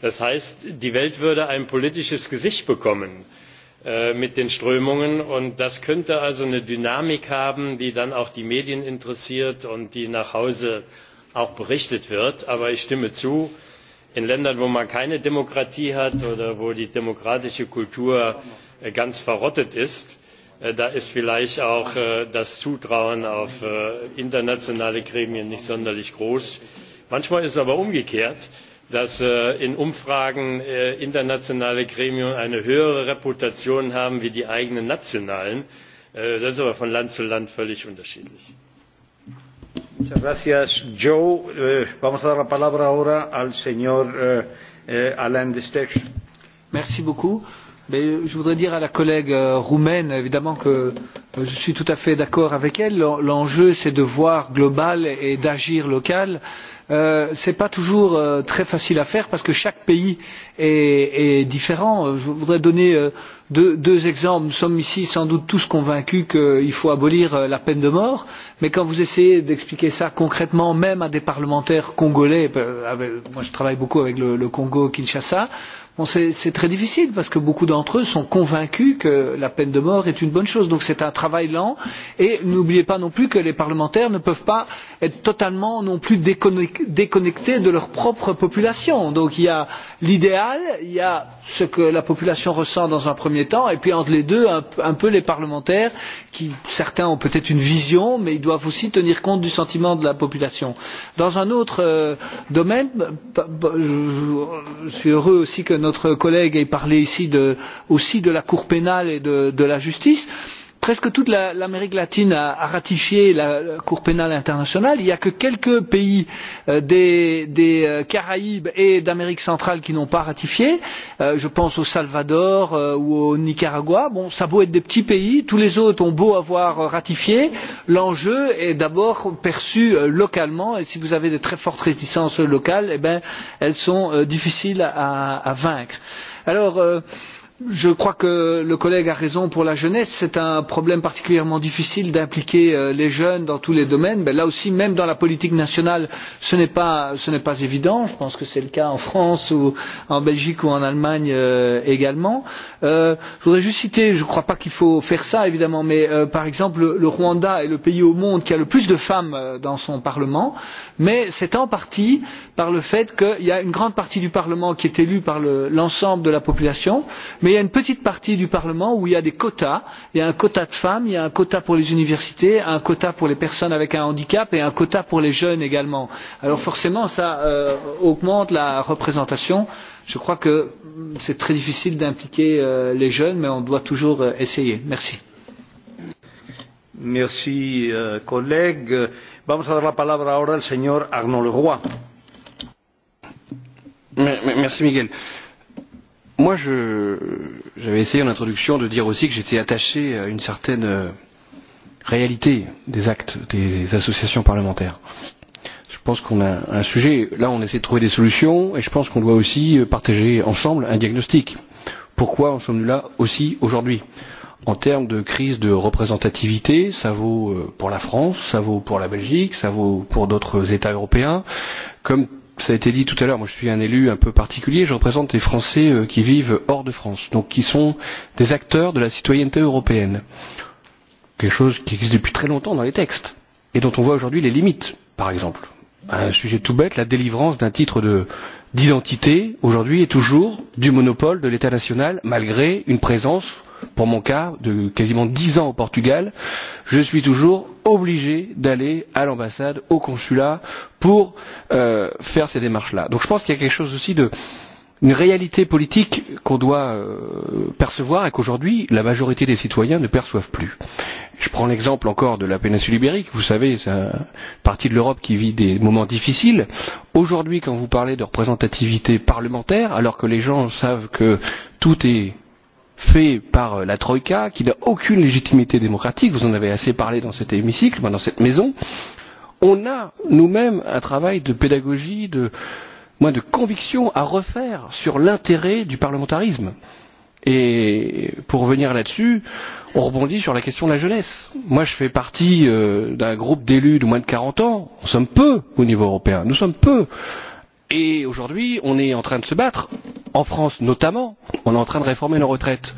das heißt die welt würde ein politisches gesicht bekommen. Äh, mit den strömungen und das könnte also eine dynamik haben die dann auch die medien interessiert und über die nach hause auch berichtet wird. aber ich stimme zu in ländern wo man keine demokratie hat oder wo die demokratische kultur äh, ganz verrottet ist äh, da ist vielleicht auch das zutrauen in internationale gremien nicht sonderlich groß. manchmal ist es aber umgekehrt dass äh, in umfragen äh, internationale gremien eine höhere reputation haben als die eigenen nationalen. Äh, das ist aber von land zu land völlig unterschiedlich. je voudrais dire à la collègue euh, roumaine évidemment que euh, je suis tout à fait d'accord avec elle l'enjeu c'est de voir global et d'agir localement. Euh, ce n'est pas toujours euh, très facile à faire parce que chaque pays est différent. je voudrais donner deux exemples deux, deux exemples. Nous sommes ici sans doute tous convaincus qu'il faut abolir euh, la peine de mort, mais quand vous essayez d'expliquer ça concrètement, même à des parlementaires congolais, euh, avec, moi je travaille beaucoup avec le, le Congo, Kinshasa, bon, c'est très difficile parce que beaucoup d'entre eux sont convaincus que la peine de mort est une bonne chose. Donc c'est un travail lent. Et n'oubliez pas non plus que les parlementaires ne peuvent pas être totalement non plus déconnectés de leur propre population. Donc il y a l'idéal, il y a ce que la population ressent dans un premier premier temps et puis entre les deux un, un peu les parlementaires qui certains ont peut être une vision mais ils doivent aussi tenir compte du sentiment de la population. dans un autre euh, domaine je, je suis heureux aussi que notre collègue ait parlé ici de, aussi de la cour pénale et de, de la justice presque toute l'amérique latine a ratifié la cour pénale internationale il n'y a que quelques pays euh, des euh, caraïbes et d'amérique centrale qui n'ont pas ratifié euh, je pense au salvador ou au nicaragua. bon cela a beau être des petits pays tous les autres ont beau avoir ratifié l'enjeu est d'abord perçu localement et si vous avez de très fortes réticences locales eh bien elles sont difficiles à vaincre. alors euh, je crois que le collègue a raison pour la jeunesse c'est un problème particulièrement difficile d'impliquer euh, les jeunes dans tous les domaines mais là aussi même dans la politique nationale ce n'est pas, pas évident je pense que c'est le cas en france ou en belgique ou en allemagne euh, également. Euh, je voudrais juste citer je ne crois pas qu'il faut faire ça évidemment mais euh, par exemple le rwanda est le pays au monde qui a le plus de femmes euh, dans son parlement mais c'est en partie par le fait qu'il y a une grande partie du parlement qui est élue par l'ensemble le, de la population mais mais il y a une petite partie du parlement où il y a des quotas il y a un quota de femmes il y a un quota pour les universités un quota pour les personnes avec un handicap et un quota pour les jeunes également. alors forcément cela euh, augmente la représentation. je crois que c'est très difficile d'impliquer euh, les jeunes mais on doit toujours euh, essayer. merci. merci collègue. vamos a dar la palabra ahora al señor arnaud leroy. merci miguel. Moi, j'avais essayé en introduction de dire aussi que j'étais attaché à une certaine euh, réalité des actes des associations parlementaires. Je pense qu'on a un sujet, là on essaie de trouver des solutions, et je pense qu'on doit aussi euh, partager ensemble un diagnostic. Pourquoi en sommes-nous là aussi aujourd'hui En termes de crise de représentativité, ça vaut euh, pour la France, ça vaut pour la Belgique, ça vaut pour d'autres États européens, comme ça a été dit tout à l'heure, moi je suis un élu un peu particulier, je représente les Français euh, qui vivent hors de France, donc qui sont des acteurs de la citoyenneté européenne. Quelque chose qui existe depuis très longtemps dans les textes et dont on voit aujourd'hui les limites, par exemple. Un sujet tout bête, la délivrance d'un titre d'identité aujourd'hui est toujours du monopole de l'État national malgré une présence euh, pour mon cas de quasiment dix ans au Portugal, je suis toujours obligé d'aller à l'ambassade, au consulat, pour euh, faire ces démarches là. Donc je pense qu'il y a quelque chose aussi de une réalité politique qu'on doit euh, percevoir et qu'aujourd'hui la majorité des citoyens ne perçoivent plus. Je prends l'exemple encore de la péninsule ibérique, vous savez, c'est une partie de l'Europe qui vit des moments difficiles. Aujourd'hui, quand vous parlez de représentativité parlementaire, alors que les gens savent que tout est fait par euh, la Troïka, qui n'a aucune légitimité démocratique, vous en avez assez parlé dans cet hémicycle, dans cette maison, on a nous-mêmes un travail de pédagogie, de, moins de conviction à refaire sur l'intérêt du parlementarisme. Et pour revenir là-dessus, on rebondit sur la question de la jeunesse. Moi, je fais partie euh, d'un groupe d'élus de moins de 40 ans. Nous sommes peu au niveau européen. Nous sommes peu et aujourd'hui on est en train de se battre en france notamment on est en train de réformer nos retraites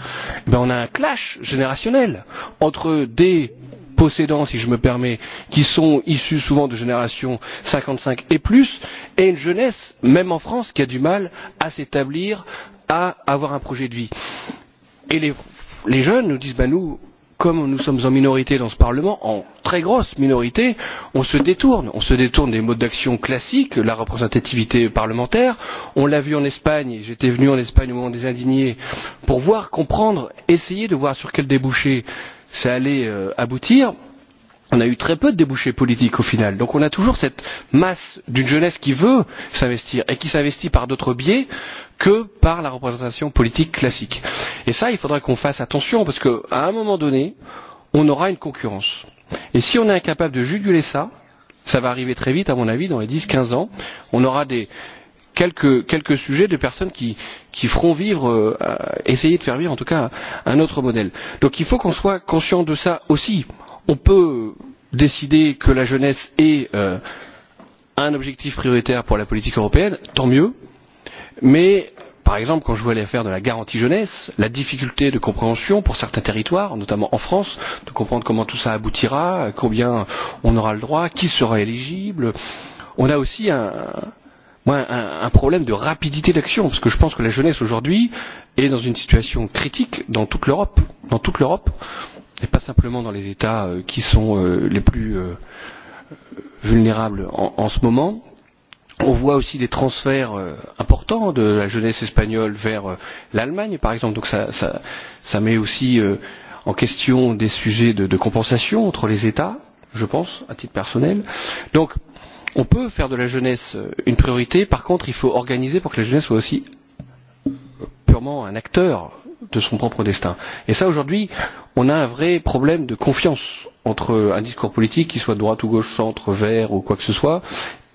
mais on a un clash générationnel entre des possédants si je me permets qui sont issus souvent de générations cinquante cinq et plus et une jeunesse même en france qui a du mal à s'établir à avoir un projet de vie et les jeunes nous disent ben nous comme nous sommes en minorité dans ce parlement en très grosse minorité on se détourne on se détourne des modes d'action classiques la représentativité parlementaire on l'a vu en espagne j'étais venu en espagne au moment des indignés pour voir comprendre essayer de voir sur quel débouché ça allait euh, aboutir on a eu très peu de débouchés politiques au final. Donc on a toujours cette masse d'une jeunesse qui veut s'investir et qui s'investit par d'autres biais que par la représentation politique classique. Et ça, il faudra qu'on fasse attention parce qu'à un moment donné, on aura une concurrence. Et si on est incapable de juguler ça, ça va arriver très vite, à mon avis, dans les 10-15 ans, on aura des, quelques, quelques sujets de personnes qui, qui feront vivre, euh, essayer de faire vivre en tout cas un autre modèle. Donc il faut qu'on soit conscient de ça aussi on peut décider que la jeunesse est euh, un objectif prioritaire pour la politique européenne tant mieux mais par exemple quand je vois l'affaire de la garantie jeunesse la difficulté de compréhension pour certains territoires notamment en france de comprendre comment tout cela aboutira combien on aura le droit qui sera éligible on a aussi un moi, un problème de rapidité d'action, parce que je pense que la jeunesse aujourd'hui est dans une situation critique dans toute l'Europe, dans toute l'Europe et pas simplement dans les États euh, qui sont euh, les plus euh, vulnérables en, en ce moment. On voit aussi des transferts euh, importants de la jeunesse espagnole vers euh, l'Allemagne, par exemple. Donc ça, ça, ça met aussi euh, en question des sujets de, de compensation entre les États, je pense, à titre personnel. Donc on peut faire de la jeunesse euh, une priorité. Par contre, il faut organiser pour que la jeunesse soit aussi euh, purement un acteur euh, de son propre destin. Et ça, aujourd'hui, on a un vrai problème de confiance entre un discours politique, qui soit droite ou gauche, centre, vert ou quoi que ce soit,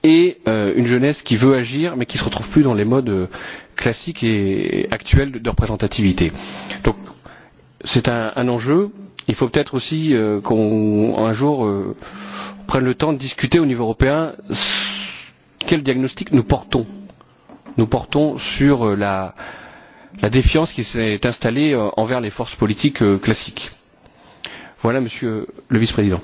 et euh, une jeunesse qui veut agir, mais qui ne se retrouve plus dans les modes euh, classiques et actuels de représentativité. Donc, c'est un, un enjeu. Il faut peut-être aussi euh, qu'on, un jour, euh, prenne le temps de discuter au niveau européen quel diagnostic nous portons. Nous portons sur euh, la la défiance qui s'est installée euh, envers les forces politiques euh, classiques. Voilà, Monsieur le Vice Président.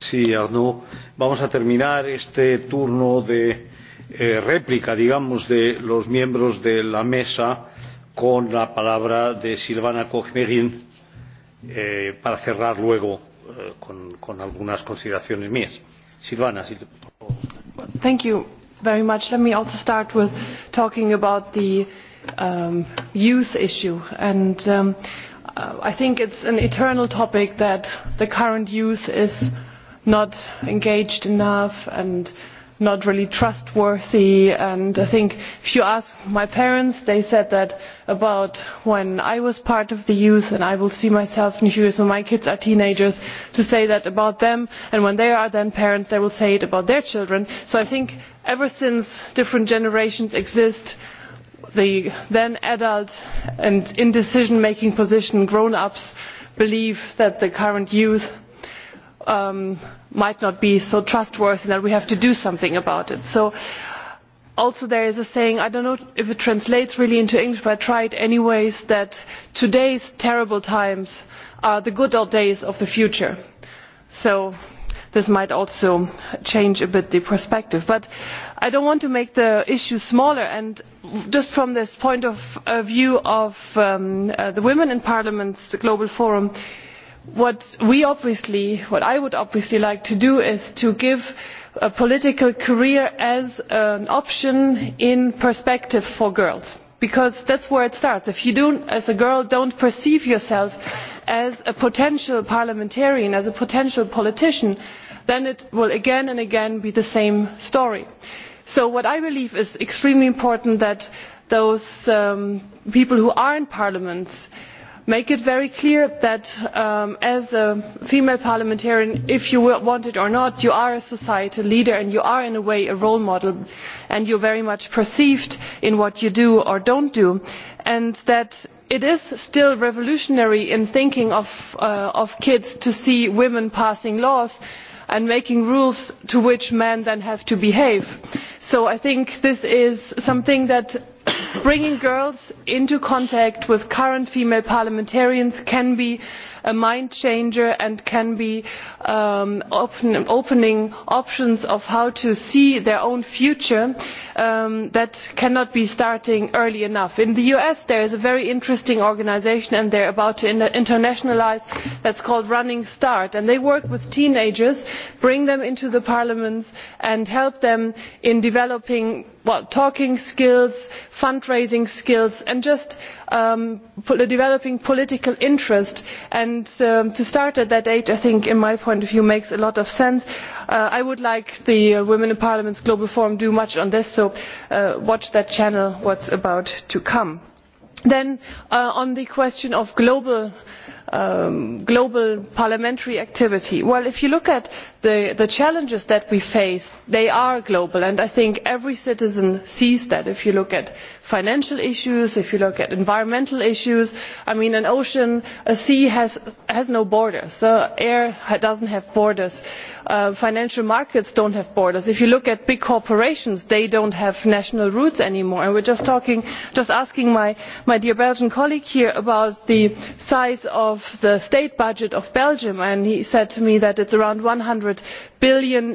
Sí, Arnaud. Vamos a terminar este turno de eh, réplica, digamos, de los miembros de la mesa con la palabra de Silvana Kochmerin eh, para cerrar luego eh, con, con algunas consideraciones mías. Silvana, si te... Thank you very much. Let me also start with talking about the um, youth issue. And um, uh, I think it's an eternal topic that the current youth is not engaged enough and not really trustworthy. And I think if you ask my parents, they said that about when I was part of the youth, and I will see myself in a few years when my kids are teenagers, to say that about them. And when they are then parents, they will say it about their children. So I think ever since different generations exist, the then adult and in decision making positions grown ups believe that the current youth um, might not be so trustworthy and that we have to do something about it. there is also a saying i do not know if it translates really into english but i will try it anyway that today's terrible times are the good old days of the future this might also change a bit the perspective. but i do not want to make the issue smaller and just from the point of view of um, uh, the women in parliament's global forum what i would obviously like to do is to give a political career as an option in perspective for girls because that is where it starts. if you as a girl do not perceive yourself as a potential parliamentarian as a potential politician then it will again and again be the same story. so what i believe is extremely important is that those um, people who are in parliaments make it very clear that um, as a female parliamentarian if you want it or not you are a societal leader and you are in a way a role model and you are very much perceived in what you do or do not do and that it is still revolutionary in the thinking uh, of kids to see women passing laws and making rules to which men then have to behave. so i think this is something that bringing girls into contact with current female parliamentarians can a mind changer and can be um, opening options of how to see their own future um, that cannot be started early enough. in the us there is a very interesting organisation and they are about to internationalise that is called running start and they work with teenagers bring them into the parliament and help them in developing talking skills fund raising skills and just Um, developing political interest and um, to start at that age i think from my point of view makes a lot of sense. Uh, i would like the uh, women in parliament's global forum to do much on this so uh, watch that channel for what is about to come. then on the question of global um, parliamentary activity if you look at the challenges that we face are global and i think every citizen sees that if you look at financial issues if you look at environmental issues i mean an ocean a sea has no borders air does not have borders uh, financial markets do not have borders if you look at big corporations they do not have national roots any more and we are just talking just asking my dear belgian colleague here about the size of the state budget of belgium and he said to me that it is around eur one hundred billion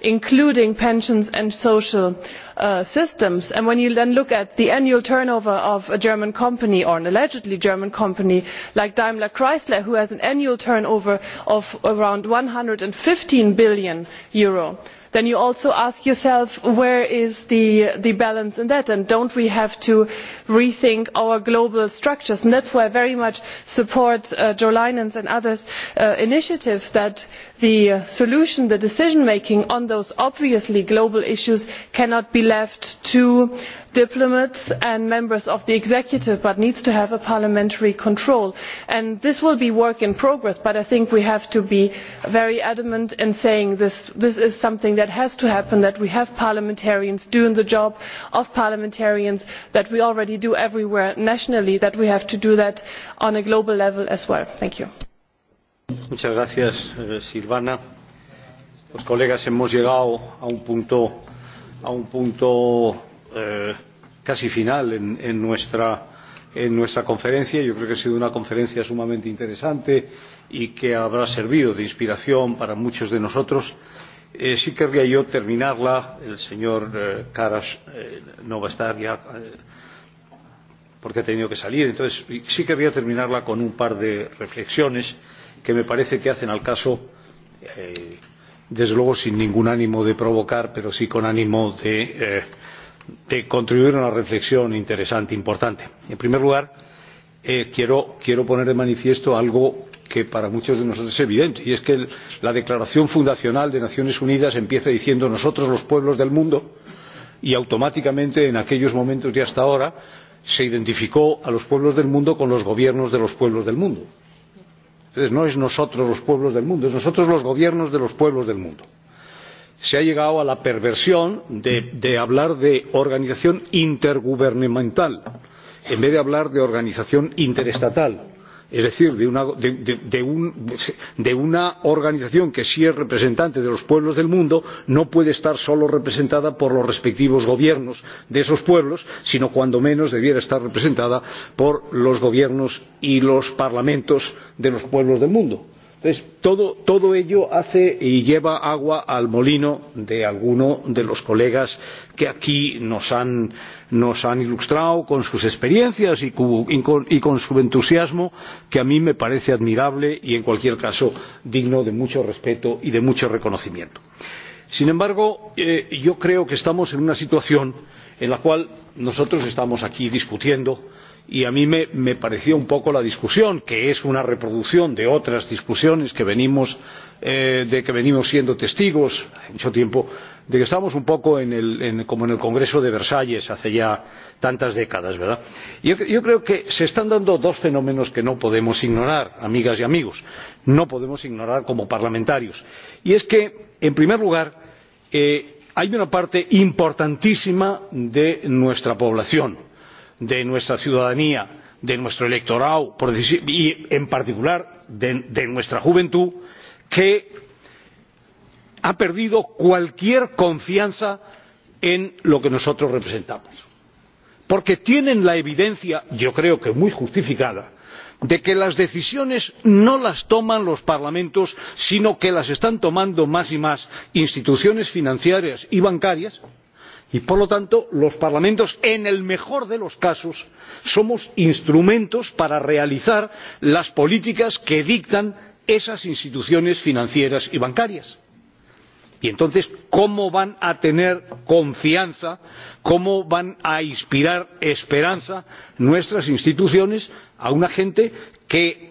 including pensions and social uh, systems and when you then look at the annual turnover of a german company or an allegedly german company like daimler chrysler which has an annual turnover of around eur one hundred and fifteen billion then you also ask yourself where is the balance in that and do we not have to rethink our global structures? that is why i very much support uh, jo leinen's and others' uh, initiative that the solution the decision making on those obviously global issues cannot be left to diplomats and members of the executive but needs to have parliamentary control. this will be work in progress but i think we have to be very adamant in saying this is something that has to happen that we have parliamentarians doing the job of parliamentarians that we already do everywhere nationally that we have to do that on a global level as well. Eh, casi final en nuestra, en nuestra conferencia. Yo creo que ha sido una conferencia sumamente interesante y que habrá servido de inspiración para muchos de nosotros. Eh, sí querría yo terminarla. El señor eh, Karas eh, no va a estar ya eh, porque ha tenido que salir. Entonces, sí querría terminarla con un par de reflexiones que me parece que hacen al caso, eh, desde luego sin ningún ánimo de provocar, pero sí con ánimo de. Eh, de contribuir a una reflexión interesante e importante. en primer lugar eh, quiero poner de manifiesto algo que para muchos de nosotros es evidente y es que la declaración fundacional de las naciones unidas empieza diciendo nosotros los pueblos del mundo y automáticamente en aquellos momentos y hasta ahora se identificó a los pueblos del mundo con los gobiernos de los pueblos del mundo. Entonces, no es nosotros los pueblos del mundo es nosotros los gobiernos de los pueblos del mundo se ha llegado a la perversión de hablar de organización intergubernamental en vez de hablar de organización interestatal es decir de una, de, de, de un, de una organización que sí es representante de los pueblos del mundo no puede estar solo representada por los respectivos gobiernos de esos pueblos sino cuando menos debiera estar representada por los gobiernos y los parlamentos de los pueblos del mundo. Entonces, todo, todo ello hace y lleva agua al molino de alguno de los colegas que aquí nos han, nos han ilustrado con sus experiencias y, cu, y, con, y con su entusiasmo, que a mí me parece admirable y, en cualquier caso, digno de mucho respeto y de mucho reconocimiento. Sin embargo, eh, yo creo que estamos en una situación en la cual nosotros estamos aquí discutiendo y a mí me pareció un poco la discusión que es una reproducción de otras discusiones eh, de las que venimos siendo testigos mucho tiempo de que estamos un poco como en el congreso de versalles hace ya tantas décadas verdad? yo creo que se están dando dos fenómenos que no podemos ignorar amigas y amigos no podemos ignorar como parlamentarios y es que en primer lugar eh, hay una parte importantísima de nuestra población de nuestra ciudadanía de nuestro electorado y en particular de nuestra juventud que ha perdido cualquier confianza en lo que nosotros representamos porque tienen la evidencia yo creo que muy justificada de que las decisiones no las toman los parlamentos sino que las están tomando más y más instituciones financieras y bancarias y por lo tanto los parlamentos en el mejor de los casos somos instrumentos para realizar las políticas que dictan esas instituciones financieras y bancarias. y entonces cómo van a tener confianza cómo van a inspirar esperanza nuestras instituciones a una gente que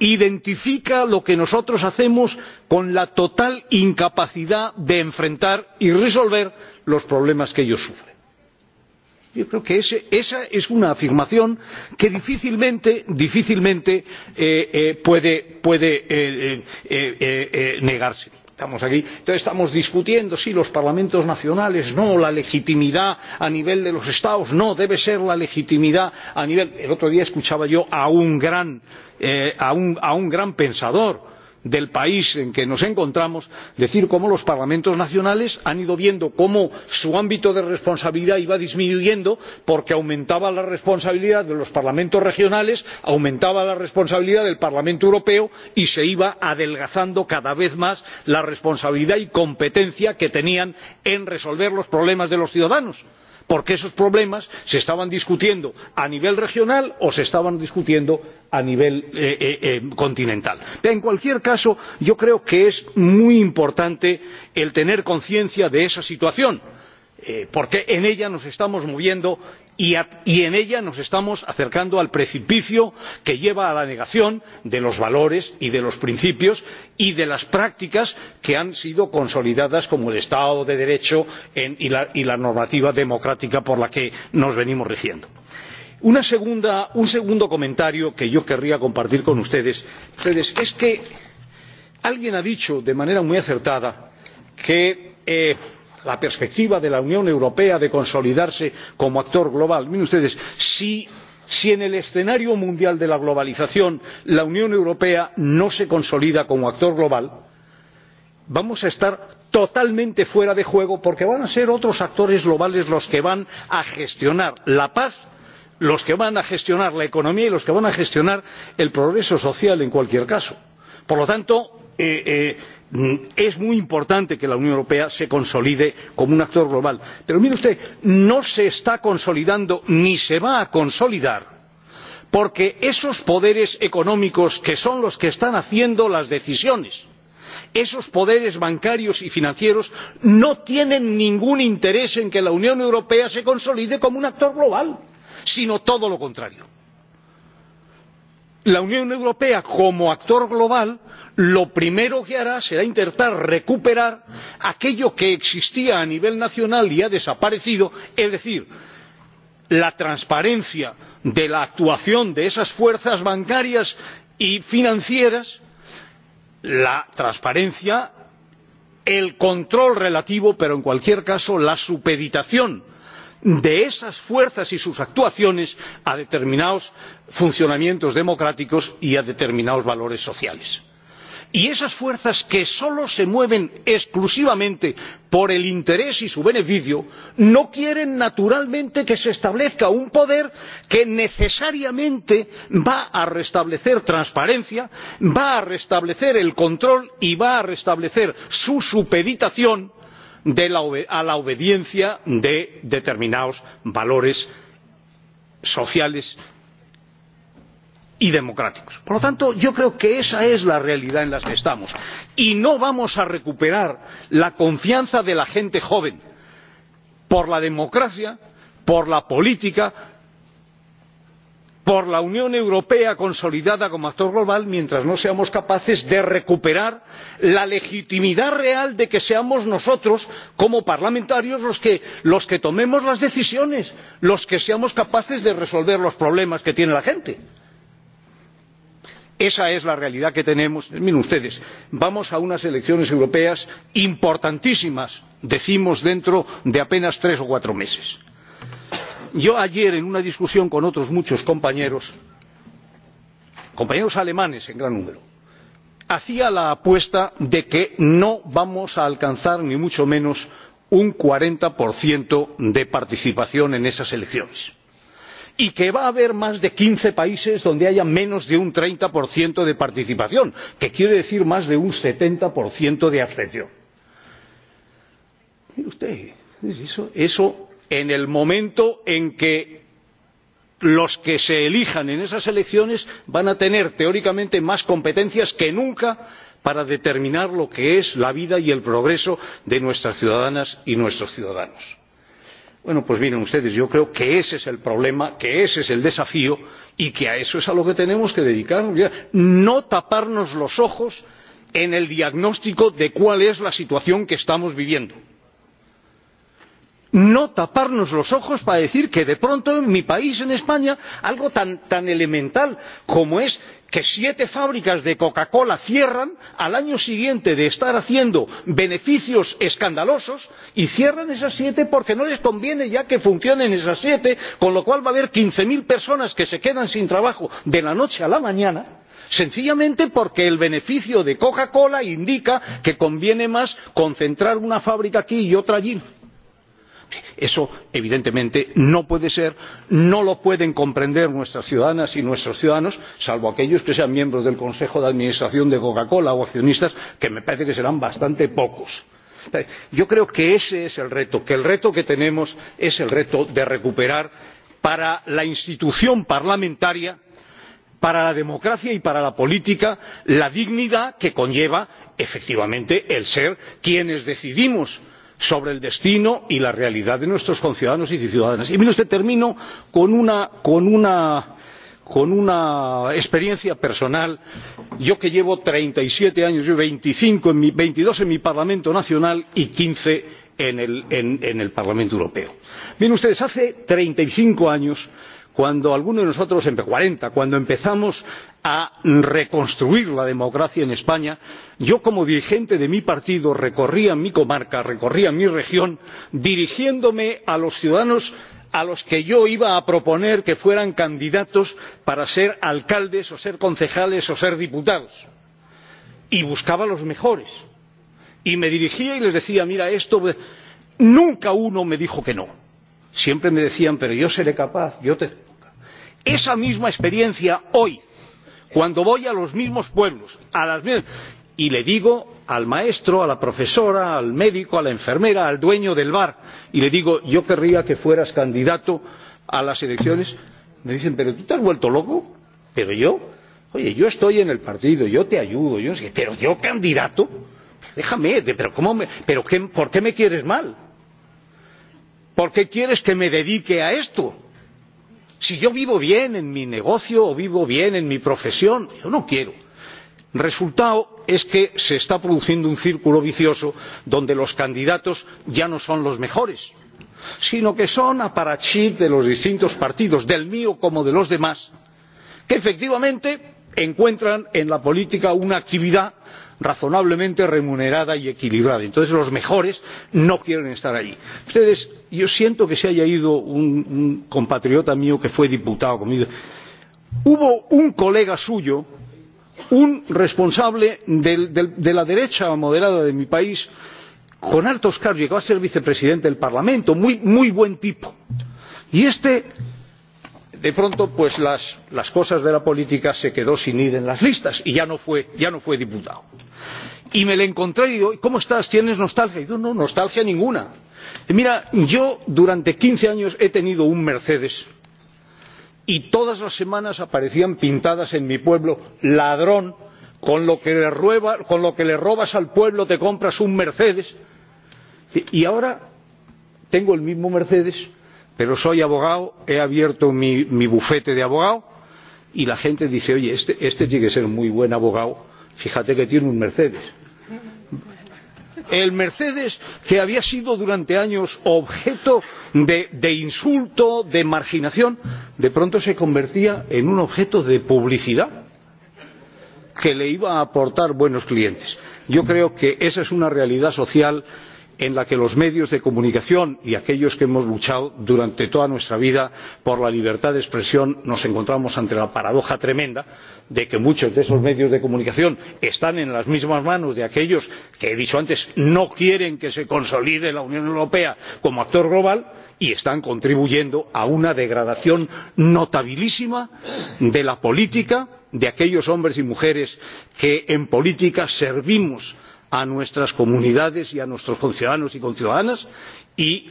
identifica lo que nosotros hacemos con la total incapacidad de enfrentar y resolver los problemas que ellos sufren. yo creo que esa es una afirmación que difícilmente difícilmente eh, eh, puede puede eh, negarse. estamos aquí entonces estamos discutiendo sí los parlamentos nacionales no la legitimidad a nivel de los estados no debe ser la legitimidad a nivel el otro día escuchaba yo a un gran a un gran pensador del país en que nos encontramos decir cómo los parlamentos nacionales han ido viendo cómo su ámbito de responsabilidad iba disminuyendo porque aumentaba la responsabilidad de los parlamentos regionales aumentaba la responsabilidad del parlamento europeo y se iba adelgazando cada vez más la responsabilidad y competencia que tenían en resolver los problemas de los ciudadanos porque esos problemas se estaban discutiendo a nivel regional o se estaban discutiendo a nivel eh, eh, eh, continental. en cualquier caso yo creo que es muy importante tener conciencia de esa situación porque en ella nos estamos moviendo y y en ella nos estamos acercando al precipicio que lleva a la negación de los valores y de los principios y de las prácticas que han sido consolidadas como el estado de derecho y la normativa democrática por la que nos venimos rigiendo. un segundo comentario que yo querría compartir con ustedes es que alguien ha dicho de manera muy acertada que eh, la perspectiva de la unión europea de consolidarse como actor global. miren ustedes si en el escenario mundial de la globalización la unión europea no se consolida como actor global vamos a estar totalmente fuera de juego porque van a ser otros actores globales los que van a gestionar la paz los que van a gestionar la economía y los que van a gestionar el progreso social en cualquier caso. por lo tanto eh, eh, Mm, es muy importante que la unión europea se consolide como un actor global pero mire usted no se está consolidando ni se va a consolidar porque esos poderes económicos que son los que están tomando las decisiones esos poderes bancarios y financieros no tienen ningún interés en que la unión europea se consolide como un actor global sino todo lo contrario. la unión europea como actor global lo primero que hará será intentar recuperar aquello que existía a nivel nacional y ha desaparecido es decir la transparencia de la actuación de esas fuerzas bancarias y financieras la transparencia el control relativo pero en cualquier caso la supeditación de esas fuerzas y sus actuaciones a determinados funcionamientos democráticos y a determinados valores sociales y esas fuerzas que solo se mueven exclusivamente por el interés y su beneficio no quieren naturalmente que se establezca un poder que necesariamente va a restablecer transparencia va a restablecer el control y va a restablecer su supeditación a la obediencia de determinados valores sociales y y democráticos. por lo tanto yo creo que esa es la realidad en la que estamos y no vamos a recuperar la confianza de la gente joven por la democracia por la política por la unión europea consolidada como actor global mientras no seamos capaces de recuperar la legitimidad real de que seamos nosotros como parlamentarios los que, los que tomemos las decisiones los que seamos capaces de resolver los problemas que tiene la gente esa es la realidad que tenemos. miren ustedes vamos a unas elecciones europeas importantísimas decimos dentro de apenas tres o cuatro meses. yo ayer en una discusión con otros muchos compañeros compañeros alemanes en gran número hacía la apuesta de que no vamos a alcanzar ni mucho menos un cuarenta de participación en esas elecciones y que va a haber más de quince países donde haya menos de un treinta de participación que quiere decir más de un setenta de abstención. mire usted eso en el momento en que los que se elijan en esas elecciones van a tener teóricamente más competencias que nunca para determinar lo que es la vida y el progreso de nuestras ciudadanas y nuestros ciudadanos bueno pues miren ustedes yo creo que ese es el problema que ese es el desafío y que a eso es a lo que tenemos que dedicarnos no taparnos los ojos en el diagnóstico de cuál es la situación que estamos viviendo no taparnos los ojos para decir que de pronto en mi país en españa algo tan elemental como es que siete fábricas de coca cola cierran al año siguiente de estar haciendo beneficios escandalosos y cierran esas siete porque no les conviene ya que funcionen esas siete con lo cual va a haber quince cero personas que se quedan sin trabajo de la noche a la mañana sencillamente porque el beneficio de coca cola indica que conviene más concentrar una fábrica aquí y otra allí eso evidentemente no puede ser no lo pueden comprender nuestras ciudadanas y nuestros ciudadanos salvo aquellos que sean miembros del consejo de administración de coca cola o accionistas que me parece que serán bastante pocos. yo creo que ese es el reto que el reto que tenemos es el reto de recuperar para la institución parlamentaria para la democracia y para la política la dignidad que conlleva efectivamente el ser quienes decidimos sobre el destino y la realidad de nuestros conciudadanos y ciudadanas. y mire usted termino con una experiencia personal yo que llevo treinta y siete años veintidós en mi parlamento nacional y quince en el parlamento europeo. miren ustedes hace treinta y cinco años en cuando alguno de nosotros en los cuarenta cuando empezamos a reconstruir la democracia en españa yo como dirigente de mi partido recorría mi comarca recorría mi región dirigiéndome a los ciudadanos a los que yo iba a proponer que fueran candidatos para ser alcaldes o ser concejales o ser diputados y buscaba a los mejores y me dirigía y les decía mira esto nunca uno me dijo que no siempre me decían pero yo seré capaz yo te toca. esa misma experiencia hoy cuando voy a los mismos pueblos y le digo al maestro a la profesora al médico a la enfermera al dueño del bar y le digo yo querría que fueras candidato a las elecciones me dicen pero tú te has vuelto loco pero yo oye yo estoy en el partido yo te ayudo yo no sé pero yo candidato déjame pero cómo me, pero qué, por qué me quieres mal? por qué quieres que me dedique a esto? Si yo vivo bien en mi negocio o vivo bien en mi profesión, yo no quiero. Resultado es que se está produciendo un círculo vicioso donde los candidatos ya no son los mejores, sino que son aparachis de los distintos partidos, del mío como de los demás, que efectivamente encuentran en la política una actividad razonablemente remunerada y equilibrada. entonces los mejores no quieren estar allí. yo siento que se haya ido un compatriota mío que fue diputado conmigo. hubo un colega suyo un responsable de la derecha moderada de mi país con altos cargos llegó a ser vicepresidente del parlamento muy buen tipo y este de pronto las cosas de la política se quedó sin ir en las listas y ya no fue no diputado. y me le encontré y le digo cómo estás tienes nostalgia? y dice no nostalgia ninguna. mira yo durante quince años he tenido un mercedes y todas las semanas aparecían pintadas en mi pueblo ladrón con lo que le, rueba, con lo que le robas al pueblo te compras un mercedes y ahora tengo el mismo mercedes pero soy abogado he abierto mi bufete de abogado y la gente dice oye este tiene que ser muy buen abogado fíjate que tiene un mercedes el mercedes que había sido durante años objeto de, de insulto de marginación de pronto se convertía en un objeto de publicidad que le iba a aportar buenos clientes. yo creo que esa es una realidad social en la que los medios de comunicación y aquellos que hemos luchado durante toda nuestra vida por la libertad de expresión nos encontramos ante la paradoja tremenda de que muchos de esos medios de comunicación están en las mismas manos de aquellos que he dicho antes no quieren que se consolide la unión europea como actor global y están contribuyendo a una degradación notabilísima de la política de aquellos hombres y mujeres que en política servimos a nuestras comunidades y a nuestros conciudadanos y conciudadanas y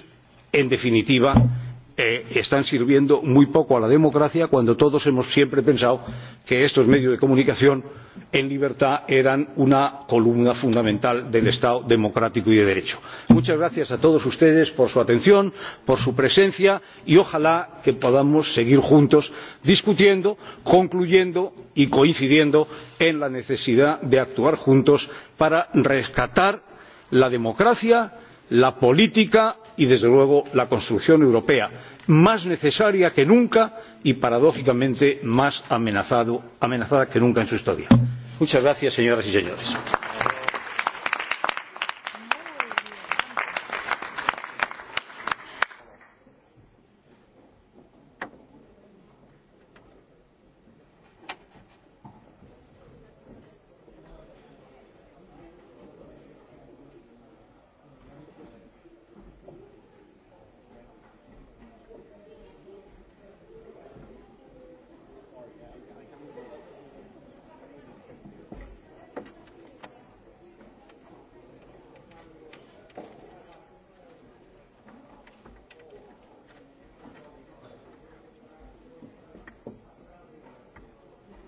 en definitiva a la sociedad. Eh, están sirviendo muy poco a la democracia cuando todos hemos siempre pensado que estos medios de comunicación en libertad eran una columna fundamental del estado democrático y de derecho. muchas gracias a todos ustedes por su atención por su presencia y ojalá que podamos seguir juntos discutiendo concluyendo y coincidiendo en la necesidad de actuar juntos para rescatar la democracia la política y desde luego la construcción europea más necesaria que nunca y paradójicamente más amenazada que nunca en su historia. muchas gracias señoras y señores.